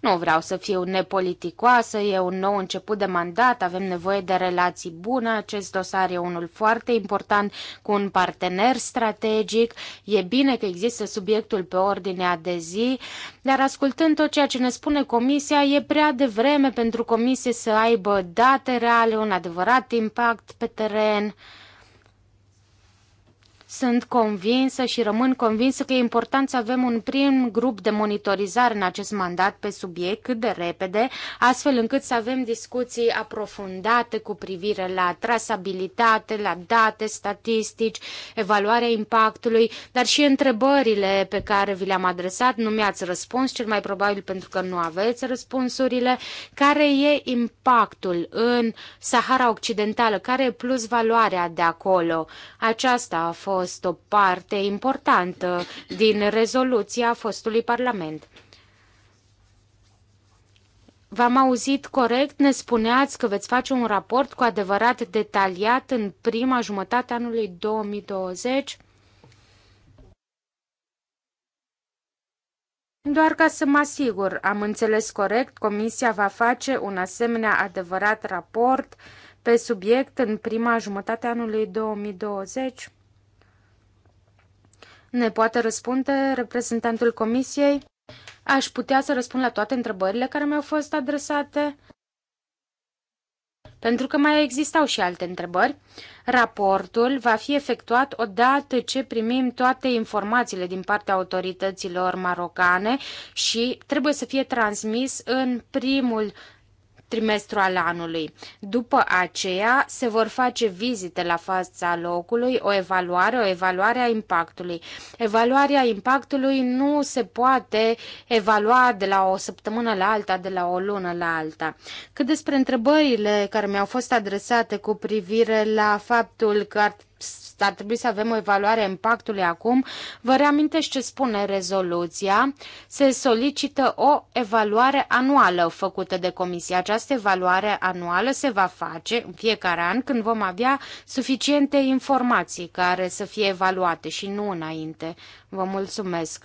Nu vreau să fiu nepoliticoasă, e un nou început de mandat, avem nevoie de relații bune, acest dosar e unul foarte important cu un partener strategic, e bine că există subiectul pe ordinea de zi, dar ascultând tot ceea ce ne spune Comisia, e prea devreme pentru Comisie să aibă date reale, un adevărat impact pe teren. Sunt convinsă și rămân convinsă că e important să avem un prim grup de monitorizare în acest mandat pe subiect cât de repede, astfel încât să avem discuții aprofundate cu privire la trasabilitate, la date statistici, evaluarea impactului, dar și întrebările pe care vi le-am adresat. Nu mi-ați răspuns, cel mai probabil pentru că nu aveți răspunsurile. Care e impactul în Sahara Occidentală? Care e plus valoarea de acolo? Aceasta a fost fost o parte importantă din rezoluția fostului Parlament. V-am auzit corect, ne spuneați că veți face un raport cu adevărat detaliat în prima jumătate anului 2020? Doar ca să mă asigur, am înțeles corect, Comisia va face un asemenea adevărat raport pe subiect în prima jumătate anului 2020? Ne poate răspunde reprezentantul comisiei? Aș putea să răspund la toate întrebările care mi-au fost adresate? Pentru că mai existau și alte întrebări. Raportul va fi efectuat odată ce primim toate informațiile din partea autorităților marocane și trebuie să fie transmis în primul trimestru al anului. După aceea se vor face vizite la fața locului, o evaluare, o evaluare a impactului. Evaluarea impactului nu se poate evalua de la o săptămână la alta, de la o lună la alta. Cât despre întrebările care mi-au fost adresate cu privire la faptul că ar ar trebui să avem o evaluare a impactului acum. Vă reamintesc ce spune rezoluția. Se solicită o evaluare anuală făcută de comisie. Această evaluare anuală se va face în fiecare an când vom avea suficiente informații care să fie evaluate și nu înainte. Vă mulțumesc!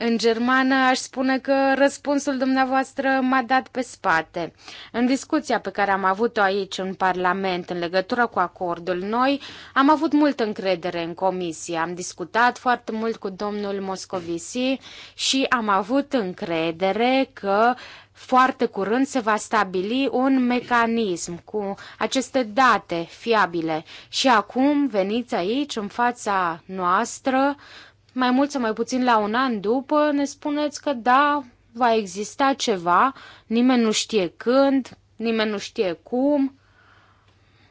În germană aș spune că răspunsul dumneavoastră m-a dat pe spate. În discuția pe care am avut-o aici în Parlament în legătură cu acordul noi, am avut multă încredere în comisie. Am discutat foarte mult cu domnul Moscovici și am avut încredere că foarte curând se va stabili un mecanism cu aceste date fiabile. Și acum veniți aici, în fața noastră, mai mult sau mai puțin la un an după, ne spuneți că da, va exista ceva, nimeni nu știe când, nimeni nu știe cum.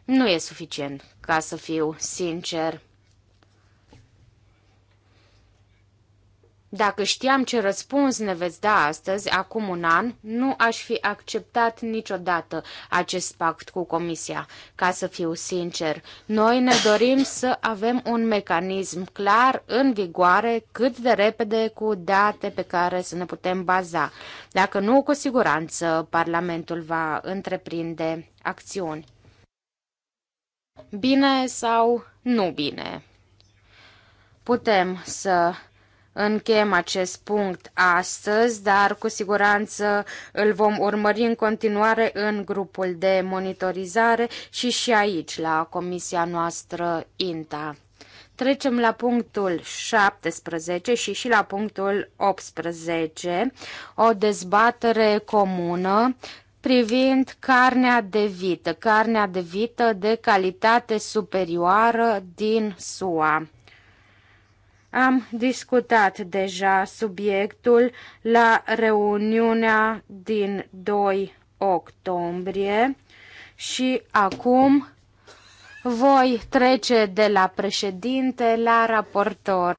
Nu e suficient, ca să fiu sincer. Dacă știam ce răspuns ne veți da astăzi, acum un an, nu aș fi acceptat niciodată acest pact cu Comisia. Ca să fiu sincer, noi ne dorim să avem un mecanism clar, în vigoare, cât de repede, cu date pe care să ne putem baza. Dacă nu, cu siguranță Parlamentul va întreprinde acțiuni. Bine sau nu bine? Putem să încheiem acest punct astăzi, dar cu siguranță îl vom urmări în continuare în grupul de monitorizare și și aici, la comisia noastră INTA. Trecem la punctul 17 și și la punctul 18, o dezbatere comună privind carnea de vită, carnea de vită de calitate superioară din SUA. Am discutat deja subiectul la reuniunea din 2 octombrie și acum voi trece de la președinte la raportor.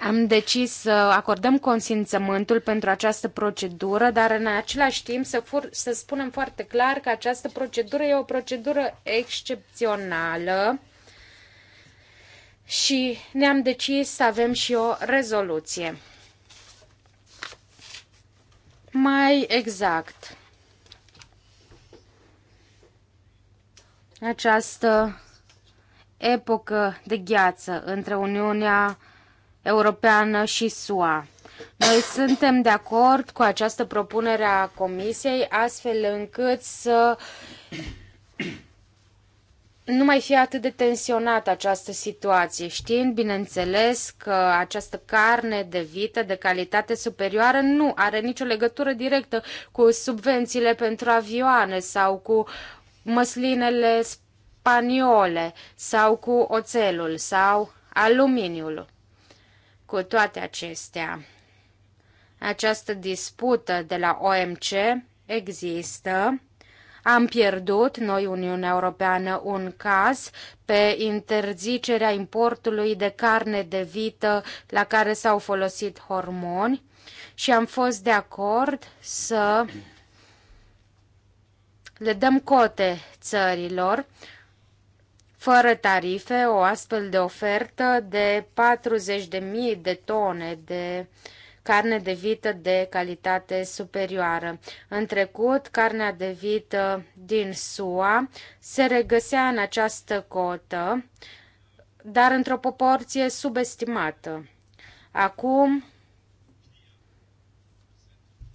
Am decis să acordăm consimțământul pentru această procedură, dar în același timp să, fur, să spunem foarte clar că această procedură e o procedură excepțională și ne-am decis să avem și o rezoluție. Mai exact, această epocă de gheață între Uniunea Europeană și SUA. Noi suntem de acord cu această propunere a Comisiei, astfel încât să nu mai fie atât de tensionată această situație, știind, bineînțeles, că această carne de vită de calitate superioară nu are nicio legătură directă cu subvențiile pentru avioane sau cu măslinele spaniole sau cu oțelul sau aluminiul. Cu toate acestea, această dispută de la OMC există. Am pierdut noi, Uniunea Europeană, un caz pe interzicerea importului de carne de vită la care s-au folosit hormoni și am fost de acord să le dăm cote țărilor fără tarife, o astfel de ofertă de 40.000 de tone de carne de vită de calitate superioară. În trecut, carnea de vită din SUA se regăsea în această cotă, dar într-o proporție subestimată. Acum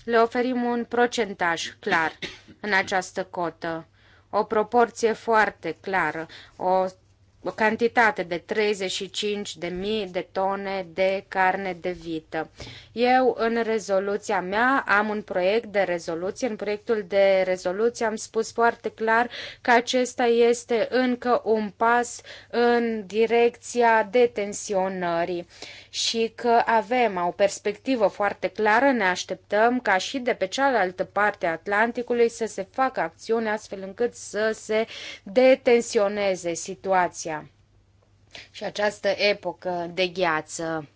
le oferim un procentaj clar în această cotă o proporție foarte clară, o o cantitate de 35.000 de de tone de carne de vită. Eu, în rezoluția mea, am un proiect de rezoluție. În proiectul de rezoluție am spus foarte clar că acesta este încă un pas în direcția detensionării și că avem o perspectivă foarte clară, ne așteptăm ca și de pe cealaltă parte a Atlanticului să se facă acțiuni astfel încât să se detensioneze situația și această epocă de gheață.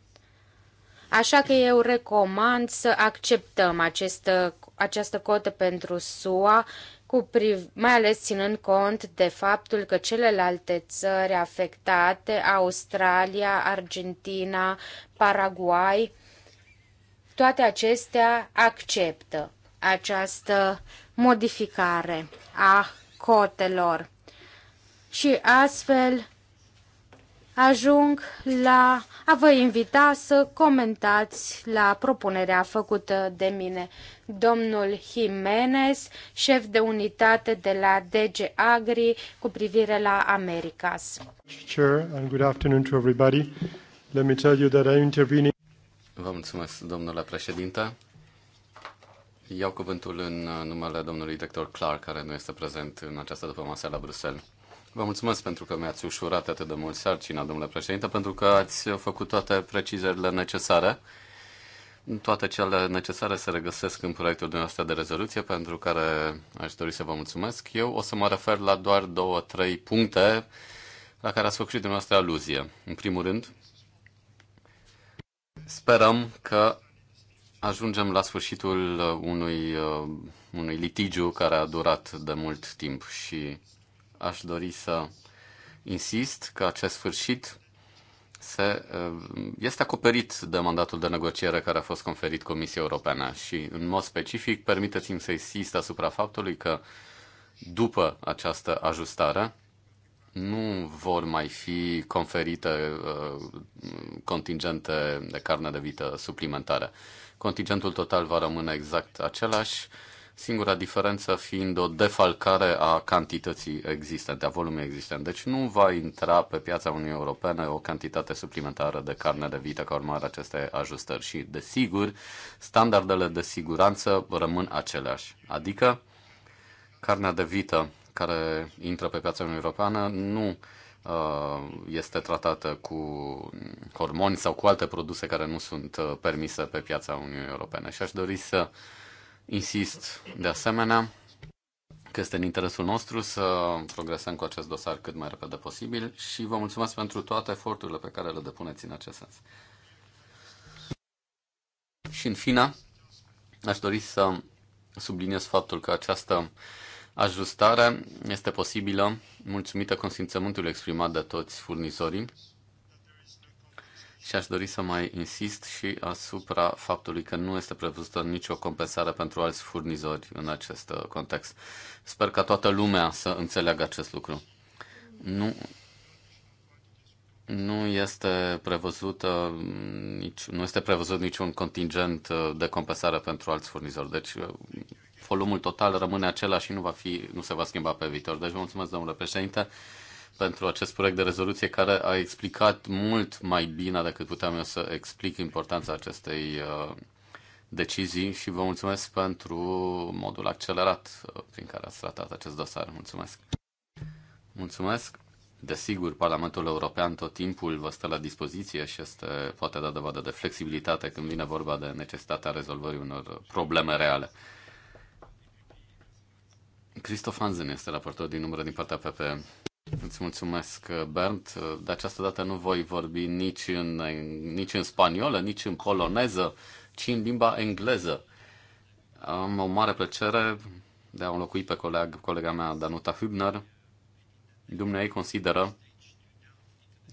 Așa că eu recomand să acceptăm această, această cotă pentru SUA, cu priv- mai ales ținând cont de faptul că celelalte țări afectate, Australia, Argentina, Paraguay, toate acestea acceptă această modificare a cotelor. Și astfel ajung la a vă invita să comentați la propunerea făcută de mine. Domnul Jimenez, șef de unitate de la DG Agri cu privire la Americas.
Chair, and good afternoon to everybody. Let me tell you that I'm intervening.
Vă mulțumesc, domnule președinte. Iau cuvântul în uh, numele domnului director Clark, care nu este prezent în această masă la Bruxelles. Vă mulțumesc pentru că mi-ați ușurat atât de mult sarcina, domnule președinte, pentru că ați făcut toate precizările necesare. Toate cele necesare se regăsesc în proiectul dumneavoastră de rezoluție, pentru care aș dori să vă mulțumesc. Eu o să mă refer la doar două, trei puncte la care ați făcut și dumneavoastră aluzie. În primul rând, sperăm că ajungem la sfârșitul unui, unui litigiu care a durat de mult timp și aș dori să insist că acest sfârșit se, eh, este acoperit de mandatul de negociere care a fost conferit Comisiei Europene și, în mod specific, permiteți-mi să insist asupra faptului că, după această ajustare, nu vor mai fi conferite uh, contingente de carne de vită suplimentare. Contingentul total va rămâne exact același singura diferență fiind o defalcare a cantității existente, a volumului existent. Deci nu va intra pe piața Uniunii Europene o cantitate suplimentară de carne de vită ca urmare aceste ajustări și, desigur, standardele de siguranță rămân aceleași. Adică, carnea de vită care intră pe piața Uniunii Europeană nu uh, este tratată cu hormoni sau cu alte produse care nu sunt uh, permise pe piața Uniunii Europene. Și aș dori să Insist de asemenea că este în interesul nostru să progresăm cu acest dosar cât mai repede posibil și vă mulțumesc pentru toate eforturile pe care le depuneți în acest sens. Și în fine, aș dori să subliniez faptul că această ajustare este posibilă mulțumită consimțământului exprimat de toți furnizorii și aș dori să mai insist și asupra faptului că nu este prevăzută nicio compensare pentru alți furnizori în acest uh, context. Sper ca toată lumea să înțeleagă acest lucru. Nu, nu este prevăzută uh, nici, nu este prevăzut niciun contingent uh, de compensare pentru alți furnizori. Deci volumul total rămâne același și nu va fi, nu se va schimba pe viitor. Deci vă mulțumesc, domnule președinte pentru acest proiect de rezoluție care a explicat mult mai bine decât puteam eu să explic importanța acestei uh, decizii și vă mulțumesc pentru modul accelerat uh, prin care ați tratat acest dosar. Mulțumesc! Mulțumesc! Desigur, Parlamentul European tot timpul vă stă la dispoziție și este, poate da dovadă de flexibilitate când vine vorba de necesitatea rezolvării unor probleme reale. Christoph Hansen este raportor din numără din partea PPM. Îți mulțumesc, Bernd. De această dată nu voi vorbi nici în, nici în spaniolă, nici în poloneză, ci în limba engleză. Am o mare plăcere de a înlocui pe coleg, colega mea, Danuta Hübner. Dumnezeu consideră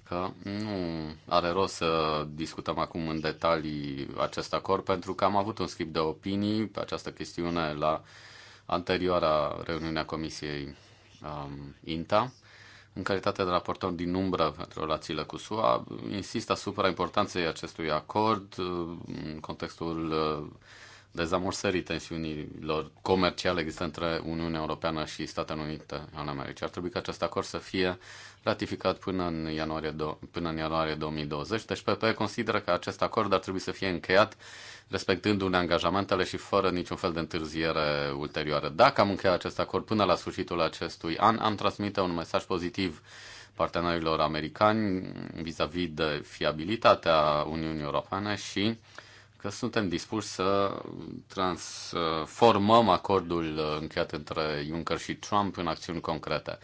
că nu are rost să discutăm acum în detalii acest acord, pentru că am avut un schimb de opinii pe această chestiune la anterioara reuniune a Comisiei um, INTA în calitate de raportor din umbră pentru relațiile cu SUA, insist asupra importanței acestui acord uh, în contextul uh, dezamorsării tensiunilor comerciale existente între Uniunea Europeană și Statele Unite ale Americii. Ar trebui ca acest acord să fie ratificat până în ianuarie, do- până în ianuarie 2020. Deci PPE consideră că acest acord ar trebui să fie încheiat respectându-ne angajamentele și fără niciun fel de întârziere ulterioară. Dacă am încheiat acest acord până la sfârșitul acestui an, am transmite un mesaj pozitiv partenerilor americani vis-a-vis -vis de fiabilitatea Uniunii Europene și că suntem dispuși să transformăm acordul încheiat între Juncker și Trump în acțiuni concrete.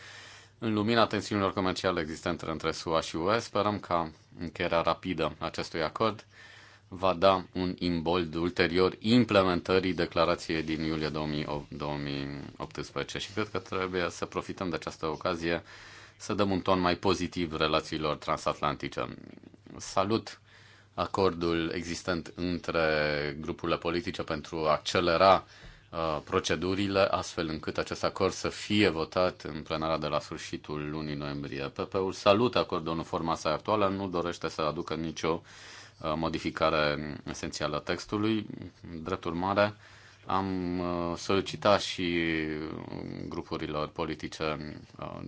În lumina tensiunilor comerciale existente între SUA și UE, sperăm ca încheierea rapidă acestui acord va da un imbold ulterior implementării declarației din iulie 2018 și cred că trebuie să profităm de această ocazie să dăm un ton mai pozitiv relațiilor transatlantice. Salut acordul existent între grupurile politice pentru a accelera uh, Uh, procedurile, astfel încât acest acord să fie votat în plenara de la sfârșitul lunii noiembrie. PP-ul salută acordul în forma sa actuală, nu dorește să aducă nicio uh, modificare esențială a textului. Drept urmare, am uh, solicitat și grupurilor politice,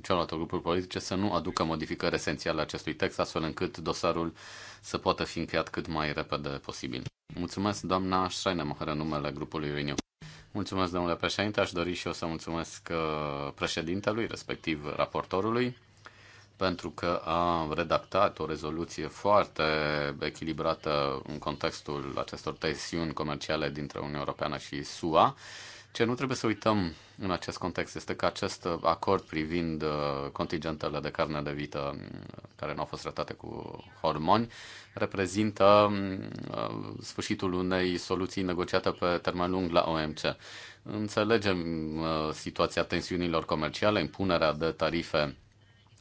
celorlalte grupuri politice, să nu aducă modificări esențiale acestui text, astfel încât dosarul să poată fi încheiat cât mai repede posibil. Mulțumesc, doamna Schreiner, numele grupului Renew. Mulțumesc, domnule președinte. Aș dori și eu să mulțumesc uh, președintelui, respectiv raportorului, pentru că a redactat o rezoluție foarte echilibrată în contextul acestor tensiuni comerciale dintre Uniunea Europeană și SUA ce nu trebuie să uităm în acest context este că acest uh, acord privind uh, contingentele de carne de vită mm, care nu au fost tratate cu hormoni reprezintă mm, uh, sfârșitul unei soluții negociate pe termen lung la OMC. Înțelegem situația tensiunilor comerciale, impunerea de tarife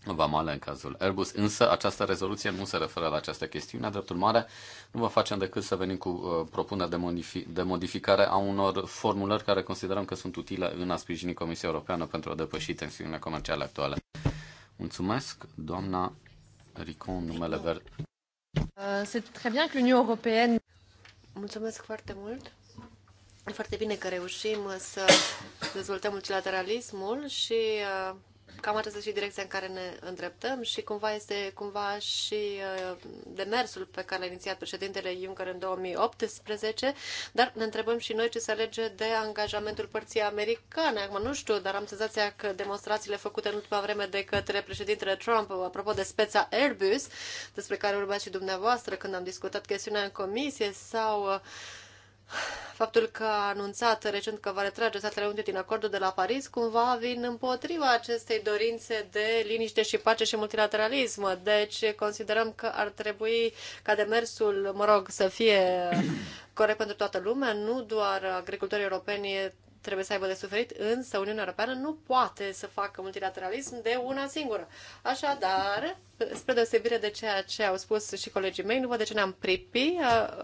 vamale în cazul Airbus, însă această rezoluție nu se referă la această chestiune, Dreptul mare nu vă facem decât să venim cu uh, propuneri de, modifi- de modificare a unor formulări care considerăm că sunt utile în a sprijini Comisia Europeană pentru a depăși tensiunile comerciale actuale. Mulțumesc, doamna Ricon, numele verde.
C'est uh, très bien que l'Union européenne. Mulțumesc foarte mult. E foarte bine că reușim să dezvoltăm multilateralismul și uh, Cam aceasta este și direcția în care ne îndreptăm și cumva este cumva și uh, demersul pe care l-a inițiat președintele Juncker în 2018, dar ne întrebăm și noi ce se alege de angajamentul părții americane. Acum nu știu, dar am senzația că demonstrațiile făcute în ultima vreme de către președintele Trump, apropo de speța Airbus, despre care urmați și dumneavoastră când am discutat chestiunea în comisie, sau uh, faptul că a anunțat recent că va retrage Statele Unite din acordul de la Paris, cumva vin împotriva acestei dorințe de liniște și pace și multilateralism. Deci considerăm că ar trebui ca demersul, mă rog, să fie corect pentru toată lumea, nu doar agricultorii europeni trebuie să aibă de suferit, însă Uniunea Europeană nu poate să facă multilateralism de una singură. Așadar, spre deosebire de ceea ce au spus și colegii mei, nu văd de ce ne-am pripi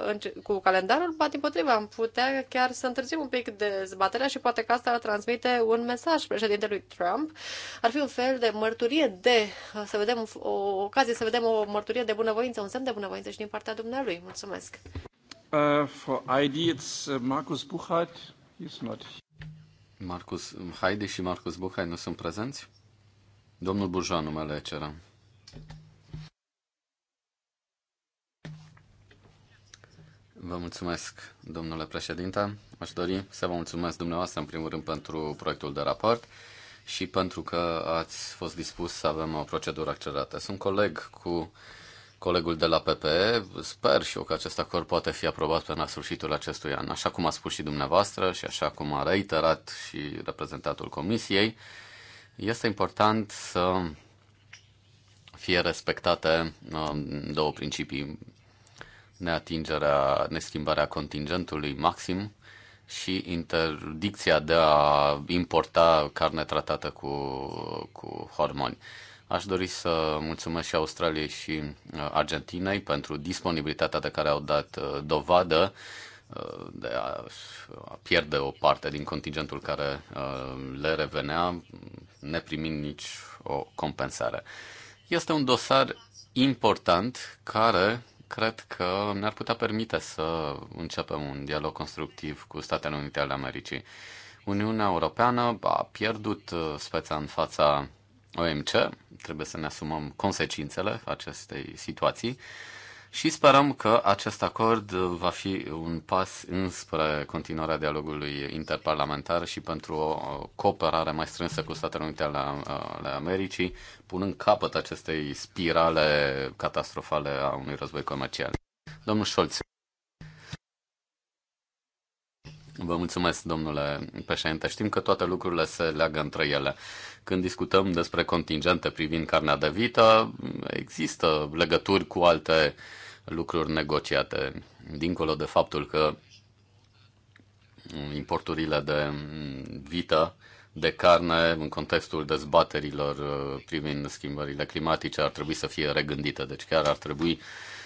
uh, cu calendarul, ba din potriva, am putea chiar să întârzim un pic dezbaterea și poate că asta ar transmite un mesaj președintelui Trump. Ar fi un fel de mărturie de, uh, să vedem o ocazie, să vedem o mărturie de bunăvoință, un semn de bunăvoință și din partea dumnealui. Mulțumesc!
Uh, for ID, it's
uh, Markus Buchheit. He's not
Marcus Haide și Marcus Bucai nu sunt prezenți? Domnul Burjan, numele cerem. Vă mulțumesc, domnule președinte. Aș dori să vă mulțumesc dumneavoastră, în primul rând, pentru proiectul de raport și pentru că ați fost dispus să avem o procedură accelerată. Sunt coleg cu colegul de la PPE. Sper și eu că acest acord poate fi aprobat până la sfârșitul acestui an. Așa cum a spus și dumneavoastră și așa cum a reiterat și reprezentantul Comisiei, este important să fie respectate um, două principii. Neatingerea, neschimbarea contingentului maxim și interdicția de a importa carne tratată cu, cu hormoni. Aș dori să mulțumesc și Australiei și uh, Argentinei pentru disponibilitatea de care au dat uh, dovadă uh, de a pierde o parte din contingentul care le revenea, neprimind nici o compensare. Este un dosar important care cred că ne-ar putea permite să începem un dialog constructiv cu Statele Unite ale Americii. Uniunea Europeană a pierdut speța în fața OMC, trebuie să ne asumăm consecințele acestei situații și sperăm că acest acord va fi un pas înspre continuarea dialogului interparlamentar și pentru o cooperare mai strânsă cu Statele Unite ale, ale Americii, punând capăt acestei spirale catastrofale a unui război comercial. Domnul Scholz. Vă mulțumesc, domnule președinte. Știm că toate lucrurile se leagă între ele. Când discutăm despre contingente privind carnea de vită, există legături cu alte lucruri negociate, dincolo de faptul că importurile de vită, de carne, în contextul dezbaterilor uh, privind schimbările climatice, ar trebui să fie regândite. Deci chiar ar trebui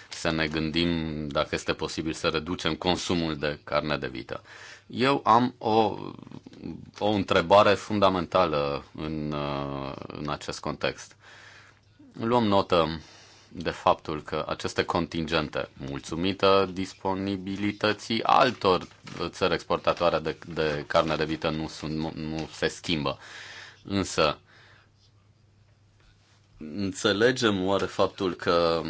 să ne gândim dacă este posibil să reducem consumul de carne de vită. Eu am o, o întrebare fundamentală în, uh, în acest context. Luăm notă de faptul că aceste contingente, mulțumită disponibilității altor țări exportatoare de, de carne de vită, nu, sunt, nu, nu se schimbă. Însă, înțelegem oare faptul că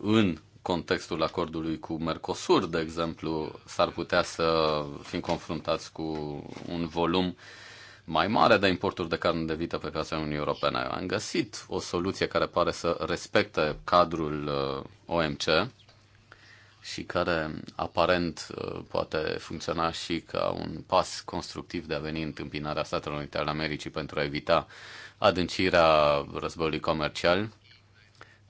în contextul acordului cu Mercosur, de exemplu, s-ar putea să fim confruntați cu un volum mai mare de importuri de carne de vită pe piața Uniunii Europene. Am găsit o soluție care pare să respecte cadrul uh, OMC și care aparent uh, poate funcționa și ca un pas constructiv de a veni întâmpinarea Statelor Unite ale Americii pentru a evita adâncirea războiului comercial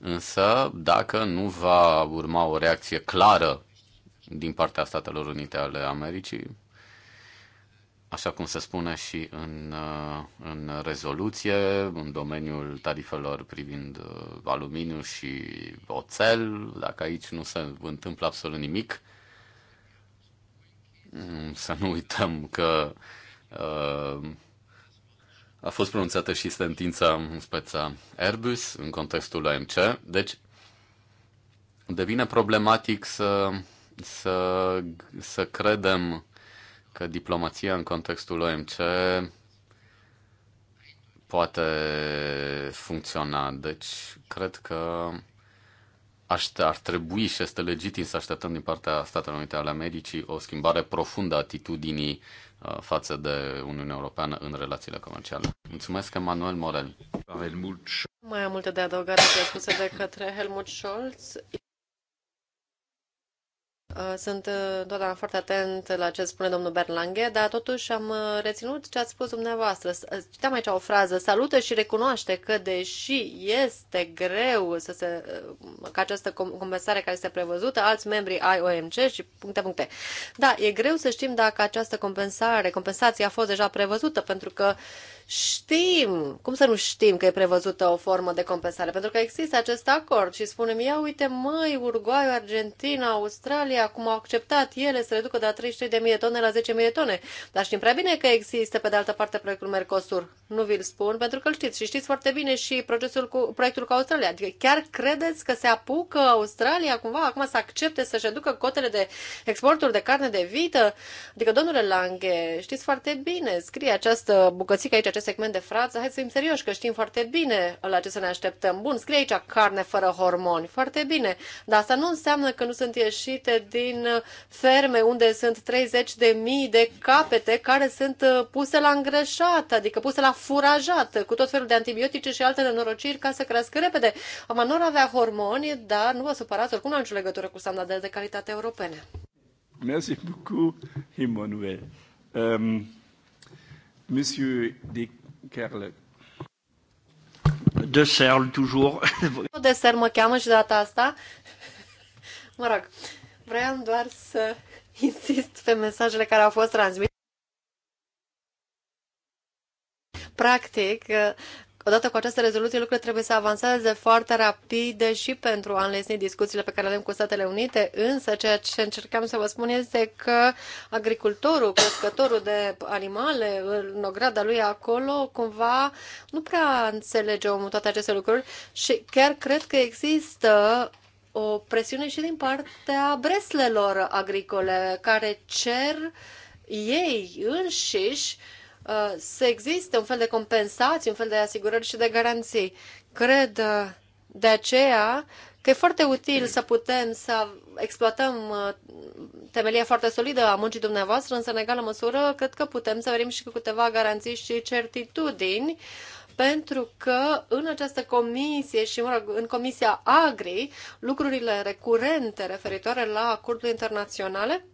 Însă, dacă nu va urma o reacție clară din partea Statelor Unite ale Americii, așa cum se spune și în, uh, în rezoluție, în domeniul tarifelor privind uh, aluminiu și oțel, dacă aici nu se întâmplă absolut nimic, mm, să nu uităm că uh, a fost pronunțată și sentința în speța Airbus în contextul AMC. deci devine problematic să, să, să credem că diplomația în contextul OMC poate funcționa. Deci, cred că ar trebui și este legitim să așteptăm din partea Statelor Unite ale Americii o schimbare profundă a atitudinii Uh, față de Uniunea Europeană în relațiile comerciale. Mulțumesc, Emanuel Morel.
Mai am multe de adăugat la spuse de către Helmut Scholz. Uh, sunt uh, doar foarte atent la ce spune domnul Berlanghe, dar totuși am uh, reținut ce ați spus dumneavoastră. Citeam aici o frază, salută și recunoaște că deși este greu să se, ca această compensare care este prevăzută, alți membri ai OMC și puncte, puncte. Da, e greu să știm dacă această compensare, compensație a fost deja prevăzută, pentru că Știm, cum să nu știm că e prevăzută o formă de compensare? Pentru că există acest acord și spunem, ia uite, măi, Uruguay, Argentina, Australia, cum au acceptat ele să reducă de la 33 de de tone la mii de tone. Dar știm prea bine că există, pe de altă parte, proiectul Mercosur. Nu vi-l spun, pentru că îl știți și știți foarte bine și procesul cu, proiectul cu Australia. Adică chiar credeți că se apucă Australia cumva acum să accepte să-și reducă cotele de exporturi de carne de vită? Adică, domnule Lange, știți foarte bine, scrie această bucățică aici, acest segment de frață, hai să fim serioși, că știm foarte bine la ce să ne așteptăm. Bun, scrie aici carne fără hormoni, foarte bine, dar asta nu înseamnă că nu sunt ieșite din ferme unde sunt 30 de mii de capete care sunt uh, puse la îngrășat, adică puse la furajat, cu tot felul de antibiotice și alte nenorociri ca să crească repede. Ama nu avea hormoni, dar nu vă supărați, oricum nu nicio legătură cu standardele de calitate europene.
Mersi beaucoup, Emmanuel. Um... De Serl, toujours. *laughs*
De Serl mă cheamă și data asta. *laughs* Mă rog, vreau doar să insist pe mesajele care au fost transmise. Practic, odată cu această rezoluție, lucrurile trebuie să avanseze foarte rapide și pentru a înlesni discuțiile pe care le avem cu Statele Unite, însă ceea ce încercam să vă spun este că agricultorul, crescătorul de animale, în ograda lui acolo, cumva nu prea înțelege omul toate aceste lucruri și chiar cred că există o presiune și din partea breslelor agricole care cer ei înșiși uh, Uh, să existe un fel de compensații, un fel de asigurări și de garanții. Cred uh, de aceea că e foarte util să putem să exploatăm uh, temelia foarte solidă a muncii dumneavoastră, însă în egală măsură cred că putem să avem și cu câteva garanții și certitudini pentru că în această comisie și mă rog, în comisia AGRI, lucrurile recurente referitoare la acorduri internaționale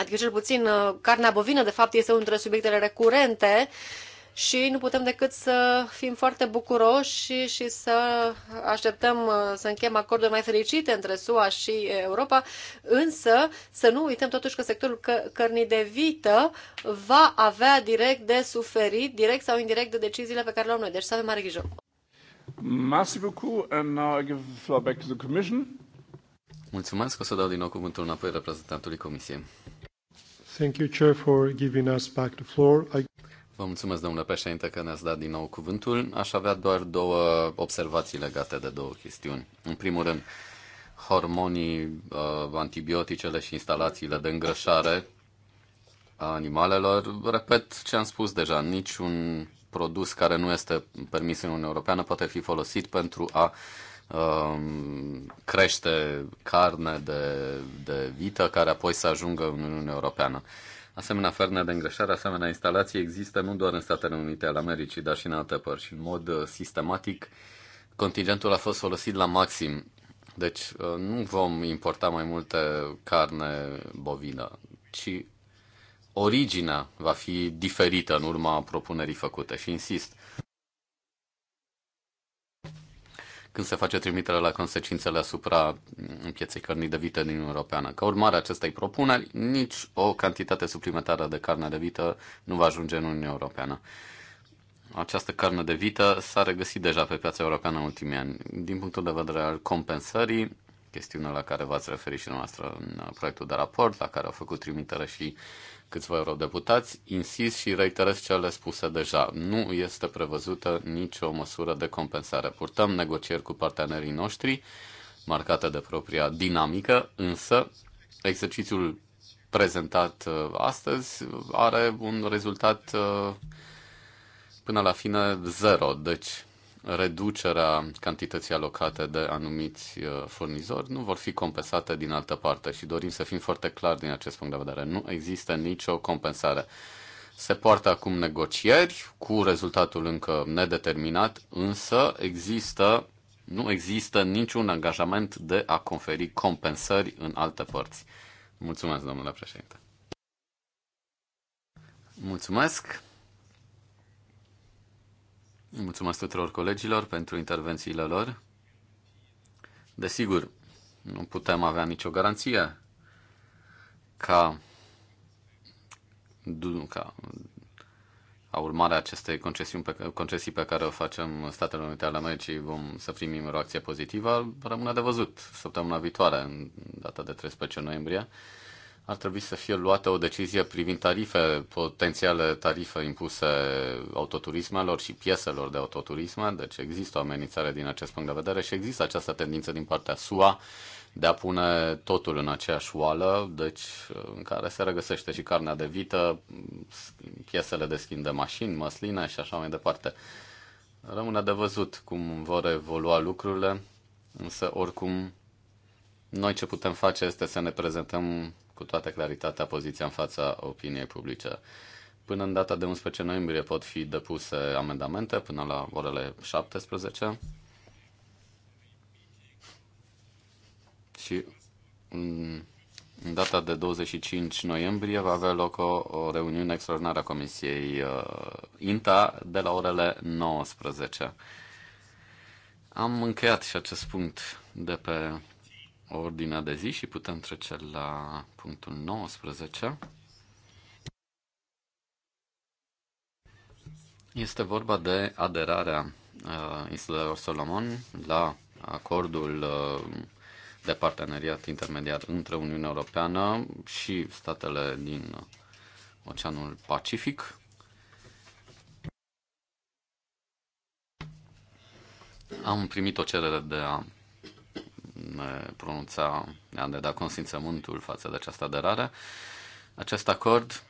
Adică cel puțin uh, carnea bovină, de fapt, este unul dintre subiectele recurente și nu putem decât să fim foarte bucuroși și să așteptăm uh, să încheiem acorduri mai fericite între SUA și Europa, însă să nu uităm totuși că sectorul că- cărnii de vită va avea direct de suferit, direct sau indirect, de deciziile pe care le luăm noi. Deci să avem mare grijă.
Merci beaucoup and now I give the floor back to the commission.
Mulțumesc, o să dau din nou cuvântul înapoi reprezentantului Comisiei.
Thank you, Chair, for giving us back the floor. I...
Vă mulțumesc, domnule președinte, că ne-ați dat din nou cuvântul. Aș avea doar două observații legate de două chestiuni. În primul rând, hormonii, uh, antibioticele și instalațiile de îngrășare a animalelor. Repet ce am spus deja, niciun produs care nu este permis în Uniunea Europeană poate fi folosit pentru a Um, crește carne de, de vită care apoi să ajungă în Uniunea Europeană. Asemenea ferne de îngreșare, asemenea instalații există nu doar în Statele Unite ale Americii, dar și în alte părți. Și în mod uh, sistematic, contingentul a fost folosit la maxim. Deci uh, nu vom importa mai multe carne bovină, ci originea va fi diferită în urma propunerii făcute. Și insist, când se face trimitere la consecințele asupra pieței cărnii de vită din Europeană. Ca urmare acestei propuneri, nici o cantitate suplimentară de carne de vită nu va ajunge în Uniunea Europeană. Această carne de vită s-a regăsit deja pe piața europeană în ultimii ani. Din punctul de vedere al compensării, chestiunea la care v-ați referit și noastră în proiectul de raport, la care au făcut trimitere și câțiva eurodeputați, insist și reiterez cele spuse deja. Nu este prevăzută nicio măsură de compensare. Purtăm negocieri cu partenerii noștri, marcate de propria dinamică, însă exercițiul prezentat uh, astăzi are un rezultat uh, până la fine zero. Deci reducerea cantității alocate de anumiți uh, furnizori nu vor fi compensate din altă parte și dorim să fim foarte clari din acest punct de vedere. Nu există nicio compensare. Se poartă acum negocieri cu rezultatul încă nedeterminat, însă există, nu există niciun angajament de a conferi compensări în alte părți. Mulțumesc, domnule președinte. Mulțumesc. Mulțumesc tuturor colegilor pentru intervențiile lor. Desigur, nu putem avea nicio garanție ca, ca a urmare acestei concesiuni pe, concesii pe care o facem Statele Unite ale Americii vom să primim o reacție pozitivă, rămâne de văzut săptămâna viitoare, în data de 13 noiembrie ar trebui să fie luată o decizie privind tarife, potențiale tarife impuse autoturismelor și pieselor de autoturisme, deci există o amenințare din acest punct de vedere și există această tendință din partea SUA de a pune totul în aceeași oală, deci în care se regăsește și carnea de vită, piesele de schimb de mașini, măsline și așa mai departe. Rămâne de văzut cum vor evolua lucrurile, însă oricum noi ce putem face este să ne prezentăm cu toată claritatea poziția în fața opiniei publice. Până în data de 11 noiembrie pot fi depuse amendamente până la orele 17. Și în data de 25 noiembrie va avea loc o, o reuniune extraordinară a Comisiei uh, INTA de la orele 19. Am încheiat și acest punct de pe ordinea de zi și putem trece la punctul 19. Este vorba de aderarea uh, insulelor Solomon la acordul uh, de parteneriat intermediar între Uniunea Europeană și statele din Oceanul Pacific. Am primit o cerere de a ne pronunța, ne-a dat consimțământul față de această aderare. Acest acord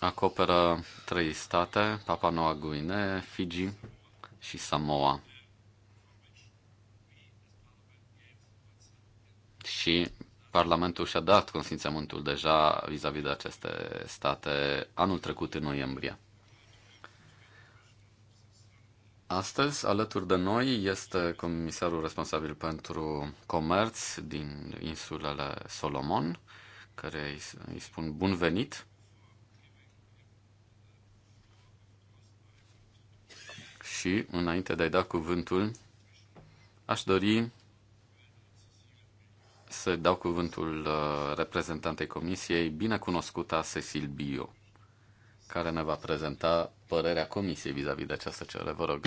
acoperă trei state, Papua Noua Guine Fiji și Samoa. Și Parlamentul și-a dat consimțământul deja vis-a-vis -vis de aceste state anul trecut în noiembrie. Astăzi, alături de noi, este comisarul responsabil pentru comerț din insulele Solomon, care îi spun bun venit. Și, înainte de a-i da cuvântul, aș dori să dau cuvântul uh, reprezentantei comisiei, binecunoscuta Cecil Bio care ne va prezenta părerea Comisiei vis-a-vis -vis de această cerere. Vă rog.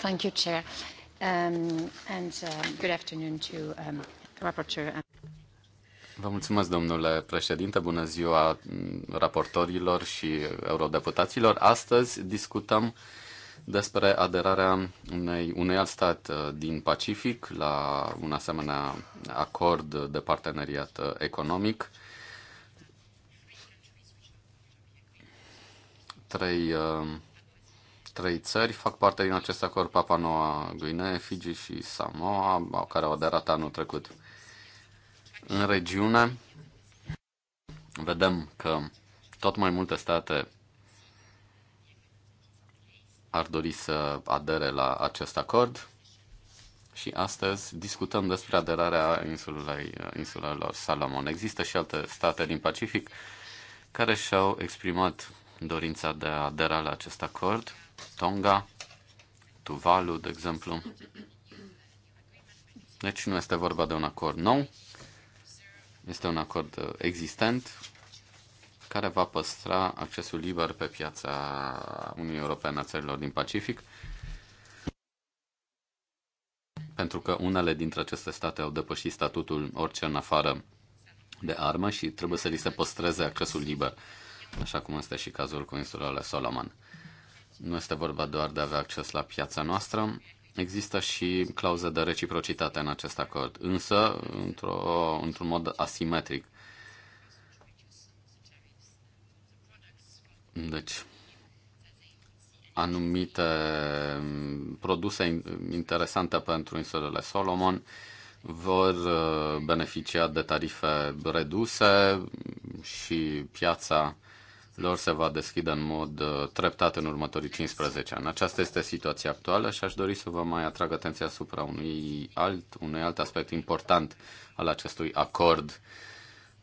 Thank you, Chair. Um, and uh, good afternoon to um, Rapporteur.
Vă mulțumesc, domnule președinte, bună ziua mm, raportorilor și eurodeputaților. Astăzi discutăm despre aderarea unei, unui alt stat uh, din Pacific la un asemenea acord de parteneriat uh, economic trei, uh, trei țări fac parte din acest acord, Papua Noua Guinee, Fiji și Samoa, care au aderat anul trecut. În regiune vedem că tot mai multe state ar dori să adere la acest acord și astăzi discutăm despre aderarea insulei, insulelor Salomon. Există și alte state din Pacific care și-au exprimat dorința de a adera la acest acord. Tonga, Tuvalu, de exemplu. Deci nu este vorba de un acord nou, este un acord uh, existent care va păstra accesul liber pe piața Uniunii Europene a țărilor din Pacific, pentru că unele dintre aceste state au depășit statutul orice în afară de armă și trebuie să li se păstreze accesul liber așa cum este și cazul cu insulele Solomon. Nu este vorba doar de a avea acces la piața noastră, există și clauze de reciprocitate în acest acord, însă într-o, într-un mod asimetric. Deci, anumite produse interesante pentru insulele Solomon vor uh, beneficia de tarife reduse și piața lor se va deschide în mod uh, treptat în următorii 15 ani. Aceasta este situația actuală și aș dori să vă mai atrag atenția asupra unui alt, unui alt aspect important al acestui acord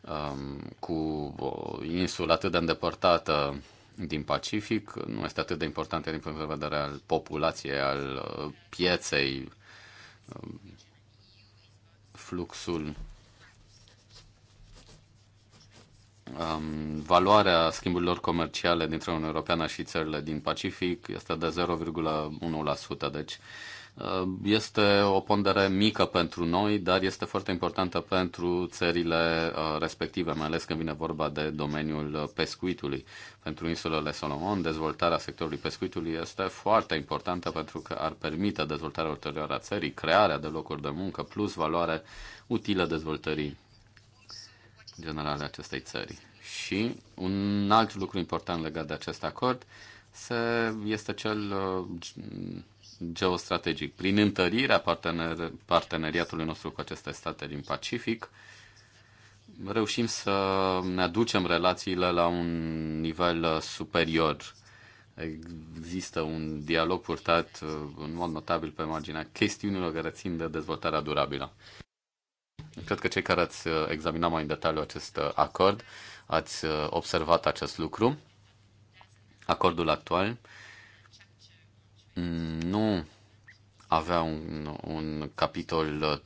um, cu o insulă atât de îndepărtată din Pacific. Nu este atât de importantă din punct de vedere al populației, al uh, pieței, um, fluxul um, valoarea schimburilor comerciale dintre Uniunea Europeană și țările din Pacific este de 0,1%, deci uh, este o pondere mică pentru noi, dar este foarte importantă pentru țările uh, respective, mai ales când vine vorba de domeniul pescuitului. Pentru insulele Solomon, dezvoltarea sectorului pescuitului este foarte importantă pentru că ar permite dezvoltarea ulterioară a țării, crearea de locuri de muncă, plus valoare utilă dezvoltării generale acestei țări. Și un alt lucru important legat de acest acord se, este cel uh, geostrategic. Prin întărirea partener, parteneriatului nostru cu aceste state din Pacific, reușim să ne aducem relațiile la un nivel uh, superior. Există un dialog purtat uh, în mod notabil pe marginea chestiunilor care țin de dezvoltarea durabilă. Cred că cei care ați uh, examinat mai în detaliu acest uh, acord ați uh, observat acest lucru. Acordul actual mm, nu avea un, un capitol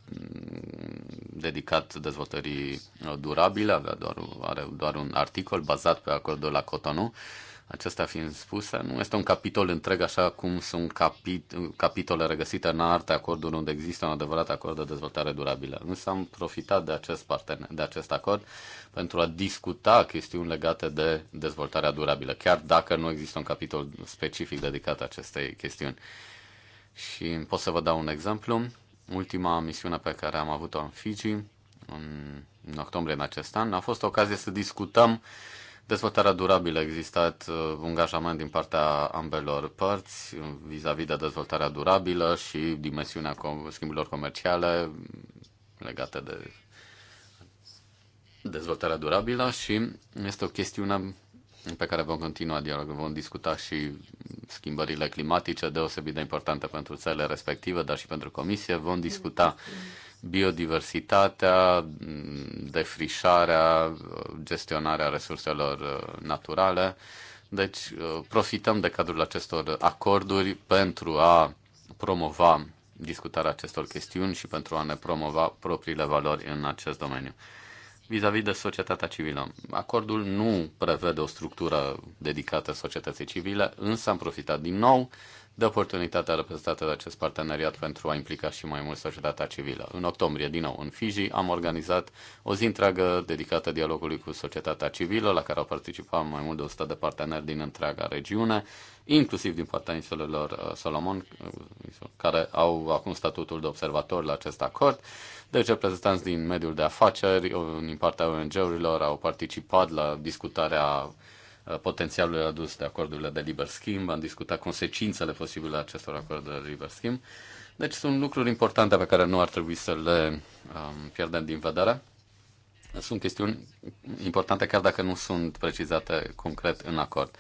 dedicat dezvoltării durabile, avea doar, are doar un articol bazat pe acordul la Cotonou acesta fiind spusă, nu este un capitol întreg așa cum sunt capit- capitole regăsite în arte, acordul unde există un adevărat acord de dezvoltare durabilă. Însă am profitat de acest, partener, de acest acord pentru a discuta chestiuni legate de dezvoltarea durabilă, chiar dacă nu există un capitol specific dedicat acestei chestiuni. Și pot să vă dau un exemplu. Ultima misiune pe care am avut-o în Fiji, în, în octombrie în acest an, a fost o ocazie să discutăm dezvoltarea durabilă a existat un uh, angajament din partea ambelor părți uh, vis-a-vis de dezvoltarea durabilă și dimensiunea schimbilor comerciale mm, legate de dezvoltarea durabilă și este o chestiune pe care vom continua dialogul. Vom discuta și schimbările climatice deosebit de importante pentru țările respective, dar și pentru Comisie. Vom discuta biodiversitatea, defrișarea, gestionarea resurselor uh, naturale. Deci uh, profităm de cadrul acestor acorduri pentru a promova discutarea acestor chestiuni și pentru a ne promova propriile valori în acest domeniu. Vis-a-vis -vis de societatea civilă, acordul nu prevede o structură dedicată societății civile, însă am profitat din nou de oportunitatea reprezentată de acest parteneriat pentru a implica și mai mult societatea civilă. În octombrie, din nou, în Fiji, am organizat o zi întreagă dedicată dialogului cu societatea civilă, la care au participat mai mult de 100 de parteneri din întreaga regiune, inclusiv din partea insulelor uh, Solomon, uh, care au acum statutul de observator la acest acord. Deci reprezentanți din mediul de afaceri, uh, din partea ONG-urilor, au participat la discutarea Uh, potențialul adus de acordurile de liber schimb, am discutat consecințele posibile acestor acorduri de liber schimb. Deci sunt lucruri importante pe care nu ar trebui să le um, pierdem din vedere. Sunt chestiuni importante chiar dacă nu sunt precizate concret în acord.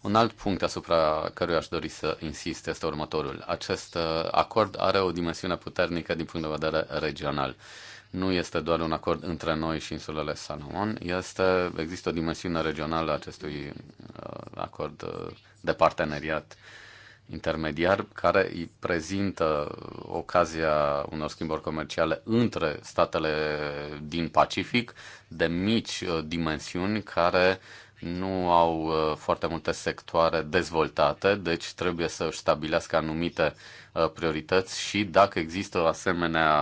Un alt punct asupra căruia aș dori să insist este următorul. Acest uh, acord are o dimensiune puternică din punct de vedere regional nu este doar un acord între noi și insulele Salomon, este, există o dimensiune regională a acestui uh, acord uh, de parteneriat intermediar care îi prezintă ocazia unor schimburi comerciale între statele din Pacific de mici uh, dimensiuni care nu au uh, foarte multe sectoare dezvoltate, deci trebuie să își stabilească anumite uh, priorități și dacă există o asemenea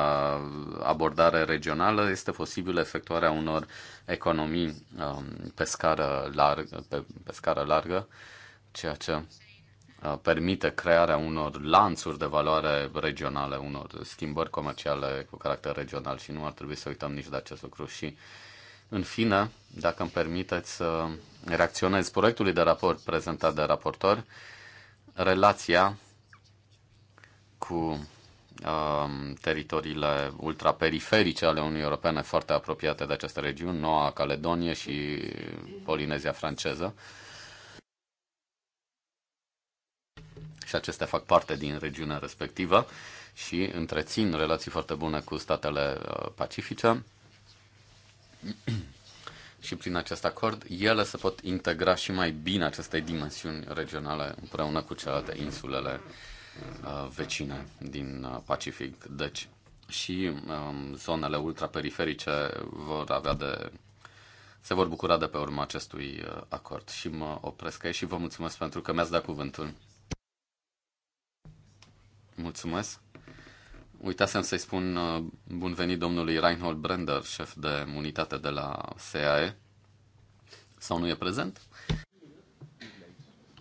abordare regională, este posibil efectuarea unor economii um, pe scară, larg, pe, pe scară largă, ceea ce uh, permite crearea unor lanțuri de valoare regionale, unor schimbări comerciale cu caracter regional și nu ar trebui să uităm nici de acest lucru și uh, în fine, dacă îmi permiteți să reacționez proiectului de raport prezentat de raportor, relația cu um, teritoriile ultraperiferice ale Uniunii Europene foarte apropiate de această regiune, Noua Caledonie și Polinezia franceză. Și acestea fac parte din regiunea respectivă și întrețin relații foarte bune cu statele uh, pacifice și prin acest acord ele se pot integra și mai bine aceste dimensiuni regionale împreună cu celelalte insulele uh, vecine din uh, Pacific. Deci și um, zonele ultraperiferice vor avea de se vor bucura de pe urma acestui uh, acord și mă opresc aici și vă mulțumesc pentru că mi-ați dat cuvântul. Mulțumesc. Uitasem să-i spun uh, bun venit domnului Reinhold Brender, șef de unitate de la SAE. Sau nu e prezent?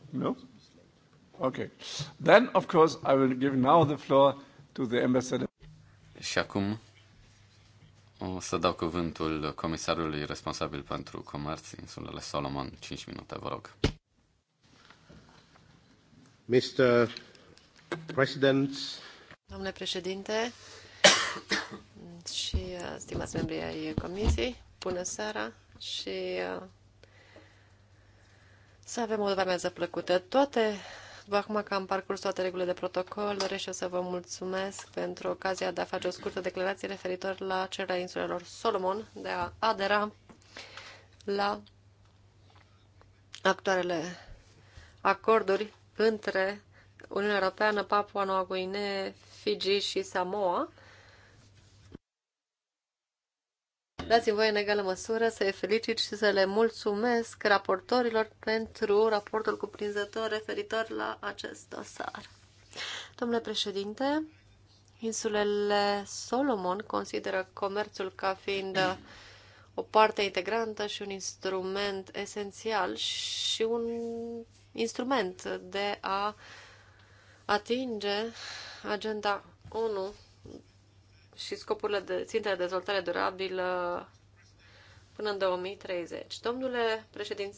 No? Okay. Then, of course, I will give now the floor to the ambassador.
Și acum o să dau cuvântul comisarului responsabil pentru comerț, insulele Solomon. 5 minute, vă rog.
Mr. President, Domnule președinte și uh, stimați membri ai comisiei, bună seara și uh, să avem o vremează plăcută. Toate, după acum că am parcurs toate regulile de protocol, doresc eu să vă mulțumesc pentru ocazia de a face o scurtă declarație referitor la cererea insulelor Solomon de a adera la actualele acorduri între Uniunea Europeană, Papua Noua Guinee, Fiji și Samoa. Dați-mi voie în egală măsură să-i felicit și să le mulțumesc raportorilor pentru raportul cuprinzător referitor la acest dosar. Domnule președinte, insulele Solomon consideră comerțul ca fiind o parte integrantă și un instrument esențial și un instrument de a uh, atinge agenda 1 și scopurile de ținte de dezvoltare durabilă până în 2030. Domnule președinte,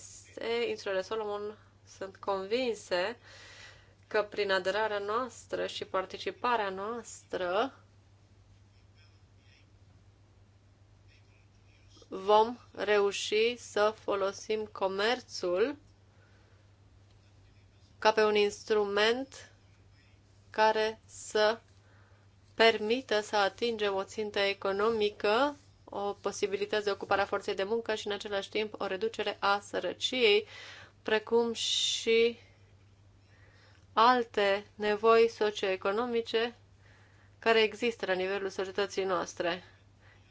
insulele Solomon sunt convinse că prin aderarea noastră și participarea noastră vom reuși să folosim comerțul ca pe un instrument care să permită să atingem o țintă economică, o posibilitate de ocupare a forței de muncă și, în același timp, o reducere a sărăciei, precum și alte nevoi socioeconomice care există la nivelul societății noastre.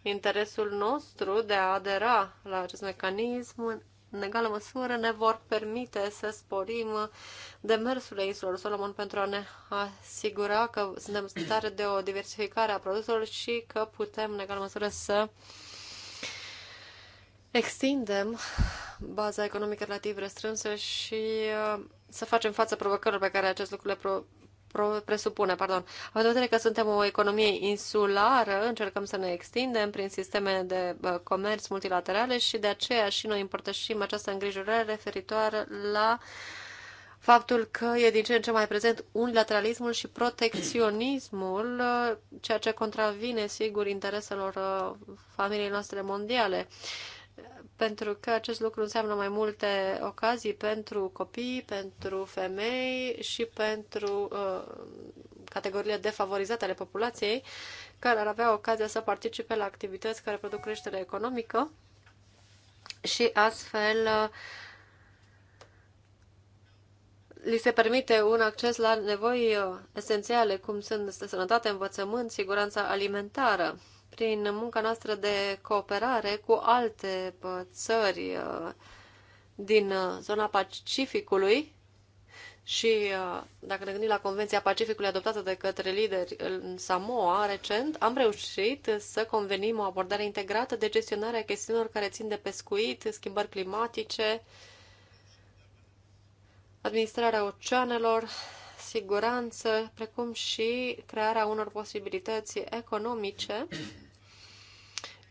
Interesul nostru de a adera la acest mecanism în egală măsură ne vor permite să sporim demersurile insulor Solomon pentru a ne asigura că suntem stare de o diversificare a produselor și că putem în egală măsură să extindem baza economică relativ restrânsă și uh, să facem față provocărilor pe care acest lucru le presupune. Pardon. Având în vedere că suntem o economie insulară, încercăm să ne extindem prin sisteme de comerț multilaterale și de aceea și noi împărtășim această îngrijorare referitoare la faptul că e din ce în ce mai prezent unilateralismul și protecționismul, ceea ce contravine, sigur, intereselor uh, familiei noastre mondiale pentru că acest lucru înseamnă mai multe ocazii pentru copii, pentru femei și pentru uh, categoriile defavorizate ale populației, care ar avea ocazia să participe la activități care produc creștere economică și astfel uh, li se permite un acces la nevoi uh, esențiale, cum sunt sănătate, învățământ, siguranța alimentară prin munca noastră de cooperare cu alte țări uh, din uh, zona Pacificului și uh, dacă ne gândim la Convenția Pacificului adoptată de către lideri în Samoa recent, am reușit să convenim o abordare integrată de gestionare a chestiunilor care țin de pescuit, schimbări climatice, administrarea oceanelor, siguranță, precum și crearea unor posibilități economice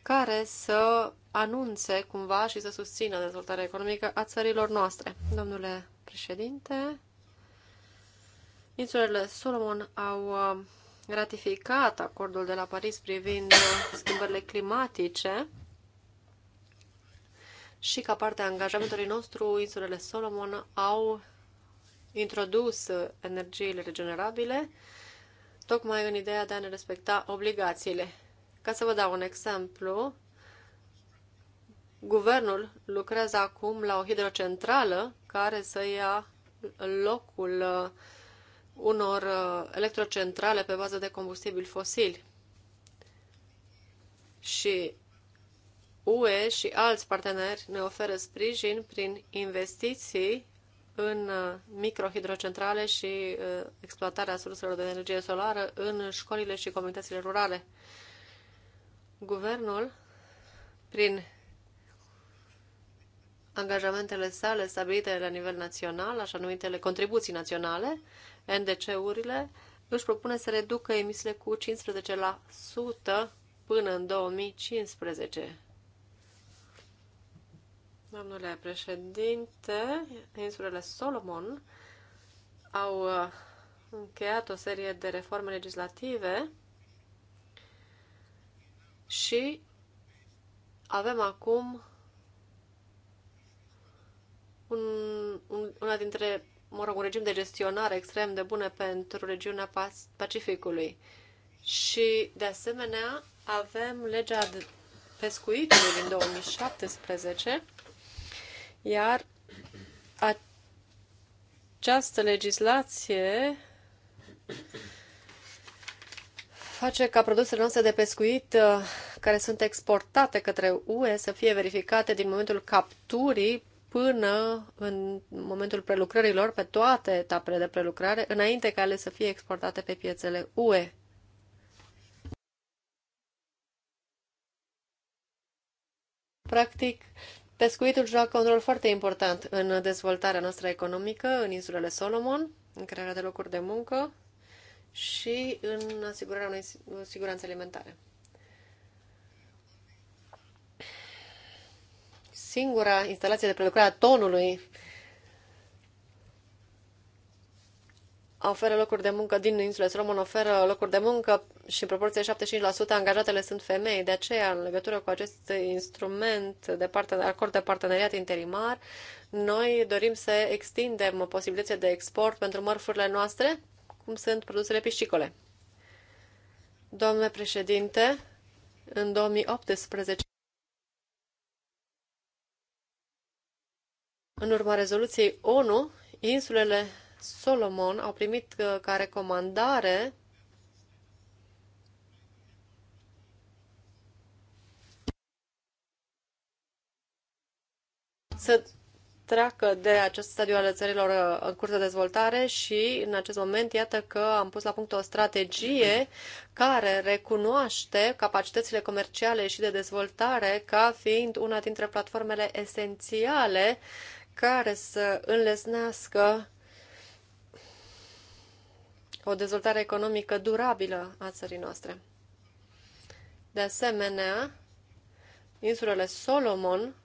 care să anunțe cumva și să susțină dezvoltarea economică a țărilor noastre. Domnule președinte, insulele Solomon au uh, ratificat acordul de la Paris privind uh, schimbările climatice și ca parte a angajamentului nostru, insulele Solomon au introdus uh, energiile regenerabile tocmai în ideea de a ne respecta obligațiile. Ca să vă dau un exemplu, guvernul lucrează acum la o hidrocentrală care să ia locul uh, unor uh, electrocentrale pe bază de combustibil fosili. Și UE și alți parteneri ne oferă sprijin prin investiții în uh, microhidrocentrale și exploatarea surselor de energie solară în școlile și comunitățile rurale. Guvernul, prin angajamentele sale stabilite la nivel național, așa numitele contribuții naționale, NDC-urile, își propune să reducă emisiile cu 15% până în 2015. Domnule președinte, insulele Solomon au uh, încheiat o serie de reforme legislative și avem acum un, un, una dintre, mă rog, un regim de gestionare extrem de bune pentru regiunea Pacificului. Și, de asemenea, avem legea pescuitului din 2017, iar această legislație face ca produsele noastre de pescuit uh, care sunt exportate către UE să fie verificate din momentul capturii până în momentul prelucrărilor pe toate etapele de prelucrare, înainte ca ele să fie exportate pe piețele UE. Practic, pescuitul joacă un rol foarte important în dezvoltarea noastră economică în insulele Solomon, în crearea de locuri de muncă, și în asigurarea unei siguranțe alimentare. Singura instalație de prelucrare a tonului oferă locuri de muncă din insule Solomon, oferă locuri de muncă și în proporție 75% angajatele sunt femei. De aceea, în legătură cu acest instrument de parte, acord de parteneriat interimar, noi dorim să extindem posibilitățile de export pentru mărfurile noastre cum sunt produsele piscicole. Domnule președinte, în 2018, în urma rezoluției ONU, insulele Solomon au primit uh, ca recomandare să treacă de acest stadiu al țărilor uh, în curs de dezvoltare și în acest moment iată că am pus la punct o strategie care recunoaște capacitățile comerciale și de dezvoltare ca fiind una dintre platformele esențiale care să înlesnească o dezvoltare economică durabilă a țării noastre. De asemenea, insulele Solomon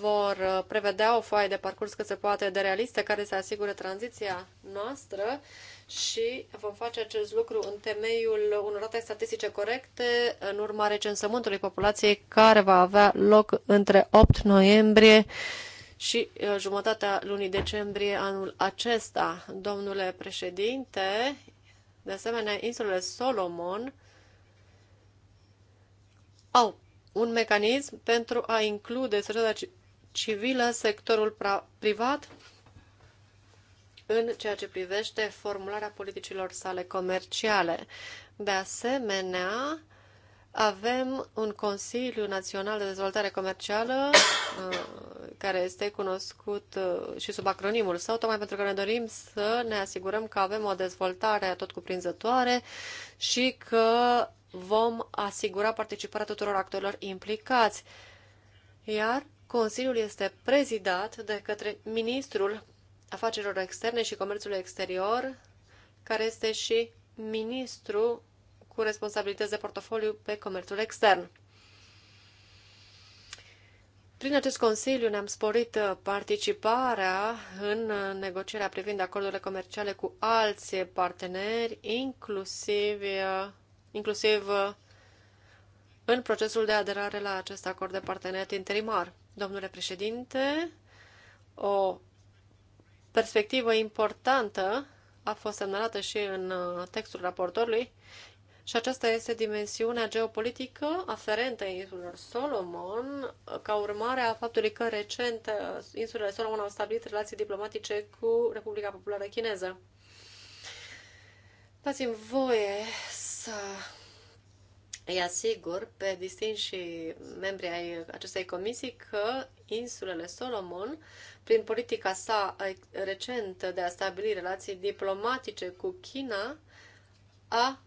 vor uh, prevedea o foaie de parcurs cât se poate de realistă care să asigure tranziția noastră și vom face acest lucru în temeiul unor date statistice corecte în urma recensământului populației care va avea loc între 8 noiembrie și uh, jumătatea lunii decembrie anul acesta. Domnule președinte, de asemenea, insulele Solomon au un mecanism pentru a include societatea civilă, sectorul privat, în ceea ce privește formularea politicilor sale comerciale. De asemenea, avem un Consiliu Național de Dezvoltare Comercială, uh, care este cunoscut uh, și sub acronimul său, tocmai pentru că ne dorim să ne asigurăm că avem o dezvoltare tot cuprinzătoare și că vom asigura participarea tuturor actorilor implicați. Iar Consiliul este prezidat de către Ministrul Afacerilor Externe și Comerțului Exterior, care este și ministru cu responsabilități de portofoliu pe comerțul extern. Prin acest Consiliu ne-am sporit uh, participarea în uh, negocierea privind acordurile comerciale cu alți parteneri, inclusiv uh, inclusiv uh, în procesul de aderare la acest acord de parteneriat interimar. Domnule președinte, o perspectivă importantă a fost semnalată și în uh, textul raportorului și aceasta este dimensiunea geopolitică aferentă insulelor Solomon, uh, ca urmare a faptului că recent insulele Solomon au stabilit relații diplomatice cu Republica Populară Chineză. Dați-mi voie să îi asigur pe distinși membri ai acestei comisii că insulele Solomon, prin politica sa recentă de a stabili relații diplomatice cu China, a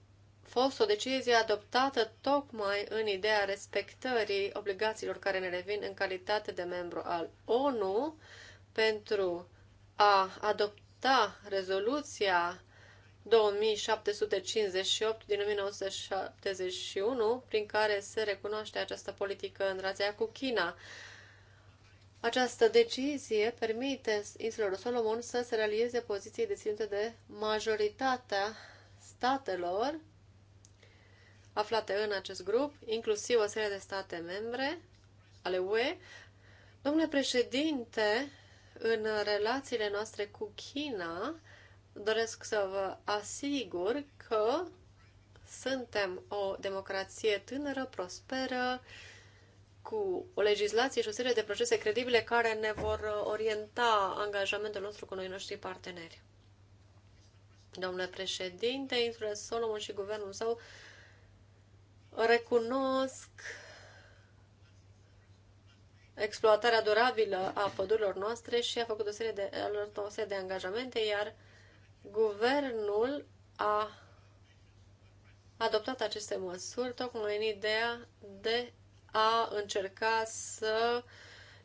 fost o decizie adoptată tocmai în ideea respectării obligațiilor care ne revin în calitate de membru al ONU pentru a adopta rezoluția 2758 din 1971, prin care se recunoaște această politică în rația cu China. Această decizie permite insulelor Solomon să se realizeze poziții deținute de majoritatea statelor aflate în acest grup, inclusiv o serie de state membre ale UE. Domnule președinte, în relațiile noastre cu China, doresc să vă asigur că suntem o democrație tânără, prosperă, cu o legislație și o serie de procese credibile care ne vor orienta angajamentul nostru cu noi noștri parteneri. Domnule președinte, insule Solomon și guvernul său recunosc exploatarea durabilă a pădurilor noastre și a făcut o serie de, o serie de angajamente, iar Guvernul a adoptat aceste măsuri tocmai în ideea de a încerca să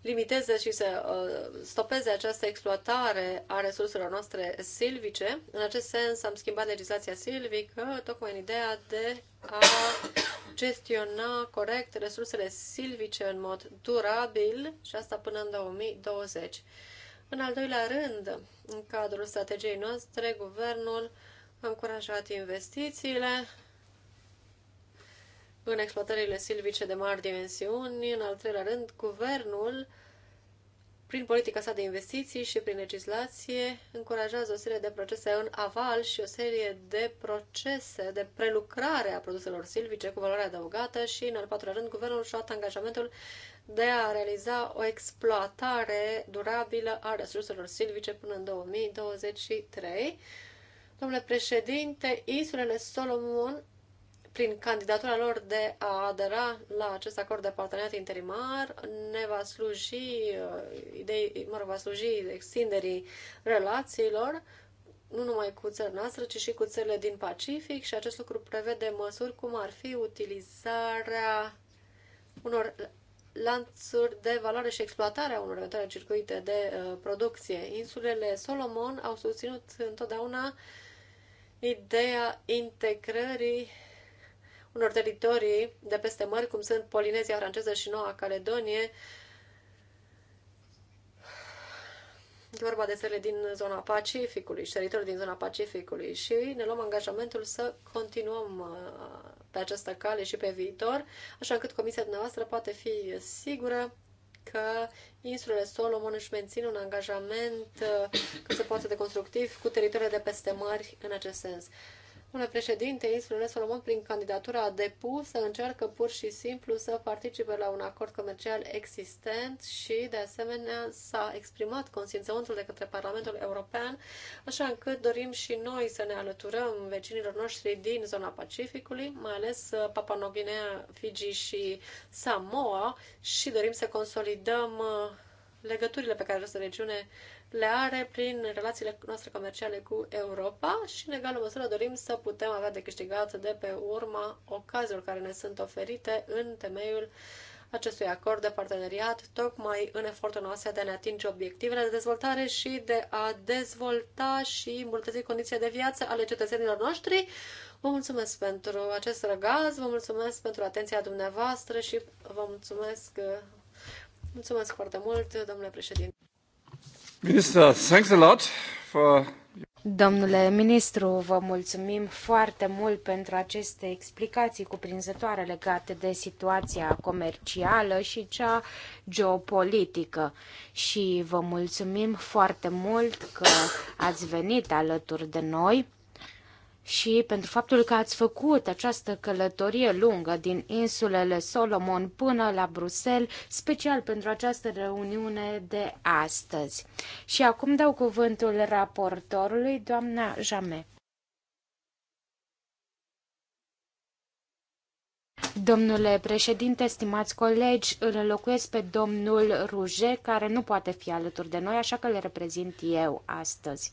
limiteze și să uh, stopeze această exploatare a resurselor noastre silvice. În acest sens am schimbat legislația silvică tocmai în ideea de a gestiona corect resursele silvice în mod durabil și asta până în 2020. În al doilea rând, în cadrul strategiei noastre, guvernul a încurajat investițiile în exploatările silvice de mari dimensiuni. În al treilea rând, guvernul, prin politica sa de investiții și prin legislație, încurajează o serie de procese în aval și o serie de procese de prelucrare a produselor silvice cu valoare adăugată și, în al patrulea rând, guvernul și-a angajamentul de a realiza o exploatare durabilă a resurselor silvice până în 2023. Domnule președinte, insulele Solomon, prin candidatura lor de a adera la acest acord de parteneriat interimar, ne va sluji, uh, idei, mă rog, va sluji extinderii relațiilor nu numai cu țările noastre, ci și cu țările din Pacific și acest lucru prevede măsuri cum ar fi utilizarea unor lanțuri de valoare și exploatarea unor eventuale circuite de uh, producție. Insulele Solomon au susținut întotdeauna ideea integrării unor teritorii de peste mări, cum sunt Polinezia franceză și Noua Caledonie, E vorba de țările din zona Pacificului și teritoriul din zona Pacificului și ne luăm angajamentul să continuăm uh, pe această cale și pe viitor, așa încât comisia dumneavoastră poate fi sigură că insulele Solomon își mențin un angajament uh, cât se poate de constructiv cu teritoriile de peste mări în acest sens. Domnule președinte, insulele Solomon, prin candidatura depusă, încearcă pur și simplu să participe la un acord comercial existent și, de asemenea, s-a exprimat consimțământul de către Parlamentul European, așa încât dorim și noi să ne alăturăm vecinilor noștri din zona Pacificului, mai ales uh, Papua Noguinea, Fiji și Samoa și dorim să consolidăm uh, legăturile pe care această regiune le are prin relațiile noastre comerciale cu Europa și, în egală măsură, dorim să putem avea de câștigat de pe urma ocaziilor care ne sunt oferite în temeiul acestui acord de parteneriat, tocmai în efortul noastre de a ne atinge obiectivele de dezvoltare și de a dezvolta și îmbunătăți condiții de viață ale cetățenilor noștri. Vă mulțumesc pentru acest răgaz, vă mulțumesc pentru atenția dumneavoastră și vă mulțumesc, mulțumesc foarte mult, domnule președinte.
Domnule ministru, vă mulțumim foarte mult pentru aceste explicații cuprinzătoare legate de situația comercială și cea geopolitică și vă mulțumim foarte mult că ați venit alături de noi și pentru faptul că ați făcut această călătorie lungă din insulele Solomon până la Bruxelles, special pentru această reuniune de astăzi. Și acum dau cuvântul raportorului, doamna Jame. Domnule președinte, stimați colegi, îl înlocuiesc pe domnul Ruge, care nu poate fi alături de noi, așa că le reprezint eu astăzi.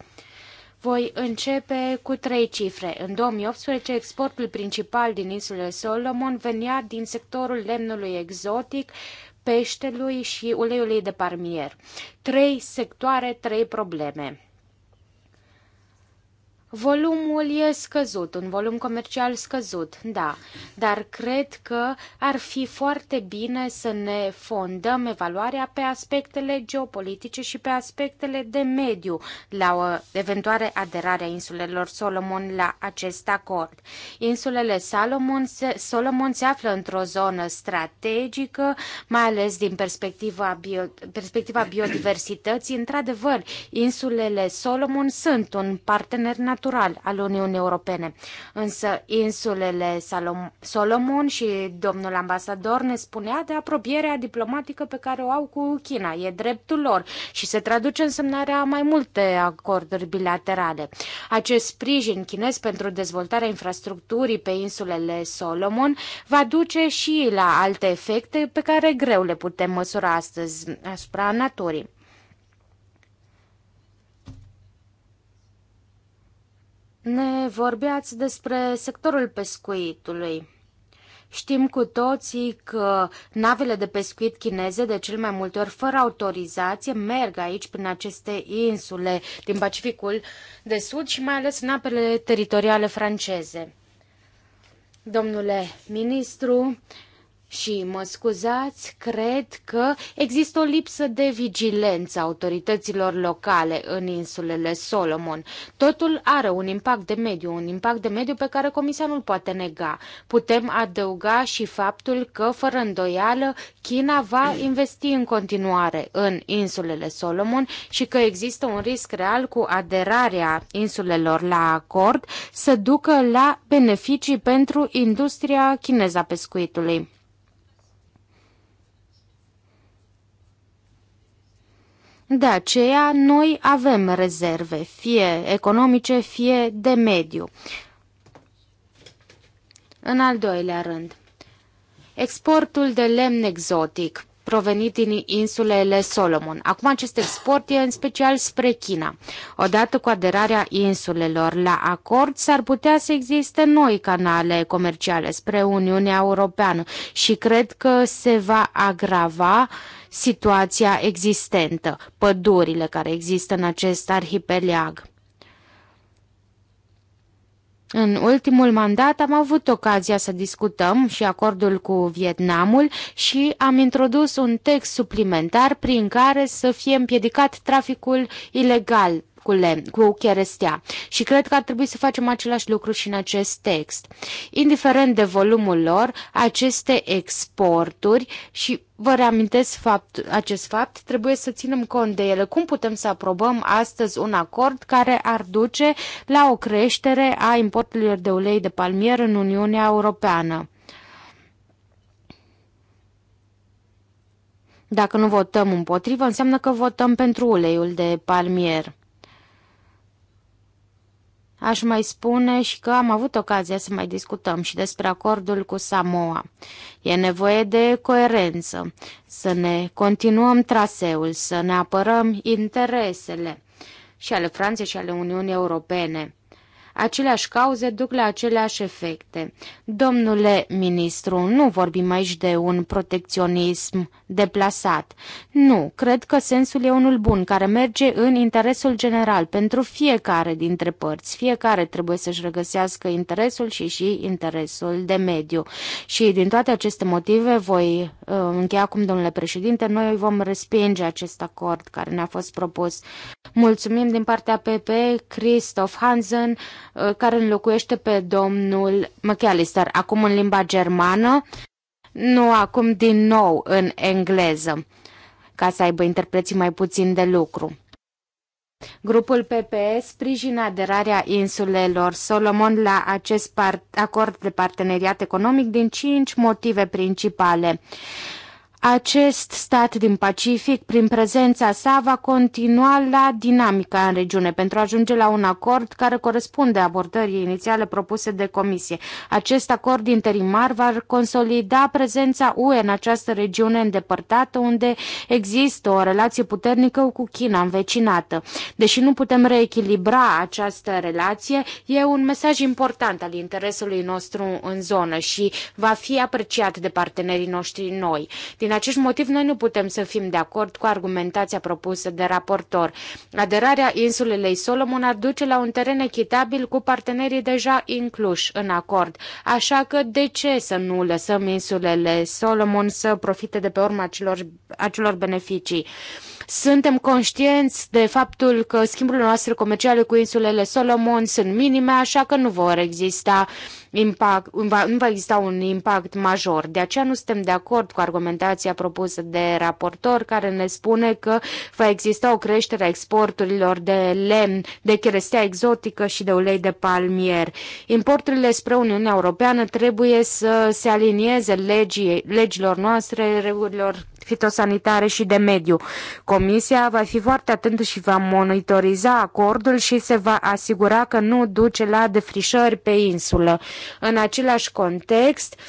Voi începe cu trei cifre. În 2018, exportul principal din insulele Solomon venea din sectorul lemnului exotic, peștelui și uleiului de parmier. Trei sectoare, trei probleme. Volumul e scăzut, un volum comercial scăzut, da, dar cred că ar fi foarte bine să ne fondăm evaluarea pe aspectele geopolitice și pe aspectele de mediu la o eventuare aderare a insulelor Solomon la acest acord. Insulele Solomon se, Solomon se află într-o zonă strategică, mai ales din perspectiva, bio, perspectiva biodiversității. Într-adevăr, insulele Solomon sunt un partener natural natural al Uniunii Europene. Însă insulele Salom- Solomon și domnul ambasador ne spunea de apropierea diplomatică pe care o au cu China. E dreptul lor și se traduce în semnarea mai multe acorduri bilaterale. Acest sprijin chinez pentru dezvoltarea infrastructurii pe insulele Solomon va duce și la alte efecte pe care greu le putem măsura astăzi asupra naturii. Ne vorbeați despre sectorul pescuitului. Știm cu toții că navele de pescuit chineze, de cel mai multe ori fără autorizație, merg aici prin aceste insule din Pacificul de Sud și mai ales în apele teritoriale franceze. Domnule ministru, uh, și mă scuzați, cred că există o lipsă de vigilență a autorităților locale în insulele Solomon. Totul are un impact de mediu, un impact de mediu pe care Comisia nu-l poate nega. Putem adăuga și faptul că, fără îndoială, China va investi în continuare în insulele Solomon și că există un risc real cu aderarea insulelor la acord să ducă la beneficii pentru industria chineza pescuitului. De aceea, noi avem rezerve, fie economice, fie de mediu. În al doilea rând, exportul de lemn exotic provenit din insulele Solomon. Acum acest export e în special spre China. Odată cu aderarea insulelor la acord, s-ar putea să existe noi canale comerciale spre Uniunea Europeană și cred că se va agrava uh, situația existentă, pădurile care există în acest arhipelag. În ultimul mandat am avut ocazia să discutăm și acordul cu Vietnamul și am introdus un text suplimentar prin care să fie împiedicat traficul ilegal cu, lemn, cu cherestea și cred că ar trebui să facem același lucru și în acest text. Indiferent de volumul lor, aceste exporturi și vă reamintesc fapt, acest fapt, trebuie să ținem cont de ele. Cum putem să aprobăm astăzi un acord care ar duce la o creștere a importurilor de ulei de palmier în Uniunea Europeană? Dacă nu votăm împotrivă, înseamnă că votăm pentru uleiul de palmier. Aș mai spune și că am avut ocazia să mai discutăm și despre acordul cu Samoa. E nevoie de coerență, să ne continuăm traseul, să ne apărăm interesele și ale Franței și ale Uniunii Europene. Aceleași cauze duc la aceleași efecte. Domnule ministru, nu vorbim aici de un protecționism deplasat. Nu, cred că sensul e unul bun, care merge în interesul general pentru fiecare dintre părți. Fiecare trebuie să-și regăsească interesul și și interesul de mediu. Și din toate aceste motive voi uh, încheia acum, domnule președinte, noi vom respinge acest acord care ne-a fost propus. Mulțumim din partea PP, Christoph Hansen, Uh, care înlocuiește pe domnul McAllister, acum în limba germană, nu acum din nou în engleză, ca să aibă interpreții mai puțin de lucru. Grupul PPE sprijină aderarea insulelor Solomon la acest acord de parteneriat economic din cinci motive principale. Acest stat din Pacific, prin prezența sa, va continua la dinamica în regiune pentru a ajunge la un acord care corespunde abordării inițiale propuse de Comisie. Acest acord interimar va consolida prezența UE în această regiune îndepărtată, unde există o relație puternică cu China învecinată. Deși nu putem reechilibra această relație, e un mesaj important al interesului nostru în zonă și va fi apreciat de partenerii noștri noi. Din din acest motiv, noi nu putem să fim de acord cu argumentația propusă de raportor. Aderarea insulelei Solomon ar duce la un teren echitabil cu partenerii deja incluși în acord. Așa că de ce să nu lăsăm insulele Solomon să profite de pe urma acelor, acelor beneficii? Suntem conștienți de faptul că schimburile noastre comerciale cu insulele Solomon sunt minime, așa că nu vor exista impact, nu va exista un impact major. De aceea nu suntem de acord cu argumentația propusă de raportor care ne spune că va exista o creștere a exporturilor de lemn, de cherestea exotică și de ulei de palmier. Importurile spre Uniunea Europeană trebuie să se alinieze legii, legilor noastre, regulilor fitosanitare și de mediu. Comisia va fi foarte atentă și va monitoriza acordul și se va asigura că nu duce la defrișări pe insulă. În același context,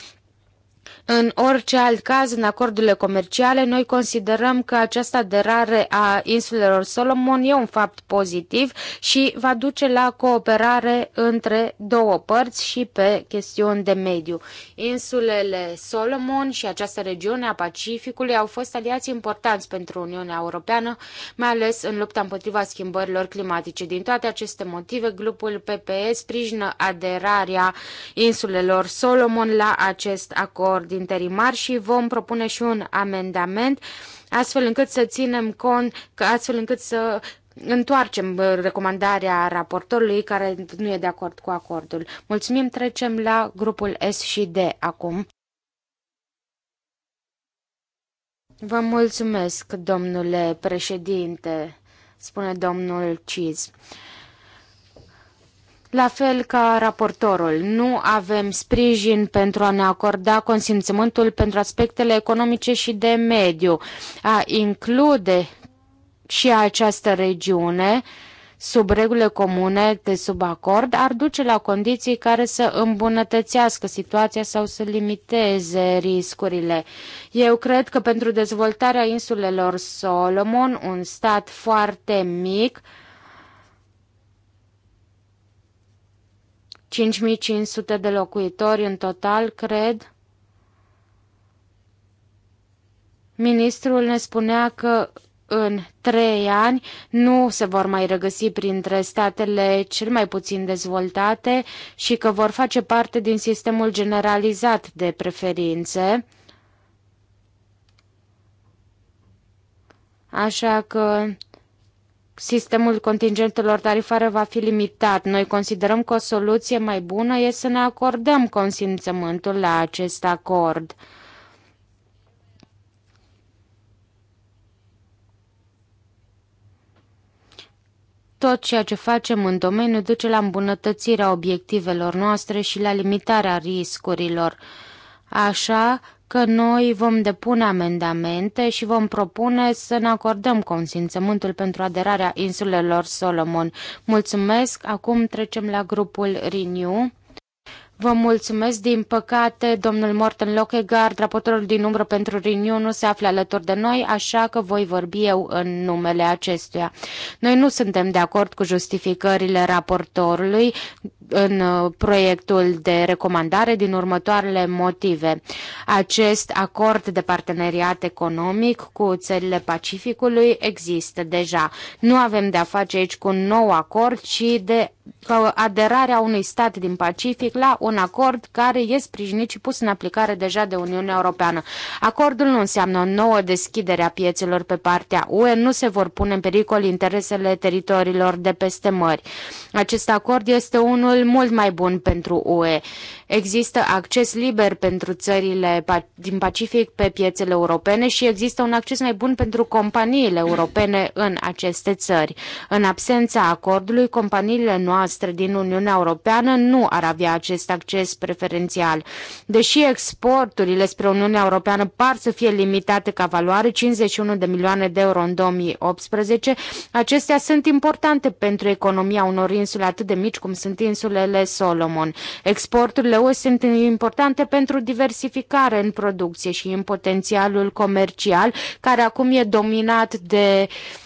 în orice alt caz, în acordurile comerciale, noi considerăm că această aderare a insulelor Solomon e un fapt pozitiv și va duce la cooperare între două părți și pe chestiuni de mediu. Insulele Solomon și această regiune a Pacificului au fost aliați importanți pentru Uniunea Europeană, mai ales în lupta împotriva schimbărilor climatice. Din toate aceste motive, grupul PPE sprijină aderarea insulelor Solomon la acest acord acorduri interimari și vom propune și un amendament astfel încât să ținem cont, astfel încât să întoarcem recomandarea raportorului care nu e de acord cu acordul. Mulțumim, trecem la grupul S și D acum. Vă mulțumesc, domnule președinte, spune domnul Ciz. La fel ca raportorul, nu avem sprijin pentru a ne acorda consimțământul pentru aspectele economice și de mediu. A include și această regiune sub regulile comune de sub acord ar duce la condiții care să îmbunătățească situația sau să limiteze riscurile. Eu cred că pentru dezvoltarea insulelor Solomon, un stat foarte mic, 5500 de locuitori în total, cred. Ministrul ne spunea că în trei ani nu se vor mai regăsi printre statele cel mai puțin dezvoltate și că vor face parte din sistemul generalizat de preferințe. Așa că sistemul contingentelor tarifare va fi limitat. Noi considerăm că o soluție mai bună este să ne acordăm consimțământul la acest acord. Tot ceea ce facem în domeniu duce la îmbunătățirea obiectivelor noastre și la limitarea riscurilor. Așa că noi vom depune amendamente și vom propune să ne acordăm consimțământul pentru aderarea insulelor Solomon. Mulțumesc! Acum trecem la grupul Renew. Vă mulțumesc. Din păcate, domnul Morten Lockegaard, raportorul din umbră pentru Renew, nu se află alături de noi, așa că voi vorbi eu în numele acestuia. Noi nu suntem de acord cu justificările raportorului în uh, proiectul de recomandare din următoarele motive. Acest acord de parteneriat economic cu țările Pacificului există deja. Nu avem de-a face aici cu un nou acord, ci de aderarea unui stat din Pacific la un acord care e sprijinit și pus în aplicare deja de Uniunea Europeană. Acordul nu înseamnă o nouă deschidere a piețelor pe partea UE, nu se vor pune în pericol interesele teritoriilor de peste mări. Acest acord este unul mult mai bun pentru UE. Există acces liber pentru țările din Pacific pe piețele europene și există un acces mai bun pentru companiile europene în aceste țări. În absența acordului, companiile noastre noastre din Uniunea Europeană nu ar avea acest acces preferențial. Deși exporturile spre Uniunea Europeană par să fie limitate ca valoare, 51 de milioane de euro în 2018, acestea sunt importante pentru economia unor insule atât de mici cum sunt insulele Solomon. Exporturile UE sunt importante pentru diversificare în producție și în potențialul comercial, care acum e dominat de uh,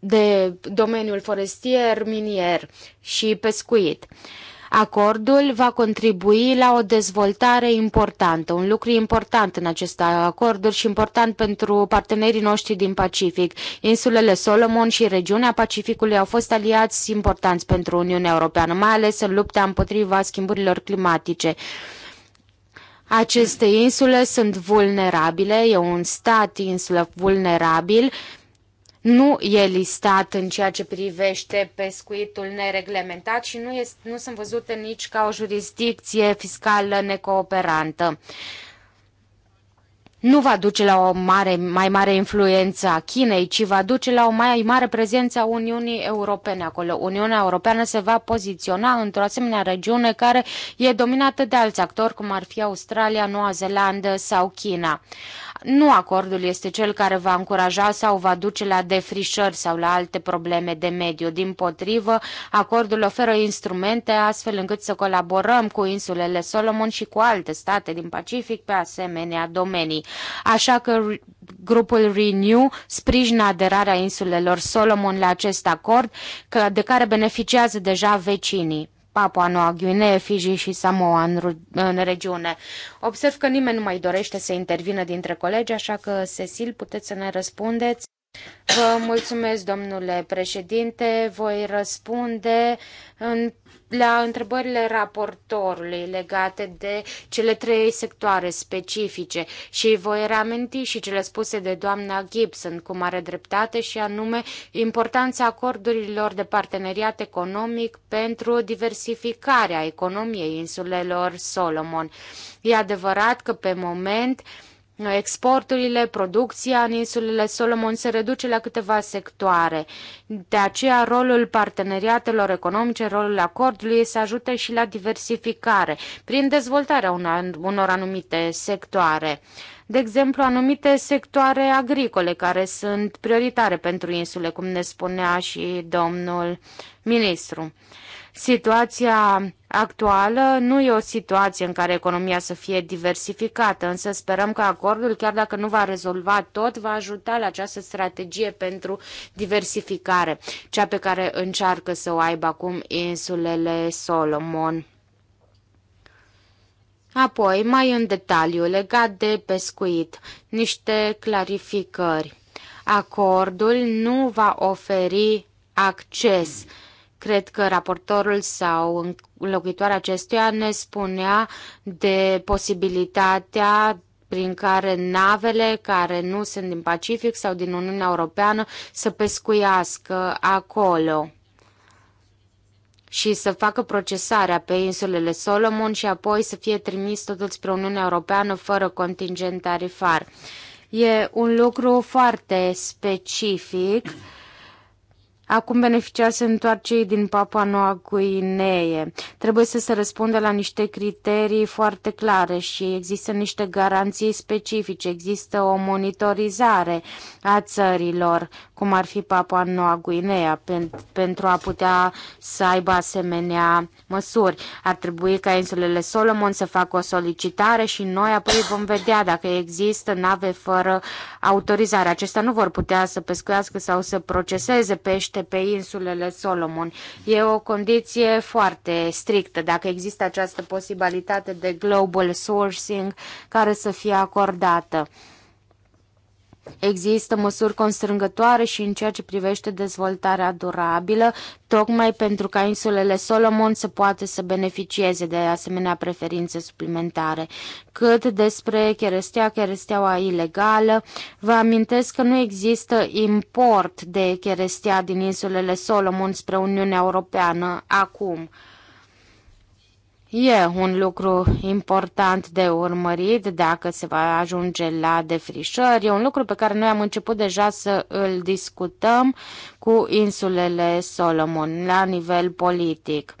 de domeniul forestier, minier și pescuit. Acordul va contribui la o dezvoltare importantă, un lucru important în acest acord și important pentru partenerii noștri din Pacific. Insulele Solomon și regiunea Pacificului au fost aliați importanți pentru Uniunea Europeană, mai ales în lupta împotriva schimburilor climatice. Aceste insule sunt vulnerabile, e un stat insulă vulnerabil nu e listat în ceea ce privește pescuitul nereglementat și nu, este, nu sunt văzute nici ca o jurisdicție fiscală necooperantă. Nu va duce la o mare, mai mare influență a Chinei, ci va duce la o mai mare prezență a Uniunii Europene acolo. Uniunea Europeană se va poziționa într-o asemenea regiune care e dominată de alți actori, cum ar fi Australia, Noua Zeelandă sau China nu acordul este cel care va încuraja sau va duce la defrișări sau la alte probleme de mediu. Din potrivă, acordul oferă instrumente astfel încât să colaborăm cu insulele Solomon și cu alte state din Pacific pe asemenea domenii. Așa că grupul Renew sprijină aderarea insulelor Solomon la acest acord, de care beneficiază deja vecinii. Papua Noua Guinee, Fiji și Samoa în, în regiune. Observ că nimeni nu mai dorește să intervină dintre colegi, așa că, Cecil, puteți să ne răspundeți? Vă mulțumesc, domnule președinte. Voi răspunde în, la întrebările raportorului legate de cele trei sectoare specifice și voi reaminti și cele spuse de doamna Gibson cu mare dreptate și anume importanța acordurilor de parteneriat economic pentru diversificarea economiei insulelor Solomon. E adevărat că pe moment uh, exporturile, producția în insulele Solomon se reduce la câteva sectoare. De aceea, rolul parteneriatelor economice, rolul acordului să ajute și la diversificare, prin dezvoltarea unor anumite sectoare. De exemplu, anumite sectoare agricole care sunt prioritare pentru insule, cum ne spunea și domnul ministru. Situația actuală nu e o situație în care economia să fie diversificată, însă sperăm că acordul, chiar dacă nu va rezolva tot, va ajuta la această strategie pentru diversificare, cea pe care încearcă să o aibă acum insulele Solomon. Apoi, mai în detaliu, legat de pescuit, niște clarificări. Acordul nu va oferi acces mm Cred că raportorul sau înlocuitoarea acestuia ne spunea de posibilitatea prin care navele care nu sunt din Pacific sau din Uniunea Europeană să pescuiască acolo și să facă procesarea pe insulele Solomon și apoi să fie trimis totul spre Uniunea Europeană fără contingent tarifar. E un lucru foarte specific Acum beneficiați se doar cei din Papua Noua Guinee. Trebuie să se răspundă la niște criterii foarte clare și există niște garanții specifice, există o monitorizare a țărilor, cum ar fi Papua Noua Guinee, pentru a putea să aibă asemenea măsuri. Ar trebui ca insulele Solomon să facă o solicitare și noi apoi vom vedea dacă există nave fără autorizare. Acestea nu vor putea să pescuiască sau să proceseze pește privește pe insulele Solomon. E o condiție foarte strictă dacă există această posibilitate de global sourcing care să fie acordată. Există măsuri constrângătoare și în ceea ce privește dezvoltarea durabilă, tocmai pentru ca insulele Solomon să poată să beneficieze de asemenea preferințe suplimentare. Cât despre cherestea, cheresteaua ilegală, vă amintesc că nu există import de cherestea din insulele Solomon spre Uniunea Europeană acum. E un lucru important de urmărit dacă se va ajunge la defrișări. E un lucru pe care noi am început deja să îl discutăm cu insulele Solomon la nivel politic.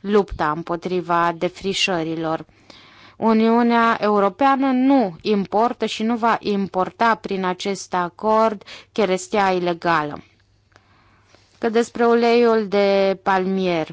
Lupta împotriva defrișărilor. Uniunea Europeană nu importă și nu va importa prin acest acord cherestia ilegală că despre uleiul de palmier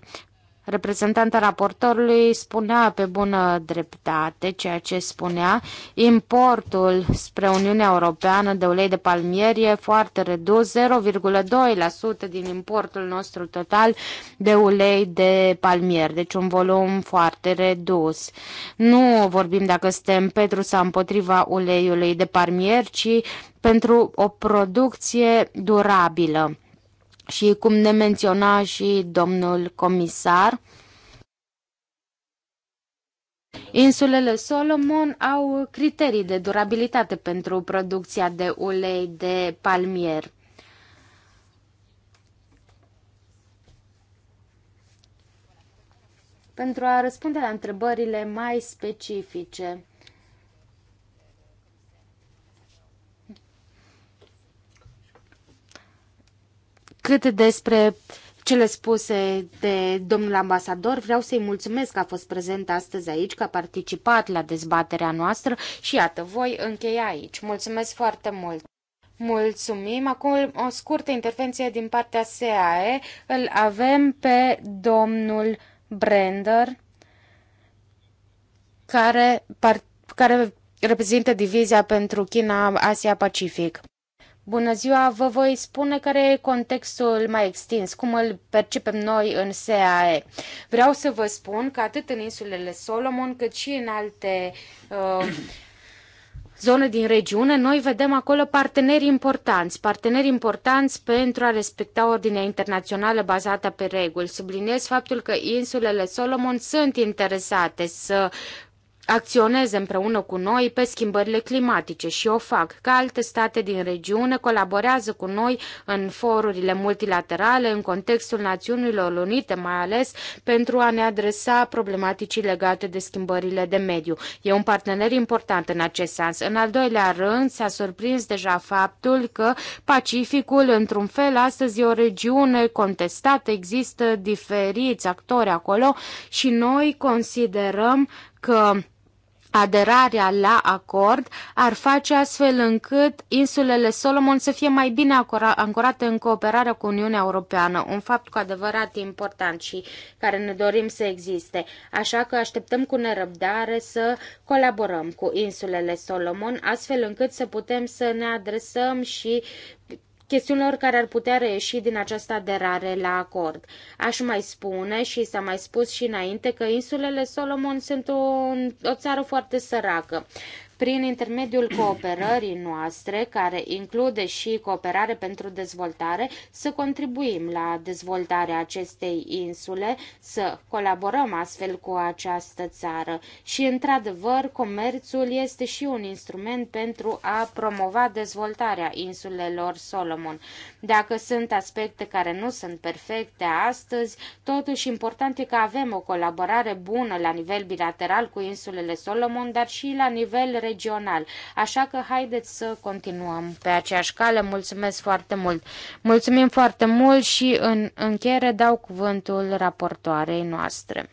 reprezentanta raportorului spunea pe bună dreptate ceea ce spunea. Importul spre Uniunea Europeană de ulei de palmier e foarte redus, 0,2% din importul nostru total de ulei de palmier, deci un volum foarte redus. Nu vorbim dacă suntem pentru sau împotriva uleiului de palmier, ci pentru o producție durabilă și cum ne menționa și domnul comisar, Insulele Solomon au criterii de durabilitate pentru producția de ulei de palmier. Pentru a răspunde la întrebările mai specifice, Cât despre cele spuse de domnul ambasador, vreau să-i mulțumesc că a fost prezent astăzi aici, că a participat la dezbaterea noastră și iată, voi încheia aici. Mulțumesc foarte mult! Mulțumim. Acum o scurtă intervenție din partea SAE. Îl avem pe domnul Brender, care, par, care reprezintă divizia pentru China Asia Pacific. Bună ziua, vă voi spune care e contextul mai extins, cum îl percepem noi în SAE. Vreau să vă spun că atât în insulele Solomon, cât și în alte uh, zone din regiune, noi vedem acolo parteneri importanți, parteneri importanți pentru a respecta ordinea internațională bazată pe reguli. Subliniez faptul că insulele Solomon sunt interesate să uh, acționeze împreună cu noi pe schimbările climatice și o fac, ca alte state din regiune colaborează cu noi în forurile multilaterale, în contextul Națiunilor Unite mai ales, pentru a ne adresa problematicii legate de schimbările de mediu. E un partener important în acest sens. În al doilea rând, s-a surprins deja faptul că Pacificul, într-un fel, astăzi e o regiune contestată, există diferiți actori acolo și noi considerăm că aderarea la acord ar face astfel încât insulele Solomon să fie mai bine ancorate în cooperarea cu Uniunea Europeană, un fapt cu adevărat important și care ne dorim să existe. Așa că așteptăm cu nerăbdare să colaborăm cu insulele Solomon, astfel încât să putem să ne adresăm și chestiunilor care ar putea reieși din această aderare la acord. Aș mai spune și s-a mai spus și înainte că insulele Solomon sunt o, o țară foarte săracă. Prin intermediul cooperării noastre, care include și cooperare pentru dezvoltare, să contribuim la dezvoltarea acestei insule, să colaborăm astfel cu această țară. Și, într-adevăr, comerțul este și un instrument pentru a promova dezvoltarea insulelor Solomon. Dacă sunt aspecte care nu sunt perfecte astăzi, totuși important e că avem o colaborare bună la nivel bilateral cu insulele Solomon, dar și la nivel regional regional. Așa că haideți să continuăm pe aceeași cale. Mulțumesc foarte mult! Mulțumim foarte mult și în încheiere dau cuvântul raportoarei noastre.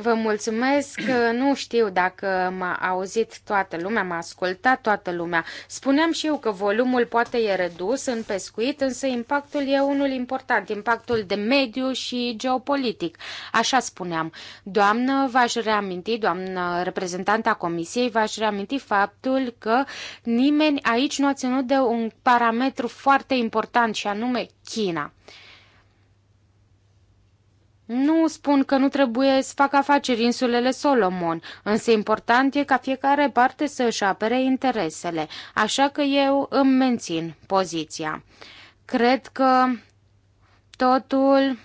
Vă mulțumesc, nu știu dacă m-a auzit toată lumea, m-a ascultat toată lumea. Spuneam și eu că volumul poate e redus în pescuit, însă impactul e unul important, impactul de mediu și geopolitic. Așa spuneam. Doamnă, v-aș reaminti, doamnă reprezentanta Comisiei, v-aș reaminti faptul că nimeni aici nu a ținut de un parametru foarte important și anume China. Nu spun că nu trebuie să facă afaceri insulele Solomon, însă important e ca fiecare parte să își apere interesele, așa că eu îmi mențin poziția. Cred că totul...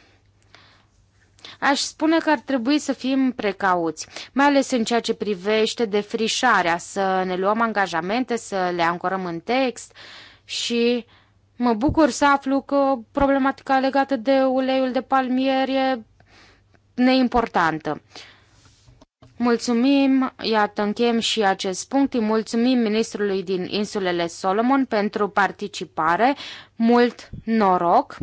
Aș spune că ar trebui să fim precauți, mai ales în ceea ce privește defrișarea, să ne luăm angajamente, să le ancorăm în text și Mă bucur să aflu că problematica legată de uleiul de palmier e neimportantă. Mulțumim, iată, încheiem și acest punct. Îi mulțumim ministrului din insulele Solomon pentru participare. Mult noroc!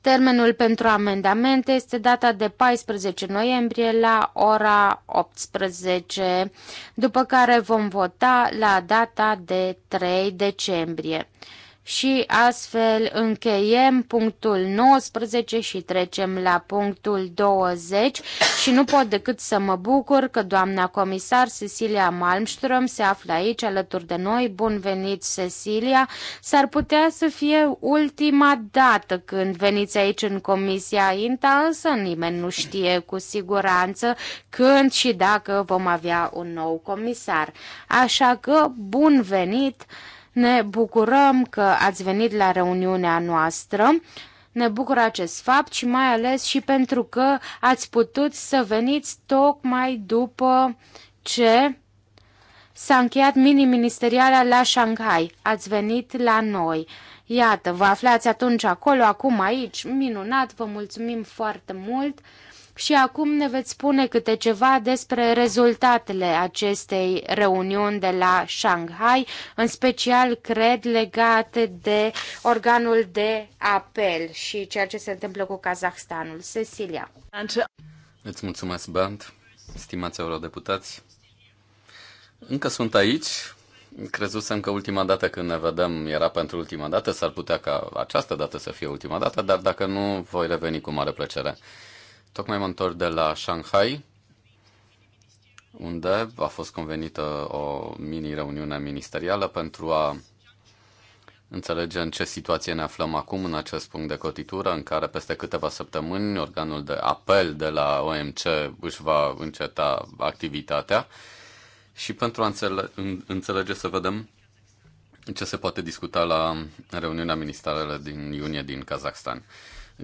Termenul pentru amendamente este data de 14 noiembrie la ora 18, după care vom vota la data de 3 decembrie. Și astfel încheiem punctul 19 și trecem la punctul 20 și nu pot decât să mă bucur că doamna comisar Cecilia Malmström se află aici alături de noi. Bun venit, Cecilia! S-ar putea să fie ultima dată când veniți aici în Comisia INTA, însă nimeni nu știe cu siguranță când și dacă vom avea un nou comisar. Așa că, bun venit! Ne bucurăm că ați venit la reuniunea noastră. Ne bucură acest fapt și mai ales și pentru că ați putut să veniți tocmai după ce s-a încheiat mini-ministeriala la Shanghai. Ați venit la noi. Iată, vă aflați atunci acolo, acum aici. Minunat, vă mulțumim foarte mult. Și acum ne veți spune câte ceva despre rezultatele acestei reuniuni de la Shanghai, în special, cred, legate de organul de apel și ceea ce se întâmplă cu Kazahstanul. Cecilia.
Îți mulțumesc, Bernd, stimați eurodeputați. Încă sunt aici, Crezusem că ultima dată când ne vedem era pentru ultima dată, s-ar putea ca această dată să fie ultima dată, dar dacă nu, voi reveni cu mare plăcere. Tocmai mă întorc de la Shanghai, unde a fost convenită o mini-reuniune ministerială pentru a înțelege în ce situație ne aflăm acum în acest punct de cotitură, în care peste câteva săptămâni organul de apel de la OMC își va înceta activitatea și pentru a înțele- înțelege să vedem ce se poate discuta la reuniunea ministerială din iunie din Kazakhstan.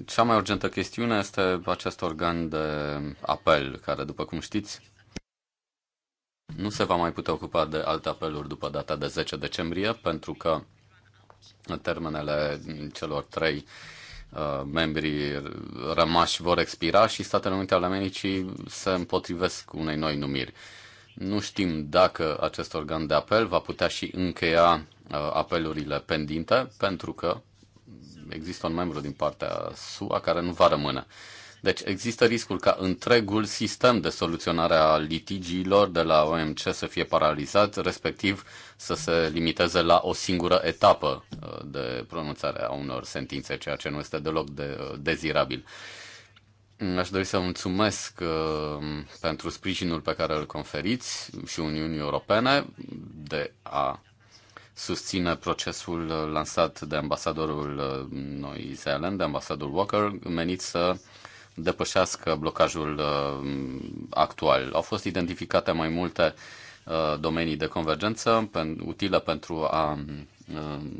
Cea mai urgentă chestiune este acest organ de apel, care, după cum știți, nu se va mai putea ocupa de alte apeluri după data de 10 decembrie, pentru că termenele celor trei uh, membrii rămași vor expira și Statele Unite ale Americii se împotrivesc unei noi numiri. Nu știm dacă acest organ de apel va putea și încheia uh, apelurile pendinte, pentru că există un membru din partea SUA care nu va rămâne. Deci există riscul ca întregul sistem de soluționare a litigiilor de la OMC să fie paralizat, respectiv să se limiteze la o singură etapă uh, de pronunțare a unor sentințe, ceea ce nu este deloc de, uh, dezirabil. Mm, aș dori să mulțumesc uh, pentru sprijinul pe care îl conferiți și Uniunii Europene de a susține procesul uh, lansat de ambasadorul uh, Noi Zeeland, de ambasadorul Walker, menit să depășească blocajul uh, actual. Au fost identificate mai multe domenii de convergență utile pentru a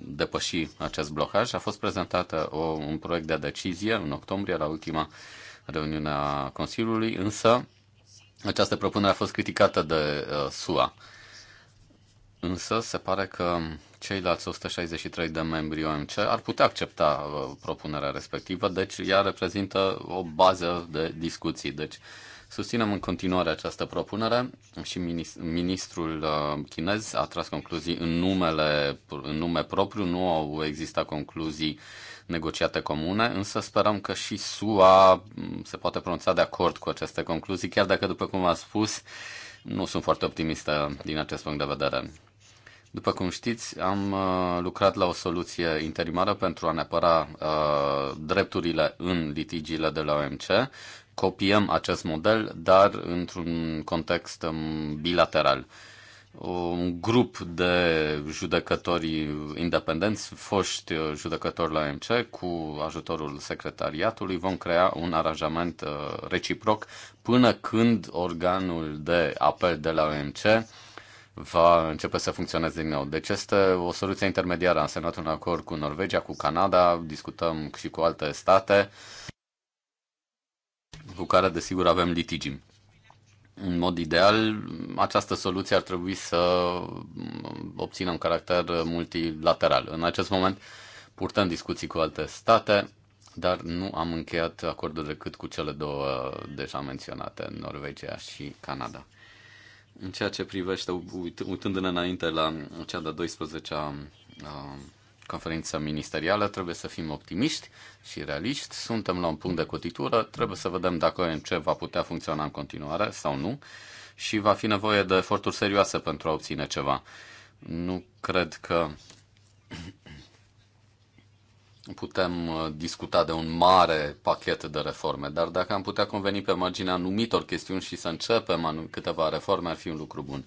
depăși acest blocaj. A fost prezentat un proiect de decizie în octombrie la ultima reuniune a Consiliului, însă această propunere a fost criticată de SUA. Însă se pare că ceilalți 163 de membri OMC ar putea accepta uh, propunerea respectivă, deci ea reprezintă o bază de discuții. Deci susținem în continuare această propunere și ministrul uh, chinez a tras concluzii în, numele, în nume propriu, nu au existat concluzii negociate comune, însă sperăm că și SUA mm, se poate pronunța de acord cu aceste concluzii, chiar dacă, după cum am spus, nu sunt foarte optimistă din acest punct de vedere. După cum știți, am uh, lucrat la o soluție interimară pentru a ne apăra uh, drepturile în litigiile de la OMC. Copiem acest model, dar într-un context um, bilateral. Un grup de judecători independenți, foști uh, judecători la OMC, cu ajutorul secretariatului, vom crea un aranjament uh, reciproc până când organul de apel de la OMC va începe să funcționeze din nou. Deci este o soluție intermediară. Am semnat un acord cu Norvegia, cu Canada, discutăm și cu alte state cu care desigur avem litigi. În mod ideal, această soluție ar trebui să obțină un caracter multilateral. În acest moment purtăm discuții cu alte state, dar nu am încheiat acordul decât cu cele două deja menționate, Norvegia și Canada. În ceea ce privește, uitându-ne înainte la cea de-a 12-a um, conferință ministerială, trebuie să fim optimiști și realiști. Suntem la un punct de cotitură, trebuie să vedem dacă OMC va putea funcționa în continuare sau nu și va fi nevoie de eforturi serioase pentru a obține ceva. Nu cred că putem uh, discuta de un mare pachet de reforme, dar dacă am putea conveni pe marginea anumitor chestiuni și să începem câteva reforme, ar fi un lucru bun.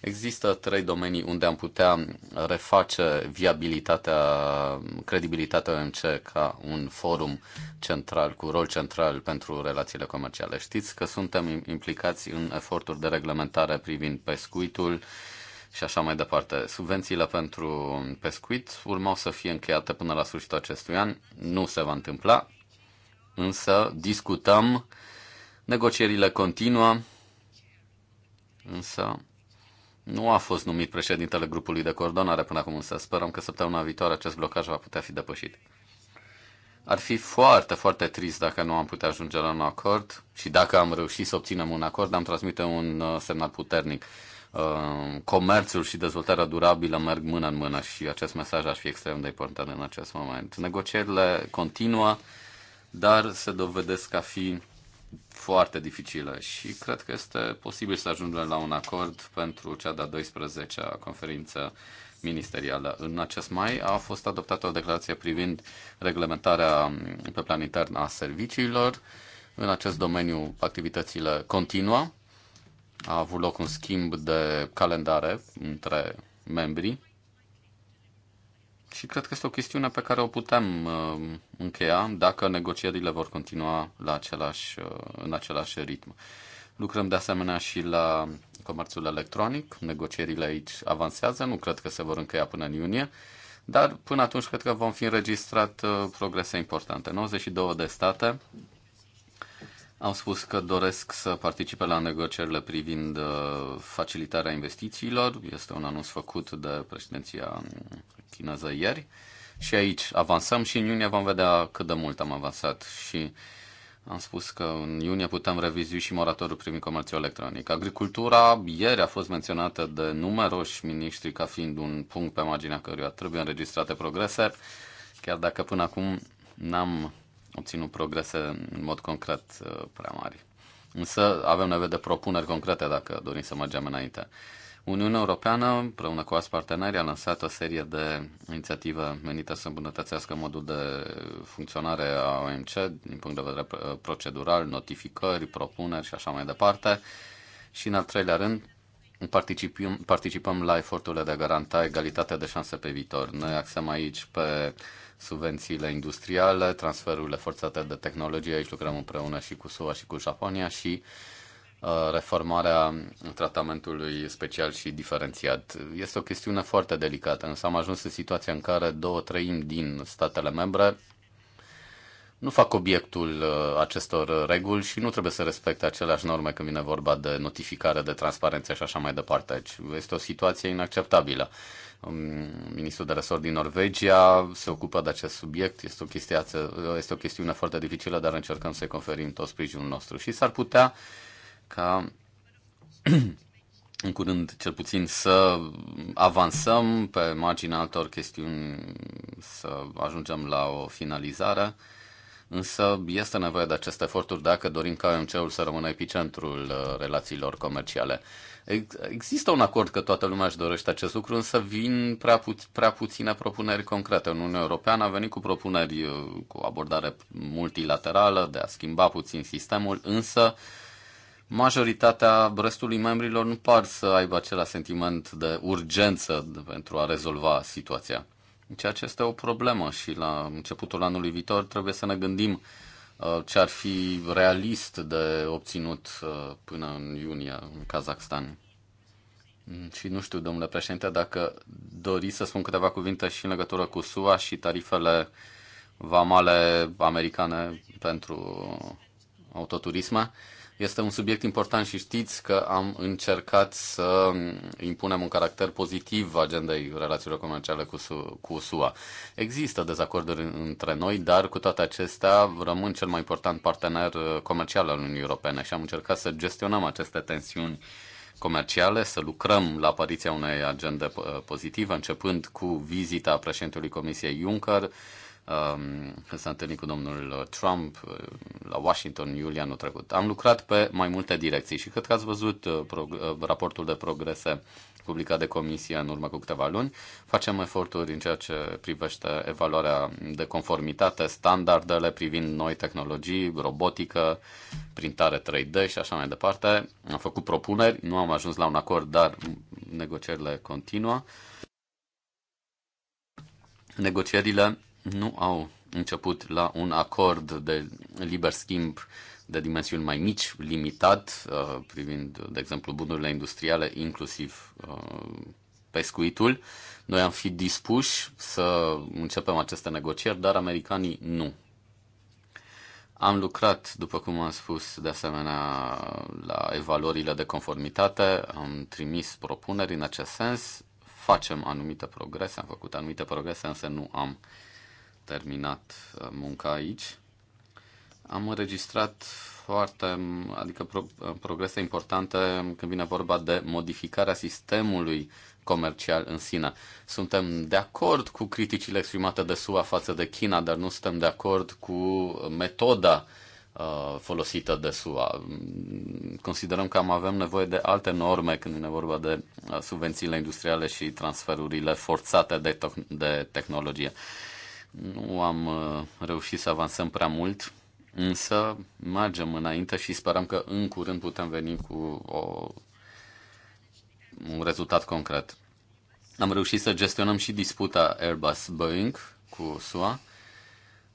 Există trei domenii unde am putea reface viabilitatea, credibilitatea OMC ca un forum central, cu rol central pentru relațiile comerciale. Știți că suntem implicați în eforturi de reglementare privind pescuitul, și așa mai departe. Subvențiile pentru pescuit urmau să fie încheiate până la sfârșitul acestui an. Nu se va întâmpla, însă discutăm, negocierile continuă, însă nu a fost numit președintele grupului de coordonare până acum, însă sperăm că săptămâna viitoare acest blocaj va putea fi depășit. Ar fi foarte, foarte trist dacă nu am putea ajunge la un acord și dacă am reușit să obținem un acord, am transmite un uh, semnal puternic Um, comerțul și dezvoltarea durabilă merg mână în mână și acest mesaj ar fi extrem de important în acest moment. Negocierile continuă, dar se dovedesc a fi foarte dificile și cred că este posibil să ajungem la un acord pentru cea de-a 12-a conferință ministerială. În acest mai a fost adoptată o declarație privind reglementarea pe plan intern a serviciilor. În acest domeniu activitățile continuă a avut loc un schimb de calendare între membrii și cred că este o chestiune pe care o putem uh, încheia dacă negocierile vor continua la același, uh, în același ritm. Lucrăm de asemenea și la comerțul electronic. Negocierile aici avansează, nu cred că se vor încheia până în iunie, dar până atunci cred că vom fi înregistrat uh, progrese importante. 92 de state am spus că doresc să participe la negocierile privind uh, facilitarea investițiilor. Este un anunț făcut de președinția chineză ieri. Și aici avansăm și în iunie vom vedea cât de mult am avansat. Și am spus că în iunie putem revizui și moratorul privind comerțul electronic. Agricultura ieri a fost menționată de numeroși miniștri ca fiind un punct pe marginea căruia trebuie înregistrate progrese, chiar dacă până acum n-am obținut progrese în mod concret uh, prea mari. Însă avem nevoie de propuneri concrete dacă dorim să mergem înainte. Uniunea Europeană, împreună cu alți parteneri, a lansat o serie de inițiative menite să îmbunătățească modul de funcționare a OMC din punct de vedere uh, procedural, notificări, propuneri și așa mai departe. Și în al treilea rând, participăm, participăm la eforturile de a garanta egalitatea de șanse pe viitor. Noi axăm aici pe subvențiile industriale, transferurile forțate de tehnologie, aici lucrăm împreună și cu SUA și cu Japonia și uh, reformarea tratamentului special și diferențiat. Este o chestiune foarte delicată, însă am ajuns în situația în care două treimi din statele membre nu fac obiectul uh, acestor reguli și nu trebuie să respecte aceleași norme când vine vorba de notificare, de transparență și așa mai departe. Deci, este o situație inacceptabilă ministrul de resort din Norvegia se ocupă de acest subiect. Este o, chestie, este o chestiune foarte dificilă, dar încercăm să-i conferim tot sprijinul nostru. Și s-ar putea ca *clears throat* în curând, cel puțin, să avansăm pe marginea altor chestiuni, să ajungem la o finalizare. Însă este nevoie de aceste eforturi dacă dorim ca OMC-ul să rămână epicentrul uh, relațiilor comerciale. Există un acord că toată lumea își dorește acest lucru, însă vin prea, pu- prea puține propuneri concrete. Uniunea Europeană a venit cu propuneri uh, cu abordare multilaterală de a schimba puțin sistemul, însă majoritatea restului membrilor nu par să aibă același sentiment de urgență pentru a rezolva situația. Ceea ce este o problemă și la începutul anului viitor trebuie să ne gândim Uh, ce ar fi realist de obținut uh, până în iunie în Kazakhstan. Mm, și nu știu, domnule președinte, dacă doriți să spun câteva cuvinte și în legătură cu SUA și tarifele vamale americane pentru autoturisme. Este un subiect important și știți că am încercat să impunem un caracter pozitiv agendei relațiilor comerciale cu, cu SUA. Există dezacorduri între noi, dar cu toate acestea rămân cel mai important partener comercial al Uniunii Europene și am încercat să gestionăm aceste tensiuni comerciale, să lucrăm la apariția unei agende pozitive, începând cu vizita președintelui Comisiei Juncker, Um, când s-a întâlnit cu domnul Trump uh, la Washington iulie anul trecut. Am lucrat pe mai multe direcții și cred că ați văzut uh, uh, raportul de progrese publicat de comisie în urmă cu câteva luni. Facem eforturi în ceea ce privește evaluarea de conformitate, standardele privind noi tehnologii, robotică, printare 3D și așa mai departe. Am făcut propuneri, nu am ajuns la un acord, dar negocierile continuă. Negocierile nu au început la un acord de liber schimb de dimensiuni mai mici, limitat, uh, privind, de exemplu, bunurile industriale, inclusiv uh, pescuitul. Noi am fi dispuși să începem aceste negocieri, dar americanii nu. Am lucrat, după cum am spus, de asemenea, la evaluările de conformitate, am trimis propuneri în acest sens, facem anumite progrese, am făcut anumite progrese, însă nu am uh, terminat uh, munca aici. Am înregistrat foarte, adică pro, uh, progrese importante când vine vorba de modificarea sistemului comercial în sine. Suntem de acord cu criticile exprimate de SUA față de China, dar nu suntem de acord cu metoda uh, folosită de SUA. Considerăm că am avem nevoie de alte norme când vine vorba de uh, subvențiile industriale și transferurile forțate de, to- de tehnologie. Uh, nu am uh, reușit să avansăm prea mult, însă mergem înainte și sperăm că în curând putem veni cu o, un rezultat concret. Am reușit să gestionăm și disputa Airbus-Boeing cu SUA.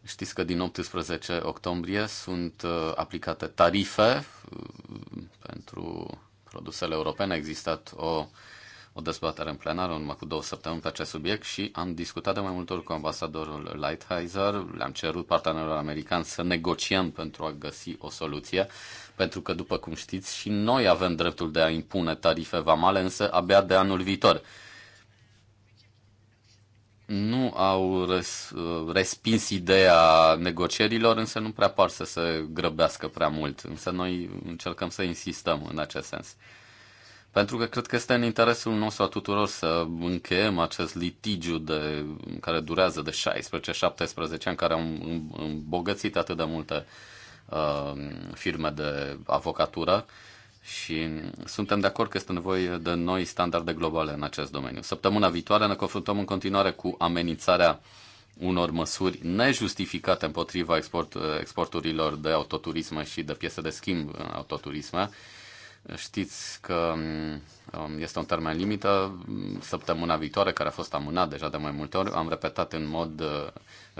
Știți că din 18 octombrie sunt uh, aplicate tarife uh, pentru produsele europene. A existat o o dezbatere în plenară în urmă cu două săptămâni pe acest subiect și am discutat de mai multe ori cu ambasadorul Lighthizer, le-am cerut partenerilor americani să negociem pentru a găsi o soluție, pentru că, după cum știți, și noi avem dreptul de a impune tarife vamale, însă abia de anul viitor nu au res, respins ideea negocierilor, însă nu prea par să se grăbească prea mult. Însă noi încercăm să insistăm în acest sens pentru că cred că este în interesul nostru a tuturor să încheiem acest litigiu de, care durează de 16-17 ani, care au îmbogățit atât de multe uh, firme de avocatură și suntem de acord că este nevoie de noi standarde globale în acest domeniu. Săptămâna viitoare ne confruntăm în continuare cu amenințarea unor măsuri nejustificate împotriva export, exporturilor de autoturisme și de piese de schimb autoturisme. Uh, Știți că um, este un termen limită. Săptămâna viitoare, care a fost amânat deja de mai multe ori, am repetat în mod uh,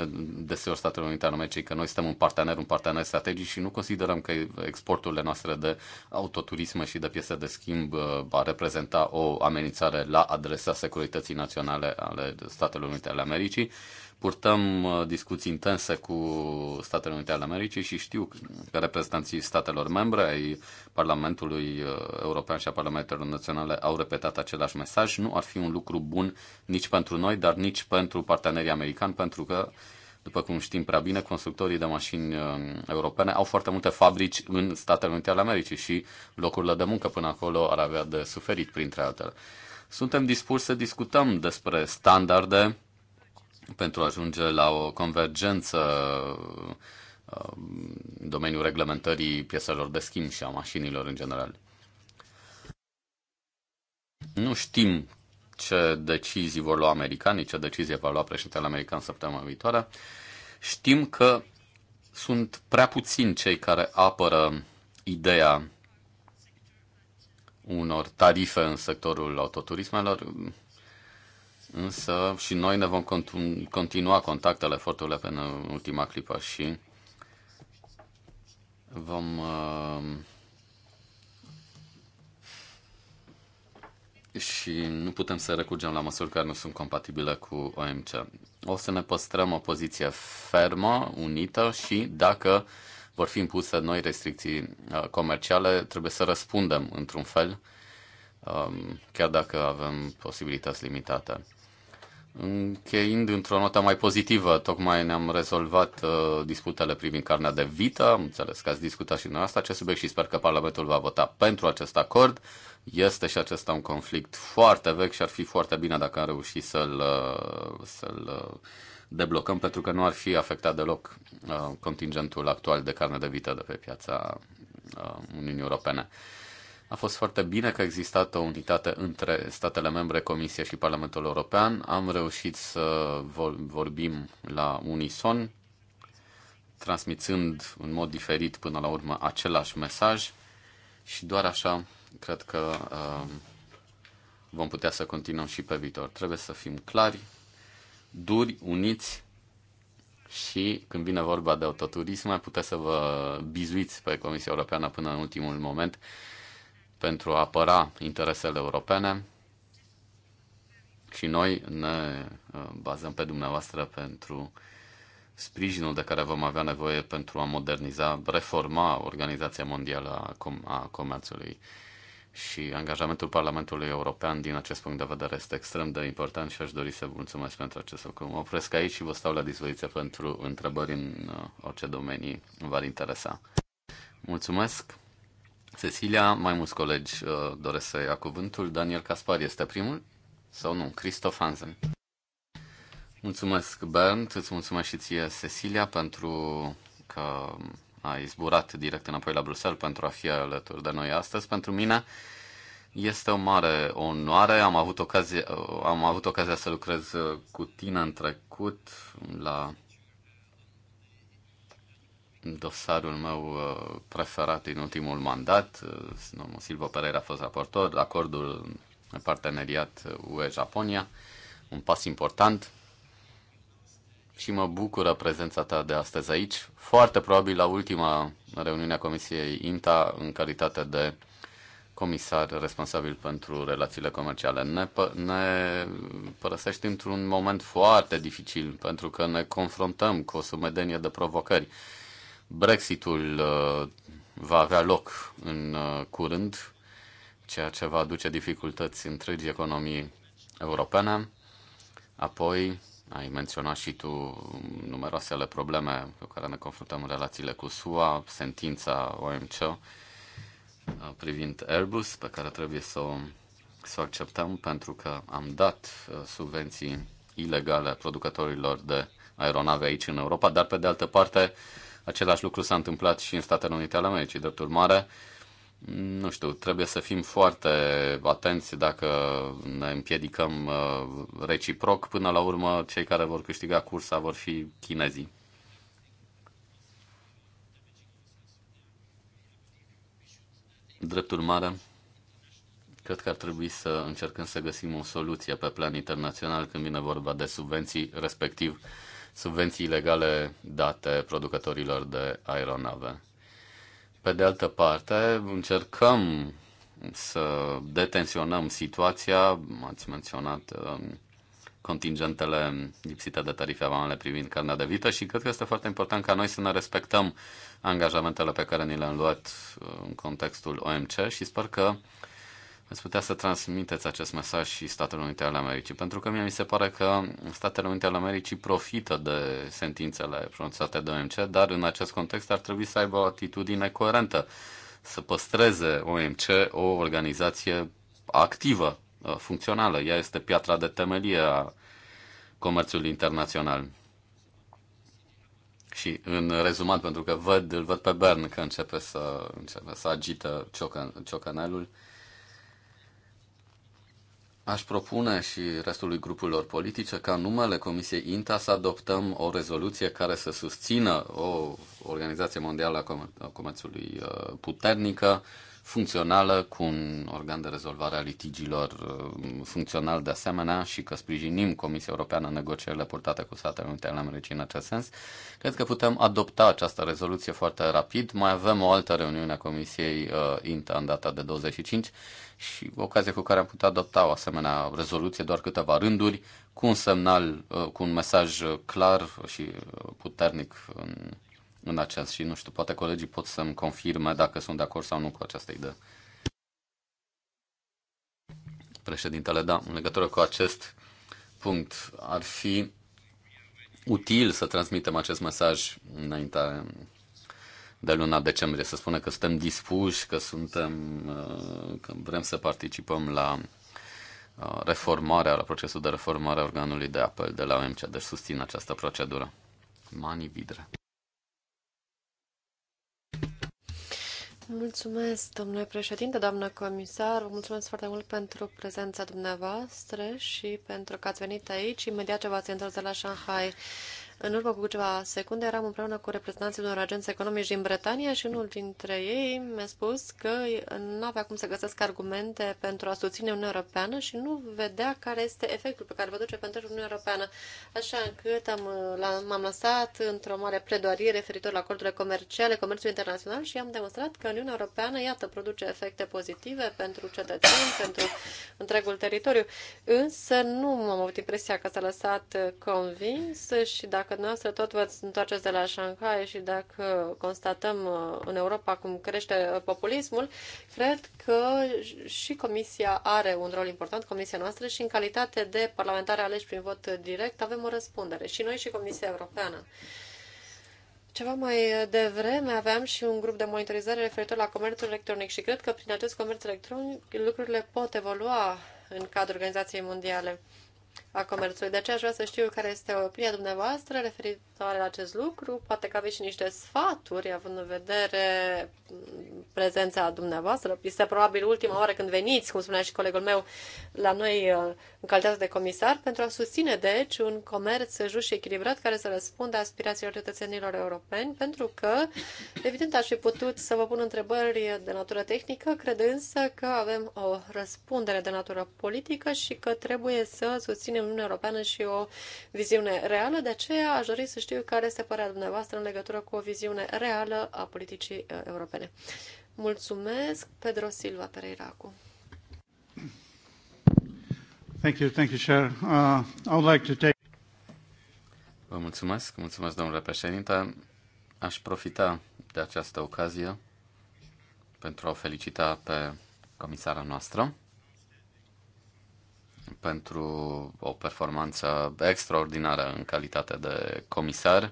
deseori Statele Unite Americii că noi suntem un partener, un partener strategic și nu considerăm că exporturile noastre de autoturisme și de piese de schimb va uh, reprezenta o amenințare la adresa securității naționale ale Statelor Unite ale Americii. Purtăm uh, discuții intense cu Statele Unite ale Americii și știu că reprezentanții statelor membre ai Parlamentului uh, European și a Parlamentelor Naționale au repetat același mesaj. Nu ar fi un lucru bun nici pentru noi, dar nici pentru partenerii americani, pentru că după cum știm prea bine, constructorii de mașini uh, europene au foarte multe fabrici în Statele Unite ale Americii și locurile de muncă până acolo ar avea de suferit, printre altele. Suntem dispuși să discutăm despre standarde pentru a ajunge la o convergență uh, în domeniul reglementării pieselor de schimb și a mașinilor în general. Nu știm ce decizii vor lua americanii, ce decizie va lua președintele american săptămâna viitoare. Știm că sunt prea puțini cei care apără ideea unor tarife în sectorul autoturismelor, însă și noi ne vom continua contactele, eforturile până în ultima clipă și vom uh, și nu putem să recurgem la măsuri care nu sunt compatibile cu OMC. O să ne păstrăm o poziție fermă, unită și dacă vor fi impuse noi restricții uh, comerciale, trebuie să răspundem într-un fel, um, chiar dacă avem posibilități limitate. Încheind într-o notă mai pozitivă, tocmai ne-am rezolvat uh, disputele privind carnea de vită, am înțeles că ați discutat și noi asta acest subiect și sper că Parlamentul va vota pentru acest acord. Este și acesta un conflict foarte vechi și ar fi foarte bine dacă am reușit să-l, uh, să-l uh, deblocăm, pentru că nu ar fi afectat deloc uh, contingentul actual de carne de vită de pe piața Uniunii Europene. A fost foarte bine că a existat o unitate între statele membre, Comisia și Parlamentul European. Am reușit să vorbim la unison, transmițând în mod diferit până la urmă același mesaj și doar așa cred că um, vom putea să continuăm și pe viitor. Trebuie să fim clari, duri, uniți și când vine vorba de autoturism, mai puteți să vă bizuiți pe Comisia Europeană până în ultimul moment pentru a apăra interesele europene și noi ne uh, bazăm pe dumneavoastră pentru sprijinul de care vom avea nevoie pentru a moderniza, reforma Organizația Mondială a Comerțului și angajamentul Parlamentului European din acest punct de vedere este extrem de important și aș dori să vă mulțumesc pentru acest lucru. Mă opresc aici și vă stau la dispoziție pentru întrebări în uh, orice domenii v-ar interesa. Mulțumesc! Cecilia, mai mulți colegi uh, doresc să ia cuvântul. Daniel Caspar este primul sau nu? Christoph Hansen. Mulțumesc, Bernd, îți mulțumesc și ție, Cecilia, pentru că ai zburat direct înapoi la Bruxelles pentru a fi alături de noi astăzi. Pentru mine este o mare onoare. Am avut ocazia, am avut ocazia să lucrez cu tine în trecut la dosarul meu uh, preferat din ultimul mandat. Uh, domnul Silvo Pereira a fost raportor, acordul parteneriat UE-Japonia, uh, un pas important și mă bucură prezența ta de astăzi aici, foarte probabil la ultima reuniune a Comisiei INTA în calitate de comisar responsabil pentru relațiile comerciale. Ne, pă- ne părăsești într-un moment foarte dificil pentru că ne confruntăm cu o sumedenie de provocări. Brexitul uh, va avea loc în uh, curând, ceea ce va aduce dificultăți întregii economii europene. Apoi, ai menționat și tu numeroasele probleme cu care ne confruntăm în relațiile cu SUA, sentința OMC uh, privind Airbus, pe care trebuie să o, să o acceptăm pentru că am dat uh, subvenții ilegale producătorilor de aeronave aici în Europa, dar pe de altă parte același lucru s-a întâmplat și în Statele Unite ale Americii. Drept urmare, nu știu, trebuie să fim foarte atenți dacă ne împiedicăm uh, reciproc. Până la urmă, cei care vor câștiga cursa vor fi chinezii. Drept urmare, cred că ar trebui să încercăm să găsim o soluție pe plan internațional când vine vorba de subvenții, respectiv subvenții ilegale date producătorilor de aeronave. Pe de altă parte, încercăm să detensionăm situația. Ați menționat um, contingentele lipsite de tarife vamale privind carnea de vită și cred că este foarte important ca noi să ne respectăm angajamentele pe care ni le-am luat uh, în contextul OMC și sper că veți putea să transmiteți acest mesaj și Statele Unite ale Americii, pentru că mie mi se pare că Statele Unite ale Americii profită de sentințele pronunțate de OMC, dar în acest context ar trebui să aibă o atitudine coerentă, să păstreze OMC o organizație activă, uh, funcțională. Ea este piatra de temelie a comerțului internațional. Și în rezumat, pentru că văd, îl văd pe Bern că începe să, începe să agită ciocă, ciocanelul, uh, Aș propune și restului grupurilor politice ca în numele Comisiei INTA să adoptăm o rezoluție care să susțină o Organizație Mondială a, Comerțului uh, puternică, funcțională, cu un organ de rezolvare a litigilor uh, funcțional de asemenea și că sprijinim Comisia Europeană în negocierile purtate cu Statele Unite ale Americii în acest sens. Cred că putem adopta această rezoluție foarte rapid. Mai avem o altă reuniune a Comisiei uh, INTA în data de 25 și ocazia cu care am putea adopta o asemenea rezoluție, doar câteva rânduri, cu un semnal, uh, cu un mesaj uh, clar și uh, puternic în, în acest. Și nu știu, poate colegii pot să-mi confirme dacă sunt de acord sau nu cu această idee. Președintele, da, în legătură cu acest punct, ar fi util să transmitem acest mesaj înaintea de luna decembrie, să spună că suntem dispuși, că suntem, uh, că vrem să participăm la uh, reformarea, la procesul de reformare a organului de apel de la OMC, deci susțin această procedură. Mani Vidre.
Mulțumesc, domnule președinte, doamnă comisar. Vă mulțumesc foarte mult pentru prezența dumneavoastră și pentru că ați venit aici imediat ce v-ați întors de la Shanghai. În urmă cu câteva secunde eram împreună cu reprezentanții unor agenți economici din Bretania și unul dintre ei mi-a spus că nu avea cum să găsesc argumente pentru a susține Uniunea Europeană și nu vedea care este efectul pe care vă duce pentru Uniunea Europeană. Așa încât am, m-am lăsat într-o mare pledoarie referitor la acordurile comerciale, comerțul internațional și am demonstrat că Uniunea Europeană, iată, produce efecte pozitive pentru cetățeni, pentru întregul teritoriu. Însă nu m-am avut impresia că s-a lăsat convins și dacă dacă dumneavoastră tot vă întoarceți de la Shanghai și dacă constatăm uh, în Europa cum crește uh, populismul, cred că și Comisia are un rol important, Comisia noastră, și în calitate de parlamentare aleși prin vot direct avem o răspundere, și noi și Comisia Europeană. Ceva mai devreme aveam și un grup de monitorizare referitor la comerțul electronic și cred că prin acest comerț electronic lucrurile pot evolua în cadrul Organizației Mondiale a comerțului. De aceea aș vrea să știu care este opinia dumneavoastră referitoare la acest lucru. Poate că aveți și niște sfaturi, având în vedere mm, prezența dumneavoastră. Este probabil ultima oară când veniți, cum spunea și colegul meu, la noi uh, în calitate de comisar, pentru a susține, deci, un comerț just și echilibrat care să răspundă aspirațiilor cetățenilor europeni, pentru că, evident, aș fi putut să vă pun întrebări de natură tehnică, cred însă că avem o răspundere de natură politică și că trebuie să susținem în Uniunea Europeană și o viziune reală. De aceea aș dori să știu care este părerea dumneavoastră în legătură cu o viziune reală a politicii uh, europene. Mulțumesc, Pedro Silva Pereira
Thank you, thank you, Chair. Uh, I would like to take...
Vă mulțumesc, mulțumesc, domnule președinte. Aș profita de această ocazie pentru a o felicita pe comisara noastră pentru o performanță extraordinară în calitate de comisar.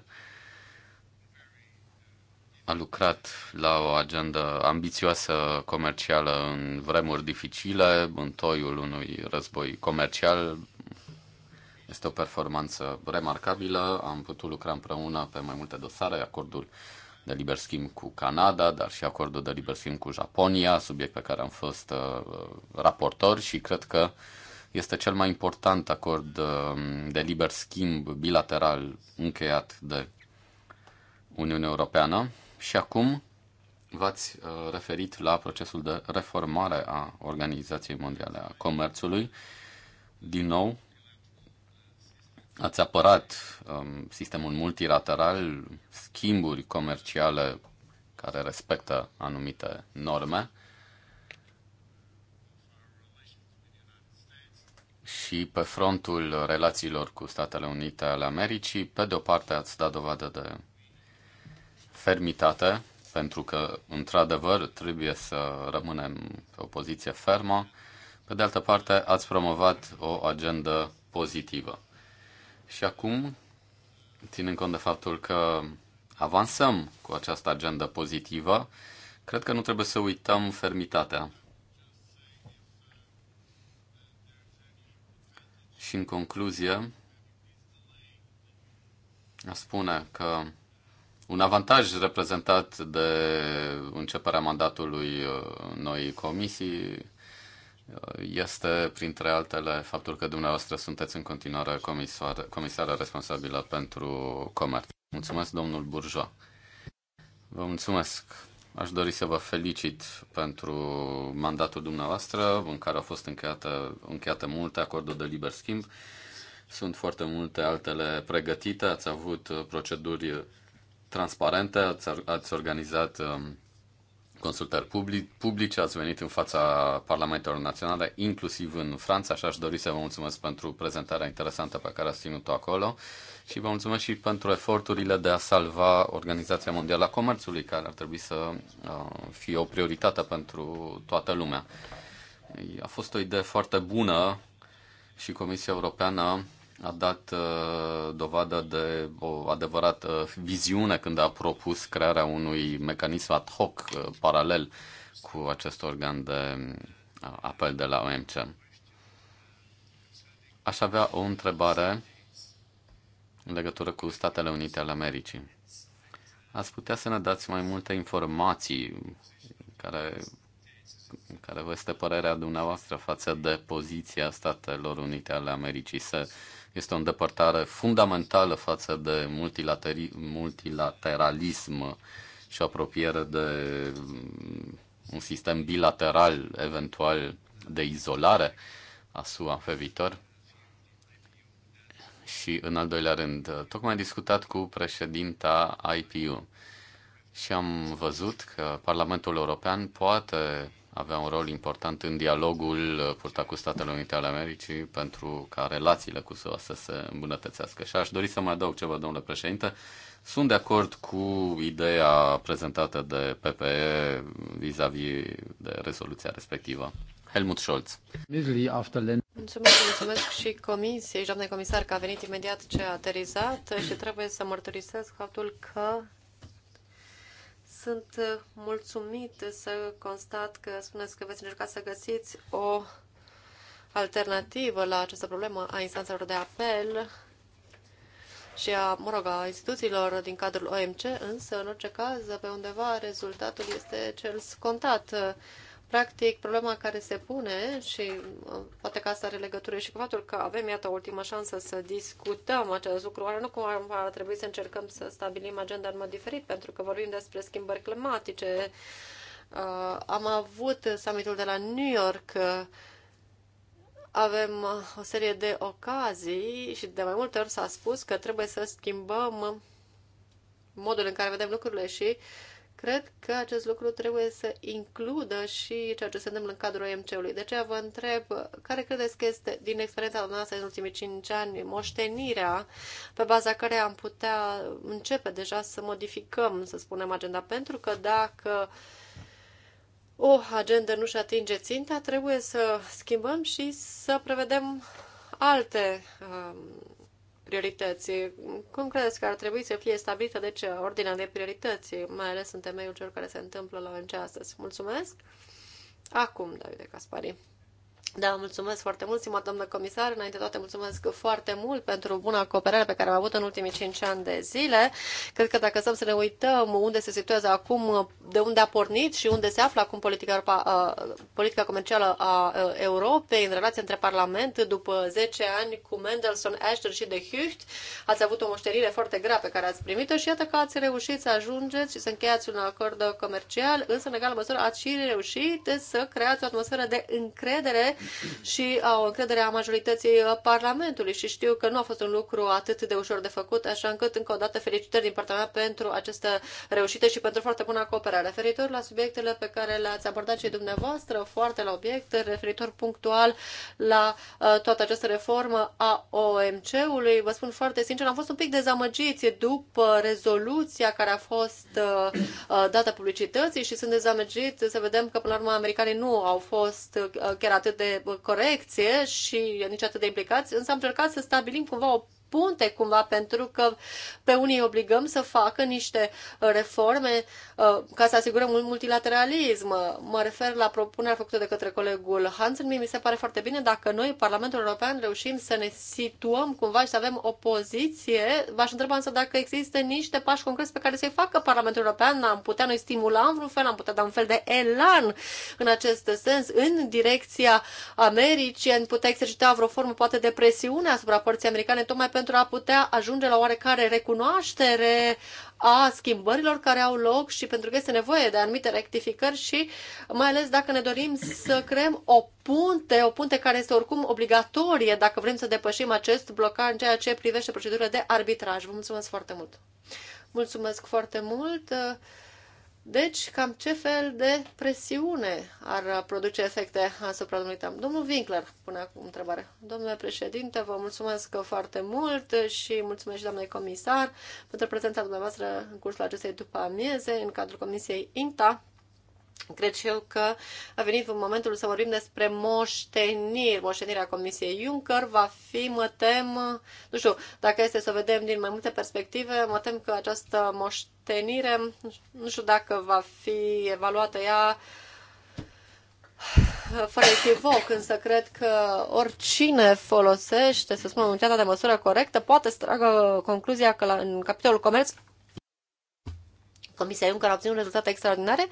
A lucrat la o agendă ambițioasă comercială în vremuri dificile, în toiul unui război comercial. Este o performanță remarcabilă. Am putut lucra împreună pe mai multe dosare, acordul de liber schimb cu Canada, dar și acordul de liber schimb cu Japonia, subiect pe care am fost uh, raportor și cred că uh, este cel mai important acord um, de liber schimb bilateral încheiat de Uniunea Europeană și acum v-ați uh, referit la procesul de reformare a Organizației Mondiale a Comerțului. Din nou, ați apărat um, sistemul multilateral, schimburi comerciale care respectă anumite norme. și pe frontul relațiilor cu Statele Unite ale Americii, pe de o parte ați dat dovadă de fermitate, pentru că, într-adevăr, trebuie să rămânem pe o poziție fermă. Pe de altă parte, ați promovat o agendă pozitivă. Și acum, ținând cont de faptul că avansăm cu această agendă pozitivă, cred că nu trebuie să uităm fermitatea Și în concluzie, a spune că un avantaj reprezentat de începerea mandatului uh, noii comisii uh, este, printre altele, faptul că dumneavoastră sunteți în continuare comisară, comisară responsabilă pentru comerț. Mulțumesc, domnul Burjoa. Vă mulțumesc, Aș dori să vă felicit pentru mandatul dumneavoastră, în care au fost încheiată, încheiată multe acorduri de liber schimb. Sunt foarte multe altele pregătite, ați avut proceduri transparente, ați, ați organizat um, consultări publice, ați venit în fața Parlamentelor Naționale, inclusiv în Franța și aș dori să vă mulțumesc pentru prezentarea interesantă pe care ați ținut-o acolo și vă mulțumesc și pentru eforturile de a salva Organizația Mondială a Comerțului, care ar trebui să uh, fie o prioritate pentru toată lumea. A fost o idee foarte bună și Comisia Europeană a dat uh, dovadă de o adevărată viziune când a propus crearea unui mecanism ad hoc uh, paralel cu acest organ de uh, apel de la OMC. Aș avea o întrebare în legătură cu Statele Unite ale Americii. Ați putea să ne dați mai multe informații care, care vă este părerea dumneavoastră față de poziția Statelor Unite ale Americii? Să este o îndepărtare fundamentală față de multilateralism și apropiere de mm, un sistem bilateral, eventual de izolare a SUA pe viitor. Și în al doilea rând, tocmai discutat cu președinta IPU și am văzut că Parlamentul European poate avea un rol important în dialogul uh, purtat cu Statele Unite ale Americii pentru ca relațiile cu SUA să se îmbunătățească. Și aș dori să mai adaug ceva, domnule președinte. Sunt de acord cu ideea prezentată de PPE vis-a-vis -vis de rezoluția respectivă. Helmut Scholz. Mulțumesc,
mulțumesc și comisiei, doamne comisar, că a venit imediat ce a aterizat și trebuie să mărturisesc faptul că sunt uh, mulțumit să constat că spuneți că veți încerca să găsiți o alternativă la această problemă a instanțelor de apel și a, mă rog, a instituțiilor din cadrul OMC, însă, în orice caz, pe undeva rezultatul este cel scontat. Practic, problema care se pune și uh, poate că asta are legătură și cu faptul că avem, iată, o ultimă șansă să discutăm acest lucru, oare nu cumva ar trebui să încercăm să stabilim agenda în mod diferit, pentru că vorbim despre schimbări climatice. Uh, am avut summitul de la New York, avem uh, o serie de ocazii și de mai multe ori s-a spus că trebuie să schimbăm modul în care vedem lucrurile și uh, Cred că acest lucru trebuie să includă și ceea ce se întâmplă în cadrul OMC-ului. De aceea vă întreb, care credeți că este, din experiența noastră în ultimii 5 ani, moștenirea pe baza care am putea începe deja să modificăm, să spunem, agenda? Pentru că dacă o agenda nu-și atinge ținta, trebuie să schimbăm și să prevedem alte um, priorități. Cum credeți că ar trebui să fie stabilită, de deci, ce ordinea de priorități, mai ales în temeiul celor care se întâmplă la ONG astăzi? Mulțumesc! Acum, David Caspari. Da, mulțumesc foarte mult, stimată doamnă comisar. Înainte de toate, mulțumesc foarte mult pentru buna cooperare pe care am avut în ultimii cinci ani de zile. Cred că dacă stăm să ne uităm unde se situează acum, de unde a pornit și unde se află acum politica, politica comercială a Europei în relație între Parlament, după 10 ani cu Mendelssohn, Ashton și de Hucht, ați avut o moșterire foarte grea pe care ați primit-o și iată că ați reușit să ajungeți și să încheiați un acord comercial, însă, în egală măsură, ați și reușit să creați o atmosferă de încredere și au încrederea majorității uh, Parlamentului și știu că nu a fost un lucru atât de ușor de făcut, așa încât încă o dată felicitări din partea mea pentru această reușită și pentru foarte bună cooperare. Referitor la subiectele pe care le-ați abordat și dumneavoastră, foarte la obiect, referitor punctual la uh, toată această reformă a OMC-ului, vă spun foarte sincer, am fost un pic dezamăgiți după rezoluția care a fost uh, dată publicității și sunt dezamăgit să vedem că până la urmă americanii nu au fost chiar atât de corecție și nici atât de implicați, însă am încercat să stabilim cumva o punte cumva, pentru că pe unii îi obligăm să facă niște uh, reforme uh, ca să asigurăm un multilateralism. Mă refer la propunerea făcută de către colegul Hansen. Mie mi se pare foarte bine dacă noi, Parlamentul European, reușim să ne situăm cumva și să avem o poziție. V-aș întreba însă dacă există niște pași concreți pe care să-i facă Parlamentul European. Am putea noi stimula în vreun fel, am putea da un fel de elan în acest sens, în direcția Americii, am putea exercita vreo formă poate de presiune asupra părții americane, tocmai pentru pentru a putea ajunge la oarecare recunoaștere a schimbărilor care au loc și pentru că este nevoie de anumite rectificări și mai ales dacă ne dorim să creăm o punte, o punte care este oricum obligatorie dacă vrem să depășim acest blocaj în ceea ce privește procedurile de arbitraj. Vă mulțumesc foarte mult! Mulțumesc foarte mult! Deci, cam ce fel de presiune ar produce efecte asupra domnului Trump? Domnul Winkler pune acum întrebare. Domnule președinte, vă mulțumesc foarte mult și mulțumesc și doamnei comisar pentru prezența dumneavoastră în cursul acestei după amieze în cadrul Comisiei INTA. Cred și eu că a venit momentul să vorbim despre moșteniri. Moștenirea Comisiei Juncker va fi, mă tem, nu știu, dacă este să vedem din mai multe perspective, mă tem că această moștenire, nu știu dacă va fi evaluată ea fără echivoc, însă cred că oricine folosește, să spunem, unitatea de măsură corectă, poate să tragă concluzia că la, în capitolul comerț Comisia Juncker a obținut rezultate extraordinare,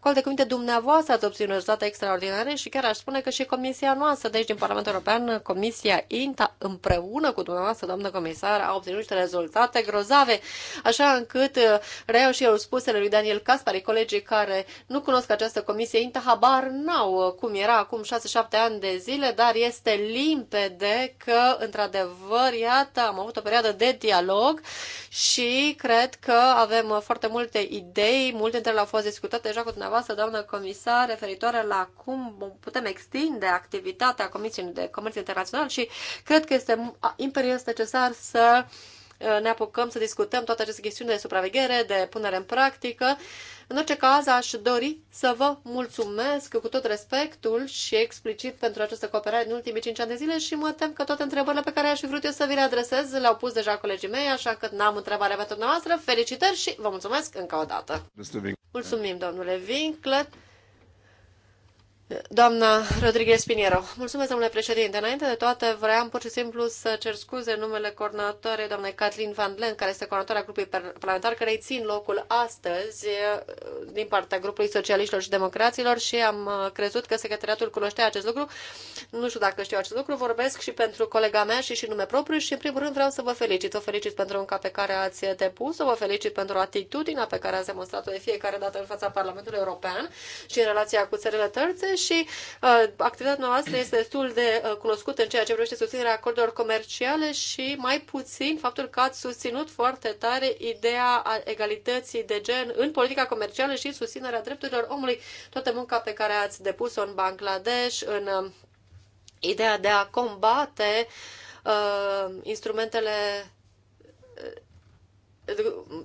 cu alte cuvinte, dumneavoastră ați obținut rezultate extraordinare și chiar aș spune că și Comisia noastră, deci din Parlamentul European, Comisia INTA, împreună cu dumneavoastră, doamnă comisar, a obținut niște rezultate grozave, așa încât uh, reiau și eu spusele lui Daniel Caspari, colegii care nu cunosc această Comisie INTA, habar n-au uh, cum era acum 6-7 ani de zile, dar este limpede că, într-adevăr, iată, am avut o perioadă de dialog și cred că avem uh, foarte multe idei, multe dintre ele au fost discutate deja cu dumneavoastră dumneavoastră, doamnă comisar, referitoare la cum putem extinde activitatea Comisiei de Comerț Internațional și cred că este imperios necesar să uh, ne apucăm să discutăm toate aceste chestiuni de supraveghere, de punere în practică. În orice caz, aș dori să vă mulțumesc cu tot respectul și explicit pentru această cooperare în ultimii 5 ani de zile și mă tem că toate întrebările pe care aș fi vrut eu să vi le adresez le-au pus deja colegii mei, așa că n-am întrebare pentru dumneavoastră. Felicitări și vă mulțumesc încă o dată. Mulțumim, domnule Winkler. Doamna Rodriguez Piniero, mulțumesc, domnule președinte. Înainte de toate, vreau pur și simplu să cer scuze în numele coordonatoarei doamnei Kathleen Van Len, care este coordonatoarea grupului parlamentar, care îi țin locul astăzi din partea grupului socialiștilor și democraților și am uh, crezut că secretariatul cunoștea acest lucru. Nu știu dacă știu acest lucru, vorbesc și pentru colega mea și și nume propriu și în primul rând vreau să vă felicit. Vă felicit pentru munca pe care ați depus-o, vă felicit pentru atitudinea pe care ați demonstrat-o de fiecare dată în fața Parlamentului European și în relația cu țările terțe și uh, activitatea noastră este destul de uh, cunoscută în ceea ce privește susținerea acordurilor comerciale și mai puțin faptul că ați susținut foarte tare ideea a egalității de gen în politica comercială și susținerea drepturilor omului, toată munca pe care ați depus-o în Bangladesh, în uh, ideea de a combate uh, instrumentele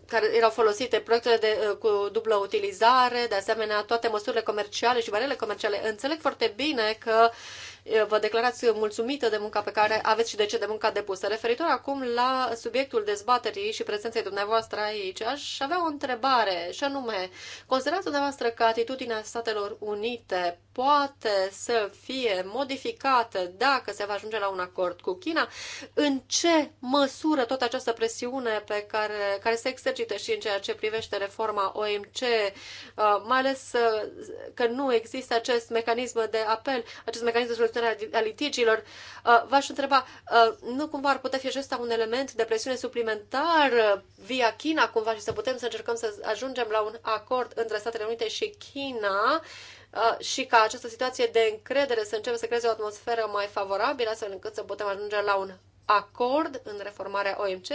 care erau folosite, proiectele de, uh, cu dublă utilizare, de asemenea toate măsurile comerciale și barele comerciale. Înțeleg foarte bine că vă declarați mulțumită de munca pe care aveți și de ce de munca depusă. Referitor acum la subiectul dezbaterii și prezenței dumneavoastră aici, aș avea o întrebare și anume, considerați dumneavoastră că atitudinea Statelor Unite poate să fie modificată dacă se va ajunge la un acord cu China? În ce măsură toată această presiune pe care, care se exercită și în ceea ce privește reforma OMC, uh, mai ales uh, că nu există acest mecanism de apel, acest mecanism de soluționarea a litigiilor, uh, v-aș întreba, uh, nu cumva ar putea fi acesta un element de presiune suplimentar uh, via China cumva și să putem să încercăm să ajungem la un acord între Statele Unite și China și ca această situație de încredere să începe să creeze o atmosferă mai favorabilă, astfel încât să putem ajunge la un acord în reformarea OMC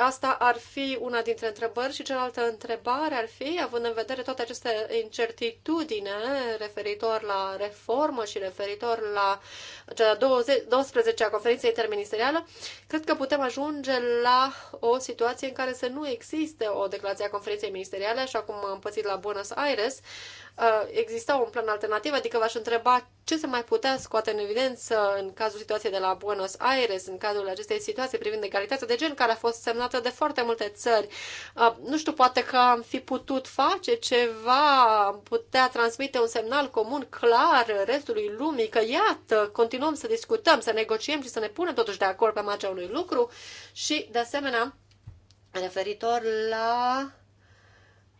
Asta ar fi una dintre întrebări și cealaltă întrebare ar fi, având în vedere toate aceste incertitudine referitor la reformă și referitor la cea 20, 12-a conferință interministerială, cred că putem ajunge la o situație în care să nu existe o declarație a conferinței ministeriale, așa cum am pățit la Buenos Aires, Uh, exista un plan alternativ, adică v-aș întreba ce se mai putea scoate în evidență în cazul situației de la Buenos Aires, în cazul acestei situații privind egalitatea de gen, care a fost semnată de foarte multe țări. Uh, nu știu, poate că am fi putut face ceva, am putea transmite un semnal comun clar restului lumii că, iată, continuăm să discutăm, să negociem și să ne punem totuși de acord pe marginea unui lucru și, de asemenea, referitor la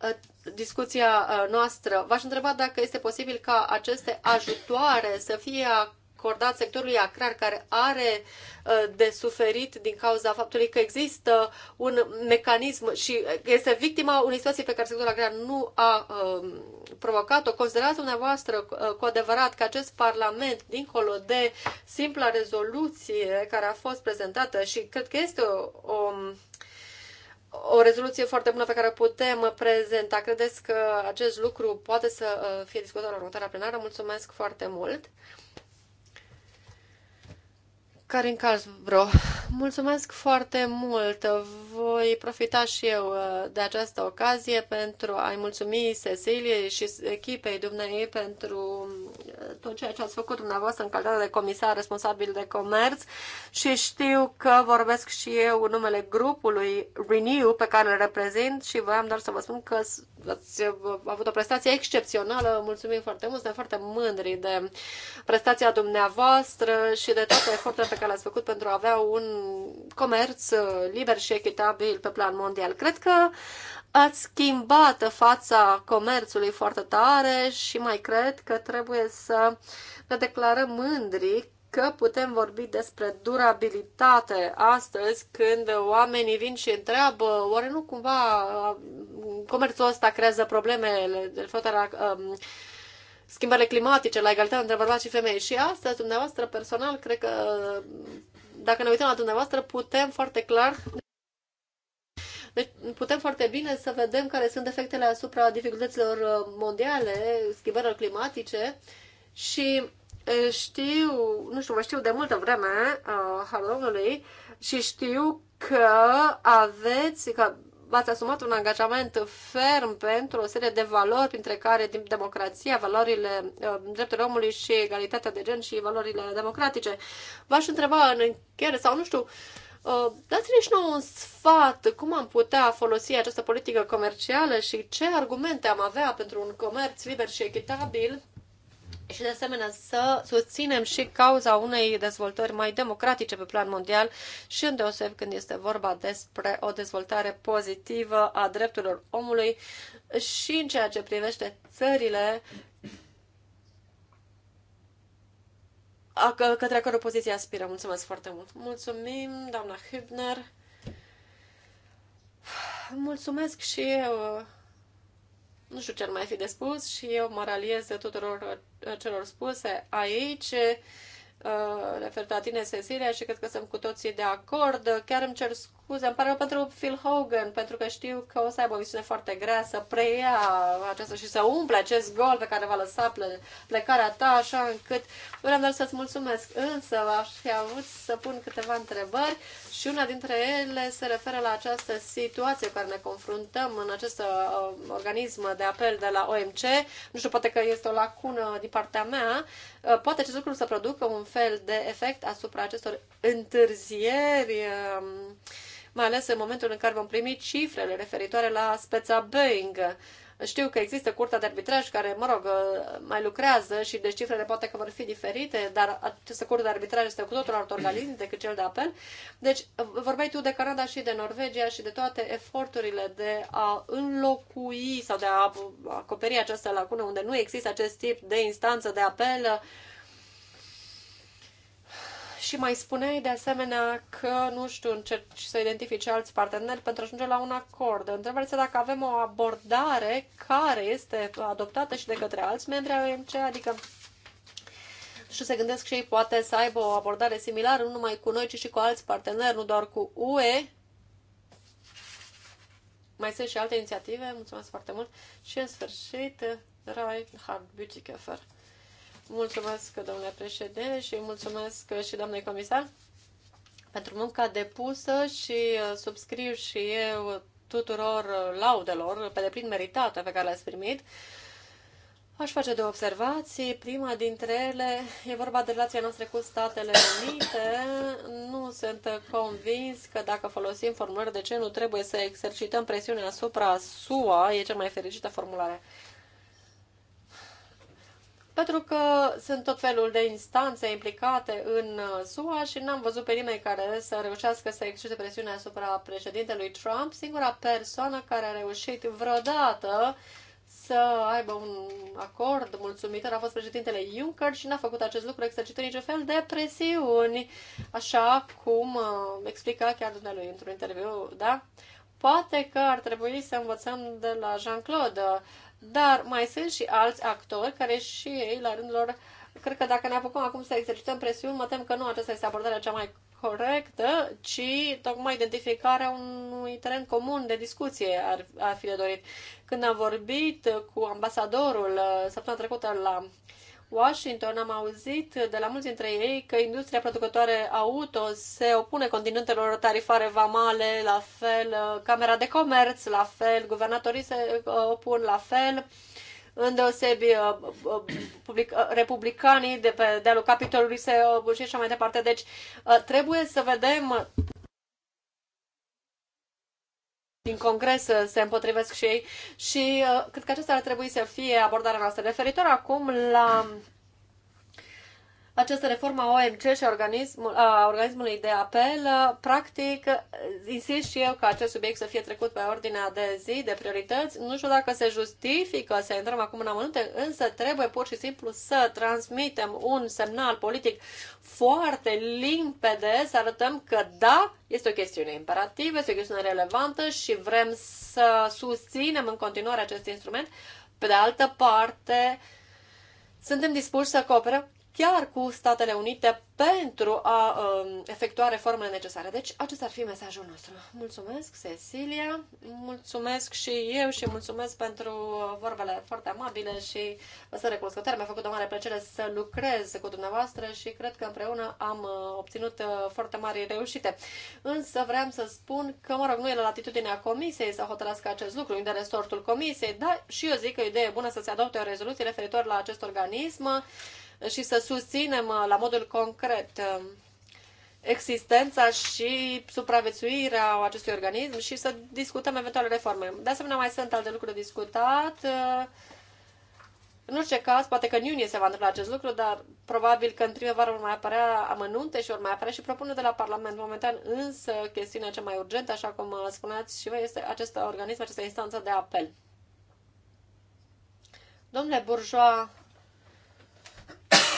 Ă, discuția ă, noastră, v-aș întreba dacă este posibil ca aceste ajutoare să fie acordat sectorului acrar care are ă, de suferit din cauza faptului că există un mecanism și este victima unei situații pe care sectorul agrar nu a provocat-o. Considerați dumneavoastră cu adevărat că acest Parlament, dincolo de simpla rezoluție care a fost prezentată și cred că este o, o o rezoluție foarte bună pe care o putem prezenta. Credeți că acest lucru poate să uh, fie discutat la următoarea plenară? Mulțumesc foarte mult! Karin Calsbro, mulțumesc foarte mult. Voi profita și eu uh, de această ocazie pentru a-i mulțumi Ceciliei și echipei dumneavoastră pentru uh, tot ceea ce ați făcut dumneavoastră în calitate de comisar responsabil de comerț și știu că vorbesc și eu în numele grupului Renew pe care îl reprezint și voiam doar să vă spun că ați uh, avut o prestație excepțională. Mulțumim foarte mult, suntem foarte mândri de prestația dumneavoastră și de toate eforturile pe care l-ați făcut pentru a avea un comerț uh, liber și echitabil pe plan mondial. Cred că ați schimbat fața comerțului foarte tare și mai cred că trebuie să ne declarăm mândri că putem vorbi despre durabilitate astăzi când oamenii vin și întreabă oare nu cumva uh, comerțul ăsta creează problemele de fătarea um, schimbările climatice, la egalitatea între bărbați și femei. Și astăzi, dumneavoastră, personal, cred că dacă ne uităm la dumneavoastră, putem foarte clar deci putem foarte bine să vedem care sunt efectele asupra dificultăților uh, mondiale, schimbărilor climatice și uh, știu, nu știu, vă știu de multă vreme uh, și știu că aveți, că v-ați asumat un angajament ferm pentru o serie de valori, printre care democrația, valorile uh, drepturile omului și egalitatea de gen și valorile democratice. V-aș întreba în încheiere sau nu știu, uh, dați-ne și nouă un sfat cum am putea folosi această politică comercială și ce argumente am avea pentru un comerț liber și echitabil și de asemenea să susținem și cauza unei dezvoltări mai democratice pe plan mondial și îndeoseb când este vorba despre o dezvoltare pozitivă a drepturilor omului și în ceea ce privește țările către care poziție aspiră. Mulțumesc foarte mult. Mulțumim, doamna Hübner. Mulțumesc și eu uh, nu știu ce ar mai fi de spus și eu mă raliez de tuturor uh, celor spuse aici uh, refer la tine, Cecilia, și cred că sunt cu toții de acord. Chiar îmi cer scuze, îmi pare pentru Phil Hogan, pentru că știu că o să aibă o misiune foarte grea să preia această și să umple acest gol pe care va lăsa plecarea ta, așa încât vreau doar să-ți mulțumesc. Însă aș fi avut să pun câteva întrebări și una dintre ele se referă la această situație cu care ne confruntăm în acest uh, organism de apel de la OMC. Nu știu, poate că este o lacună din partea mea. Uh, poate acest lucru să producă un fel de efect asupra acestor întârzieri. Uh, mai ales în momentul în care vom primi cifrele referitoare la speța Boeing. Știu că există curtea de arbitraj care, mă rog, mai lucrează și de deci cifrele poate că vor fi diferite, dar această curte de arbitraj este cu totul alt organism decât cel de apel. Deci, vorbeai tu de Canada și de Norvegia și de toate eforturile de a înlocui sau de a acoperi această lacună unde nu există acest tip de instanță de apel și mai spuneai de asemenea că, nu știu, încerci să identifici alți parteneri pentru a ajunge la un acord. Întrebarea este dacă avem o abordare care este adoptată și de către alți membri ai OMC, adică și se gândesc și ei poate să aibă o abordare similară, nu numai cu noi, ci și cu alți parteneri, nu doar cu UE. Mai sunt și alte inițiative, mulțumesc foarte mult. Și în sfârșit, Rai Hard Beauty Care. Mulțumesc, domnule președinte, și mulțumesc și doamnei comisar pentru munca depusă și uh, subscriu și eu tuturor uh, laudelor pe deplin meritate pe care le-ați primit. Aș face două observații. Prima dintre ele e vorba de relația noastră cu Statele Unite. Nu sunt convins că dacă folosim formulări de ce nu trebuie să exercităm presiunea asupra SUA, e cea mai fericită formulare pentru că sunt tot felul de instanțe implicate în uh, SUA și n-am văzut pe nimeni care să reușească să exerce presiunea asupra președintelui Trump. Singura persoană care a reușit vreodată să aibă un acord mulțumitor a fost președintele Juncker și n-a făcut acest lucru exercitând niciun fel de presiuni, așa cum uh, explica chiar dumnealui într-un interviu, da? Poate că ar trebui să învățăm de la Jean-Claude dar mai sunt și alți actori care și ei, la rândul lor, cred că dacă ne apucăm acum să exercităm presiuni, mă tem că nu aceasta este abordarea cea mai corectă, ci tocmai identificarea unui teren comun de discuție ar, ar fi de dorit. Când am vorbit cu ambasadorul uh, săptămâna trecută la Washington am auzit de la mulți dintre ei că industria producătoare auto se opune continentelor tarifare vamale, la fel Camera de Comerț, la fel guvernatorii se uh, opun, la fel îndeosebi uh, uh, public, republicanii de pe dealul Capitolului se și așa mai departe. Deci trebuie să vedem din Congres uh, se împotrivesc și ei și uh, cred că acesta ar trebui să fie abordarea noastră. Referitor acum la această reformă a OMC și a, organismul, a organismului de apel, practic, insist și eu ca acest subiect să fie trecut pe ordinea de zi, de priorități. Nu știu dacă se justifică să intrăm acum în amănunte, însă trebuie pur și simplu să transmitem un semnal politic foarte limpede, să arătăm că da, este o chestiune imperativă, este o chestiune relevantă și vrem să susținem în continuare acest instrument. Pe de altă parte, suntem dispuși să cooperăm chiar cu Statele Unite pentru a uh, efectua reformele necesare. Deci, acesta ar fi mesajul nostru. Mulțumesc, Cecilia, mulțumesc și eu și mulțumesc pentru vorbele foarte amabile și să recunosc că mi-a făcut o mare plăcere să lucrez cu dumneavoastră și cred că împreună am uh, obținut uh, foarte mari reușite. Însă vreau să spun că, mă rog, nu e la latitudinea comisiei să hotărască acest lucru, e de resortul comisiei, dar și eu zic că e o idee bună să se adopte o rezoluție referitor la acest organism și să susținem uh, la modul concret uh, existența și supraviețuirea acestui organism și să discutăm eventuale reforme. De asemenea, mai sunt alte lucruri de discutat. Uh, în orice caz, poate că în iunie se va întâmpla acest lucru, dar probabil că în primăvară vor mai apărea amănunte și vor mai apărea și propuneri de la Parlament. Momentan, însă, chestiunea cea mai urgentă, așa cum spuneați și voi, este acest organism, această instanță de apel. Domnule Bourgeois,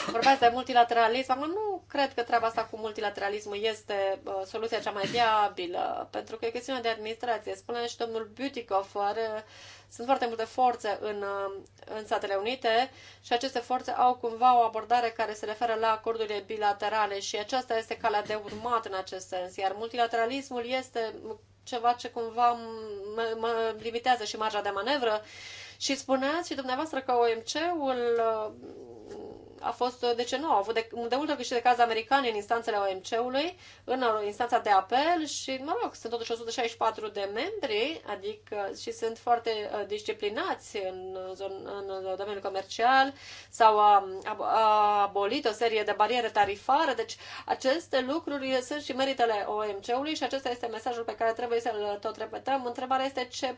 Vorbeați de multilateralism. Acum nu cred că treaba asta cu multilateralismul este uh, soluția cea mai viabilă, pentru că e chestiune de administrație. Spune și domnul are, sunt foarte multe forțe în, uh, în Statele Unite și aceste forțe au cumva o abordare care se referă la acordurile bilaterale și aceasta este calea de urmat în acest sens. Iar multilateralismul este ceva ce cumva mă, mă limitează și marja de manevră. Și spuneați și dumneavoastră că OMC-ul uh, a fost, de ce nu, au avut de, de multe și de caz americane în instanțele OMC-ului, în instanța de apel și, mă rog, sunt totuși 164 de membri, adică și sunt foarte uh, disciplinați în, zon, în domeniul comercial, sau a, a, a abolit o serie de bariere tarifare, deci aceste lucruri sunt și meritele OMC-ului și acesta este mesajul pe care trebuie să-l tot repetăm. Întrebarea este ce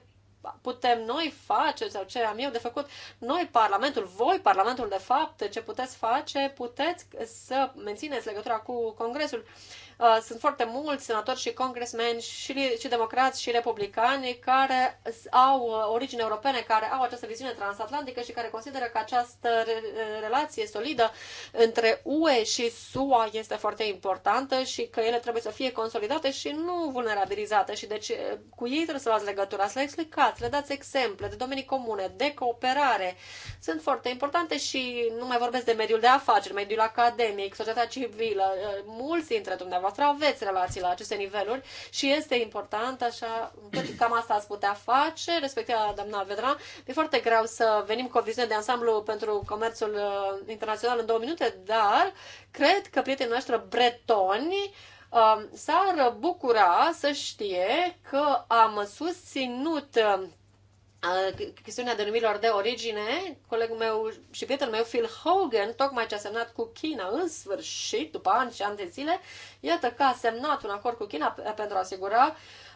putem noi face sau ce am eu de făcut. Noi, Parlamentul, voi, Parlamentul, de fapt, ce puteți face, puteți să mențineți legătura cu Congresul. Uh, sunt foarte mulți senatori și congresmeni și, și democrați și republicani care au uh, origini europene, care au această viziune transatlantică și care consideră că această relație solidă între UE și SUA este foarte importantă și că ele trebuie să fie consolidate și nu vulnerabilizate. Și deci uh, cu ei trebuie să luați legătura, să le explicați, le dați exemple de domenii comune, de cooperare. Sunt foarte importante și nu mai vorbesc de mediul de afaceri, mediul academic, societatea civilă. Mulți dintre dumneavoastră dumneavoastră aveți relații la aceste niveluri și este important, așa, cam asta ați putea face, respectiv doamna Vedra. E foarte greu să venim cu o viziune de ansamblu pentru comerțul uh, internațional în două minute, dar cred că prietenii noștri bretoni uh, s-ar bucura să știe că am susținut uh, chestiunea denumirilor de origine, colegul meu și prietenul meu, Phil Hogan, tocmai ce a semnat cu China, în sfârșit, după ani și ani de zile, iată că a semnat un acord cu China pentru a asigura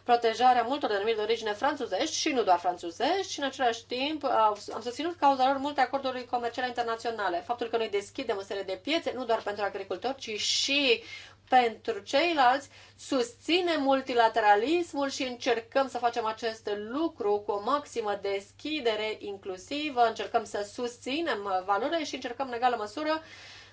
protejarea multor denumiri de origine franțuzești și nu doar franțuzești și în același timp am susținut cauza lor multe acorduri comerciale internaționale. Faptul că noi deschidem o serie de piețe, nu doar pentru agricultori, ci și pentru ceilalți, susține multilateralismul și încercăm să facem acest lucru cu o maximă deschidere inclusivă, încercăm să susținem valorile și încercăm în egală măsură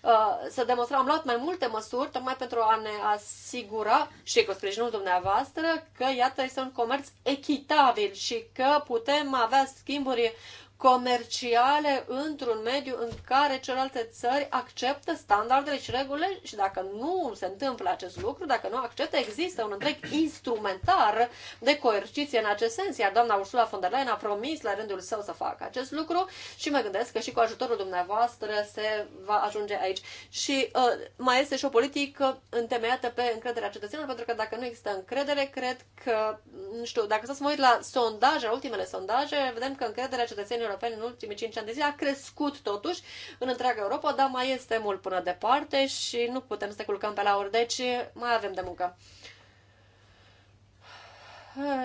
Uh, să demonstrăm, am luat mai multe măsuri tocmai pentru a ne asigura și cu sprijinul dumneavoastră că, iată, este un comerț echitabil și că putem avea schimburi comerciale într-un mediu în care celelalte țări acceptă standardele și regulile și dacă nu se întâmplă acest lucru, dacă nu acceptă, există un întreg instrumentar de coerciție în acest sens, iar doamna Ursula von der Leyen a promis la rândul său să facă acest lucru și mă gândesc că și cu ajutorul dumneavoastră se va ajunge aici. Și uh, mai este și o politică întemeiată pe încrederea cetățenilor, pentru că dacă nu există încredere, cred că, nu știu, dacă să mă uit la sondaje, la ultimele sondaje, vedem că încrederea cetățenilor Uniunii Europene în ultimii 5 ani de zile a crescut totuși în întreaga Europa, dar mai este mult până departe și nu putem să te culcăm pe lauri, deci mai avem de muncă.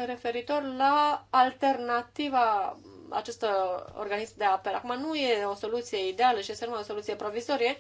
Referitor la alternativa acestor organism de apel. Acum nu e o soluție ideală și este numai o soluție provizorie,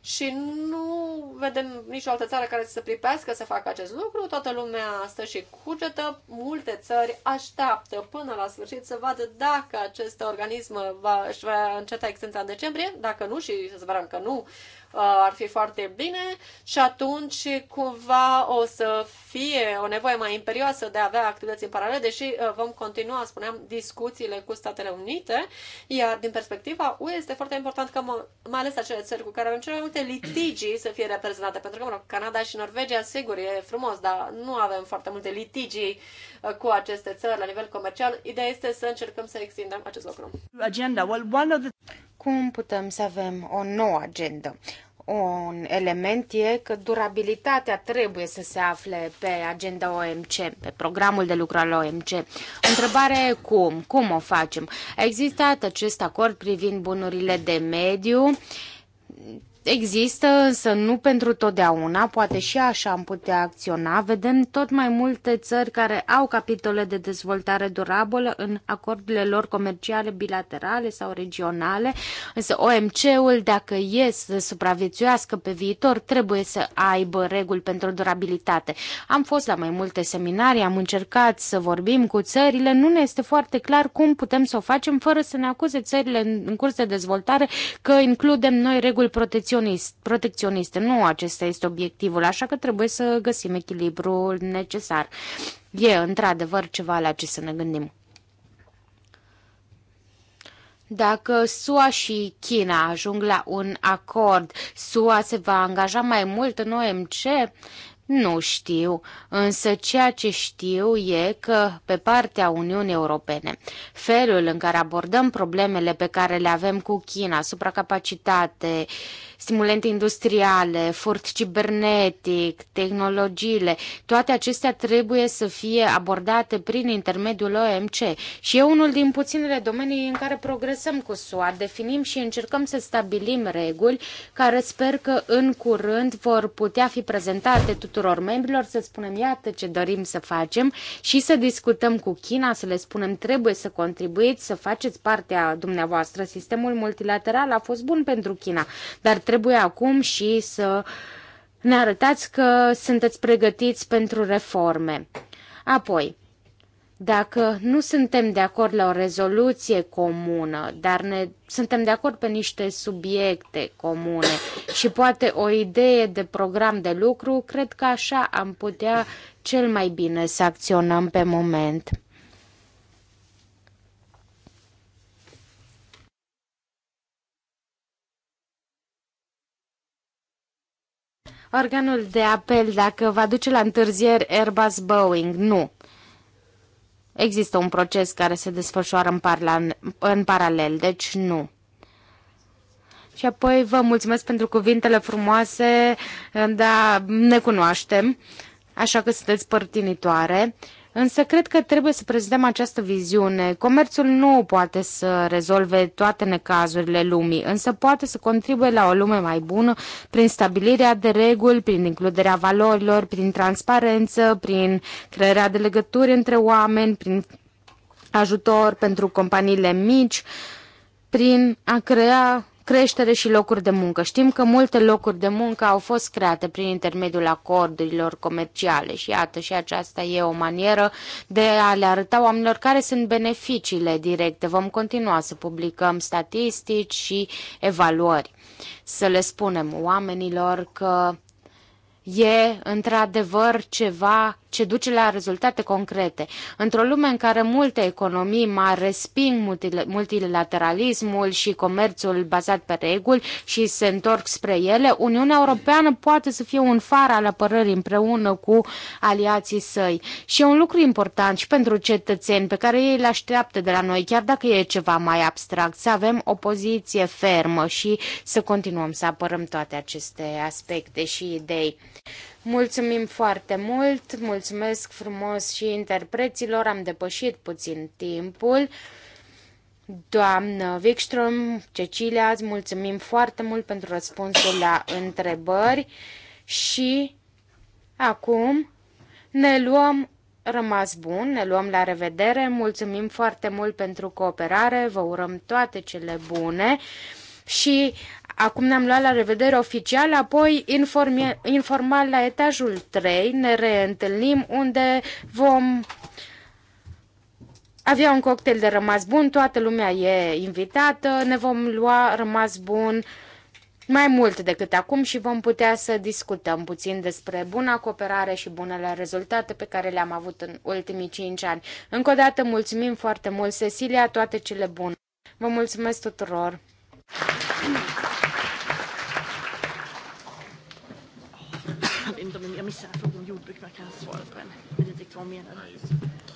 și nu vedem nicio altă țară care să se pripească să facă acest lucru. Toată lumea stă și cugetă. Multe țări așteaptă până la sfârșit să vadă dacă acest organism va, își va înceta extinția în decembrie, dacă nu și să sperăm că nu, Uh, ar fi foarte bine și atunci cumva o să fie o nevoie mai imperioasă de a avea activități în paralel, deși uh, vom continua, spuneam, discuțiile cu Statele Unite, iar din perspectiva UE este foarte important că mai ales acele țări cu care avem cele mai multe litigii să fie reprezentate, pentru că, mă rog, Canada și Norvegia, sigur, e frumos, dar nu avem foarte multe litigii uh, cu aceste țări la nivel comercial. Ideea este să încercăm să extindem acest lucru.
Agenda. Well, one of the... Cum putem să avem o nouă agendă? Un element e că durabilitatea trebuie să se afle pe agenda OMC, pe programul de lucru al OMC. întrebarea e cum? Cum o facem? A existat acest acord privind bunurile de mediu. Uh, Există, însă nu pentru totdeauna, poate și așa am putea acționa. Vedem tot mai multe țări care au capitole de dezvoltare durabilă în acordurile lor comerciale, bilaterale sau regionale, însă OMC-ul, dacă e să supraviețuiască pe viitor, trebuie să aibă reguli pentru durabilitate. Am fost la mai multe seminarii, am încercat să vorbim cu țările, nu ne este foarte clar cum putem să o facem fără să ne acuze țările în curs de dezvoltare că includem noi reguli protecționiste protecționist, protecționiste. Nu acesta este obiectivul, așa că trebuie să găsim echilibrul necesar. E într-adevăr ceva la ce să ne gândim. Dacă SUA și China ajung la un acord, SUA se va angaja mai mult în OMC? Nu știu, însă ceea ce știu e că pe partea Uniunii Europene, felul în care abordăm problemele pe care le avem cu China, supracapacitate, uh, stimulente industriale, furt cibernetic, tehnologiile, toate acestea trebuie să fie abordate prin intermediul OMC și e unul din puținele domenii în care progresăm cu SUA. Definim și încercăm să stabilim reguli care sper că în curând vor putea fi prezentate tuturor membrilor, să spunem iată ce dorim să facem și să discutăm cu China, să le spunem trebuie să contribuiți, să faceți partea dumneavoastră. Sistemul multilateral a fost bun pentru China, dar Trebuie acum și să ne arătați că sunteți pregătiți pentru reforme. Apoi, dacă nu suntem de acord la o rezoluție comună, dar ne, suntem de acord pe niște subiecte comune și poate o idee de program de lucru, cred că așa am putea cel mai bine să acționăm pe moment. Organul de apel, dacă va duce la întârzieri Airbus-Boeing, nu. Există un proces care se desfășoară în, în paralel, deci nu. Și apoi vă mulțumesc pentru cuvintele frumoase, dar ne cunoaștem, așa că sunteți părtinitoare. Însă cred că trebuie să prezentăm această viziune. Comerțul nu poate să rezolve toate necazurile lumii, însă poate să contribuie la o lume mai bună prin stabilirea de reguli, prin includerea valorilor, prin transparență, prin crearea de legături între oameni, prin ajutor pentru companiile mici, prin a crea creștere și locuri de muncă. Știm că multe locuri de muncă au fost create prin intermediul acordurilor comerciale și iată și aceasta e o manieră de a le arăta oamenilor care sunt beneficiile directe. Vom continua să publicăm statistici și evaluări. Să le spunem oamenilor că e într-adevăr ceva ce duce la rezultate concrete. Într-o lume în care multe economii mai resping multilateralismul și comerțul bazat pe reguli și se întorc spre ele, Uniunea Europeană poate să fie un far al apărării împreună cu aliații săi. Și e un lucru important și pentru cetățeni pe care ei îl așteaptă de la noi, chiar dacă e ceva mai abstract, să avem o poziție fermă și să continuăm să apărăm toate aceste aspecte și idei. Mulțumim foarte mult, mulțumesc frumos și interpreților, am depășit puțin timpul. Doamnă Wikström, Cecilia, îți mulțumim foarte mult pentru răspunsul la întrebări și acum ne luăm rămas bun, ne luăm la revedere, mulțumim foarte mult pentru cooperare, vă urăm toate cele bune și Acum ne-am luat la revedere oficial, apoi informal la etajul 3 ne reîntâlnim unde vom avea un cocktail de rămas bun, toată lumea e invitată, ne vom lua rămas bun mai mult decât acum și vom putea să discutăm puțin despre buna cooperare și bunele rezultate pe care le-am avut în ultimii 5 ani. Încă o dată mulțumim foarte mult, Cecilia, toate cele bune. Vă mulțumesc tuturor! Thank you.
missade en fråga om jordbruk,
men jag kan svara på en. Jag vet inte riktigt vad hon menar det.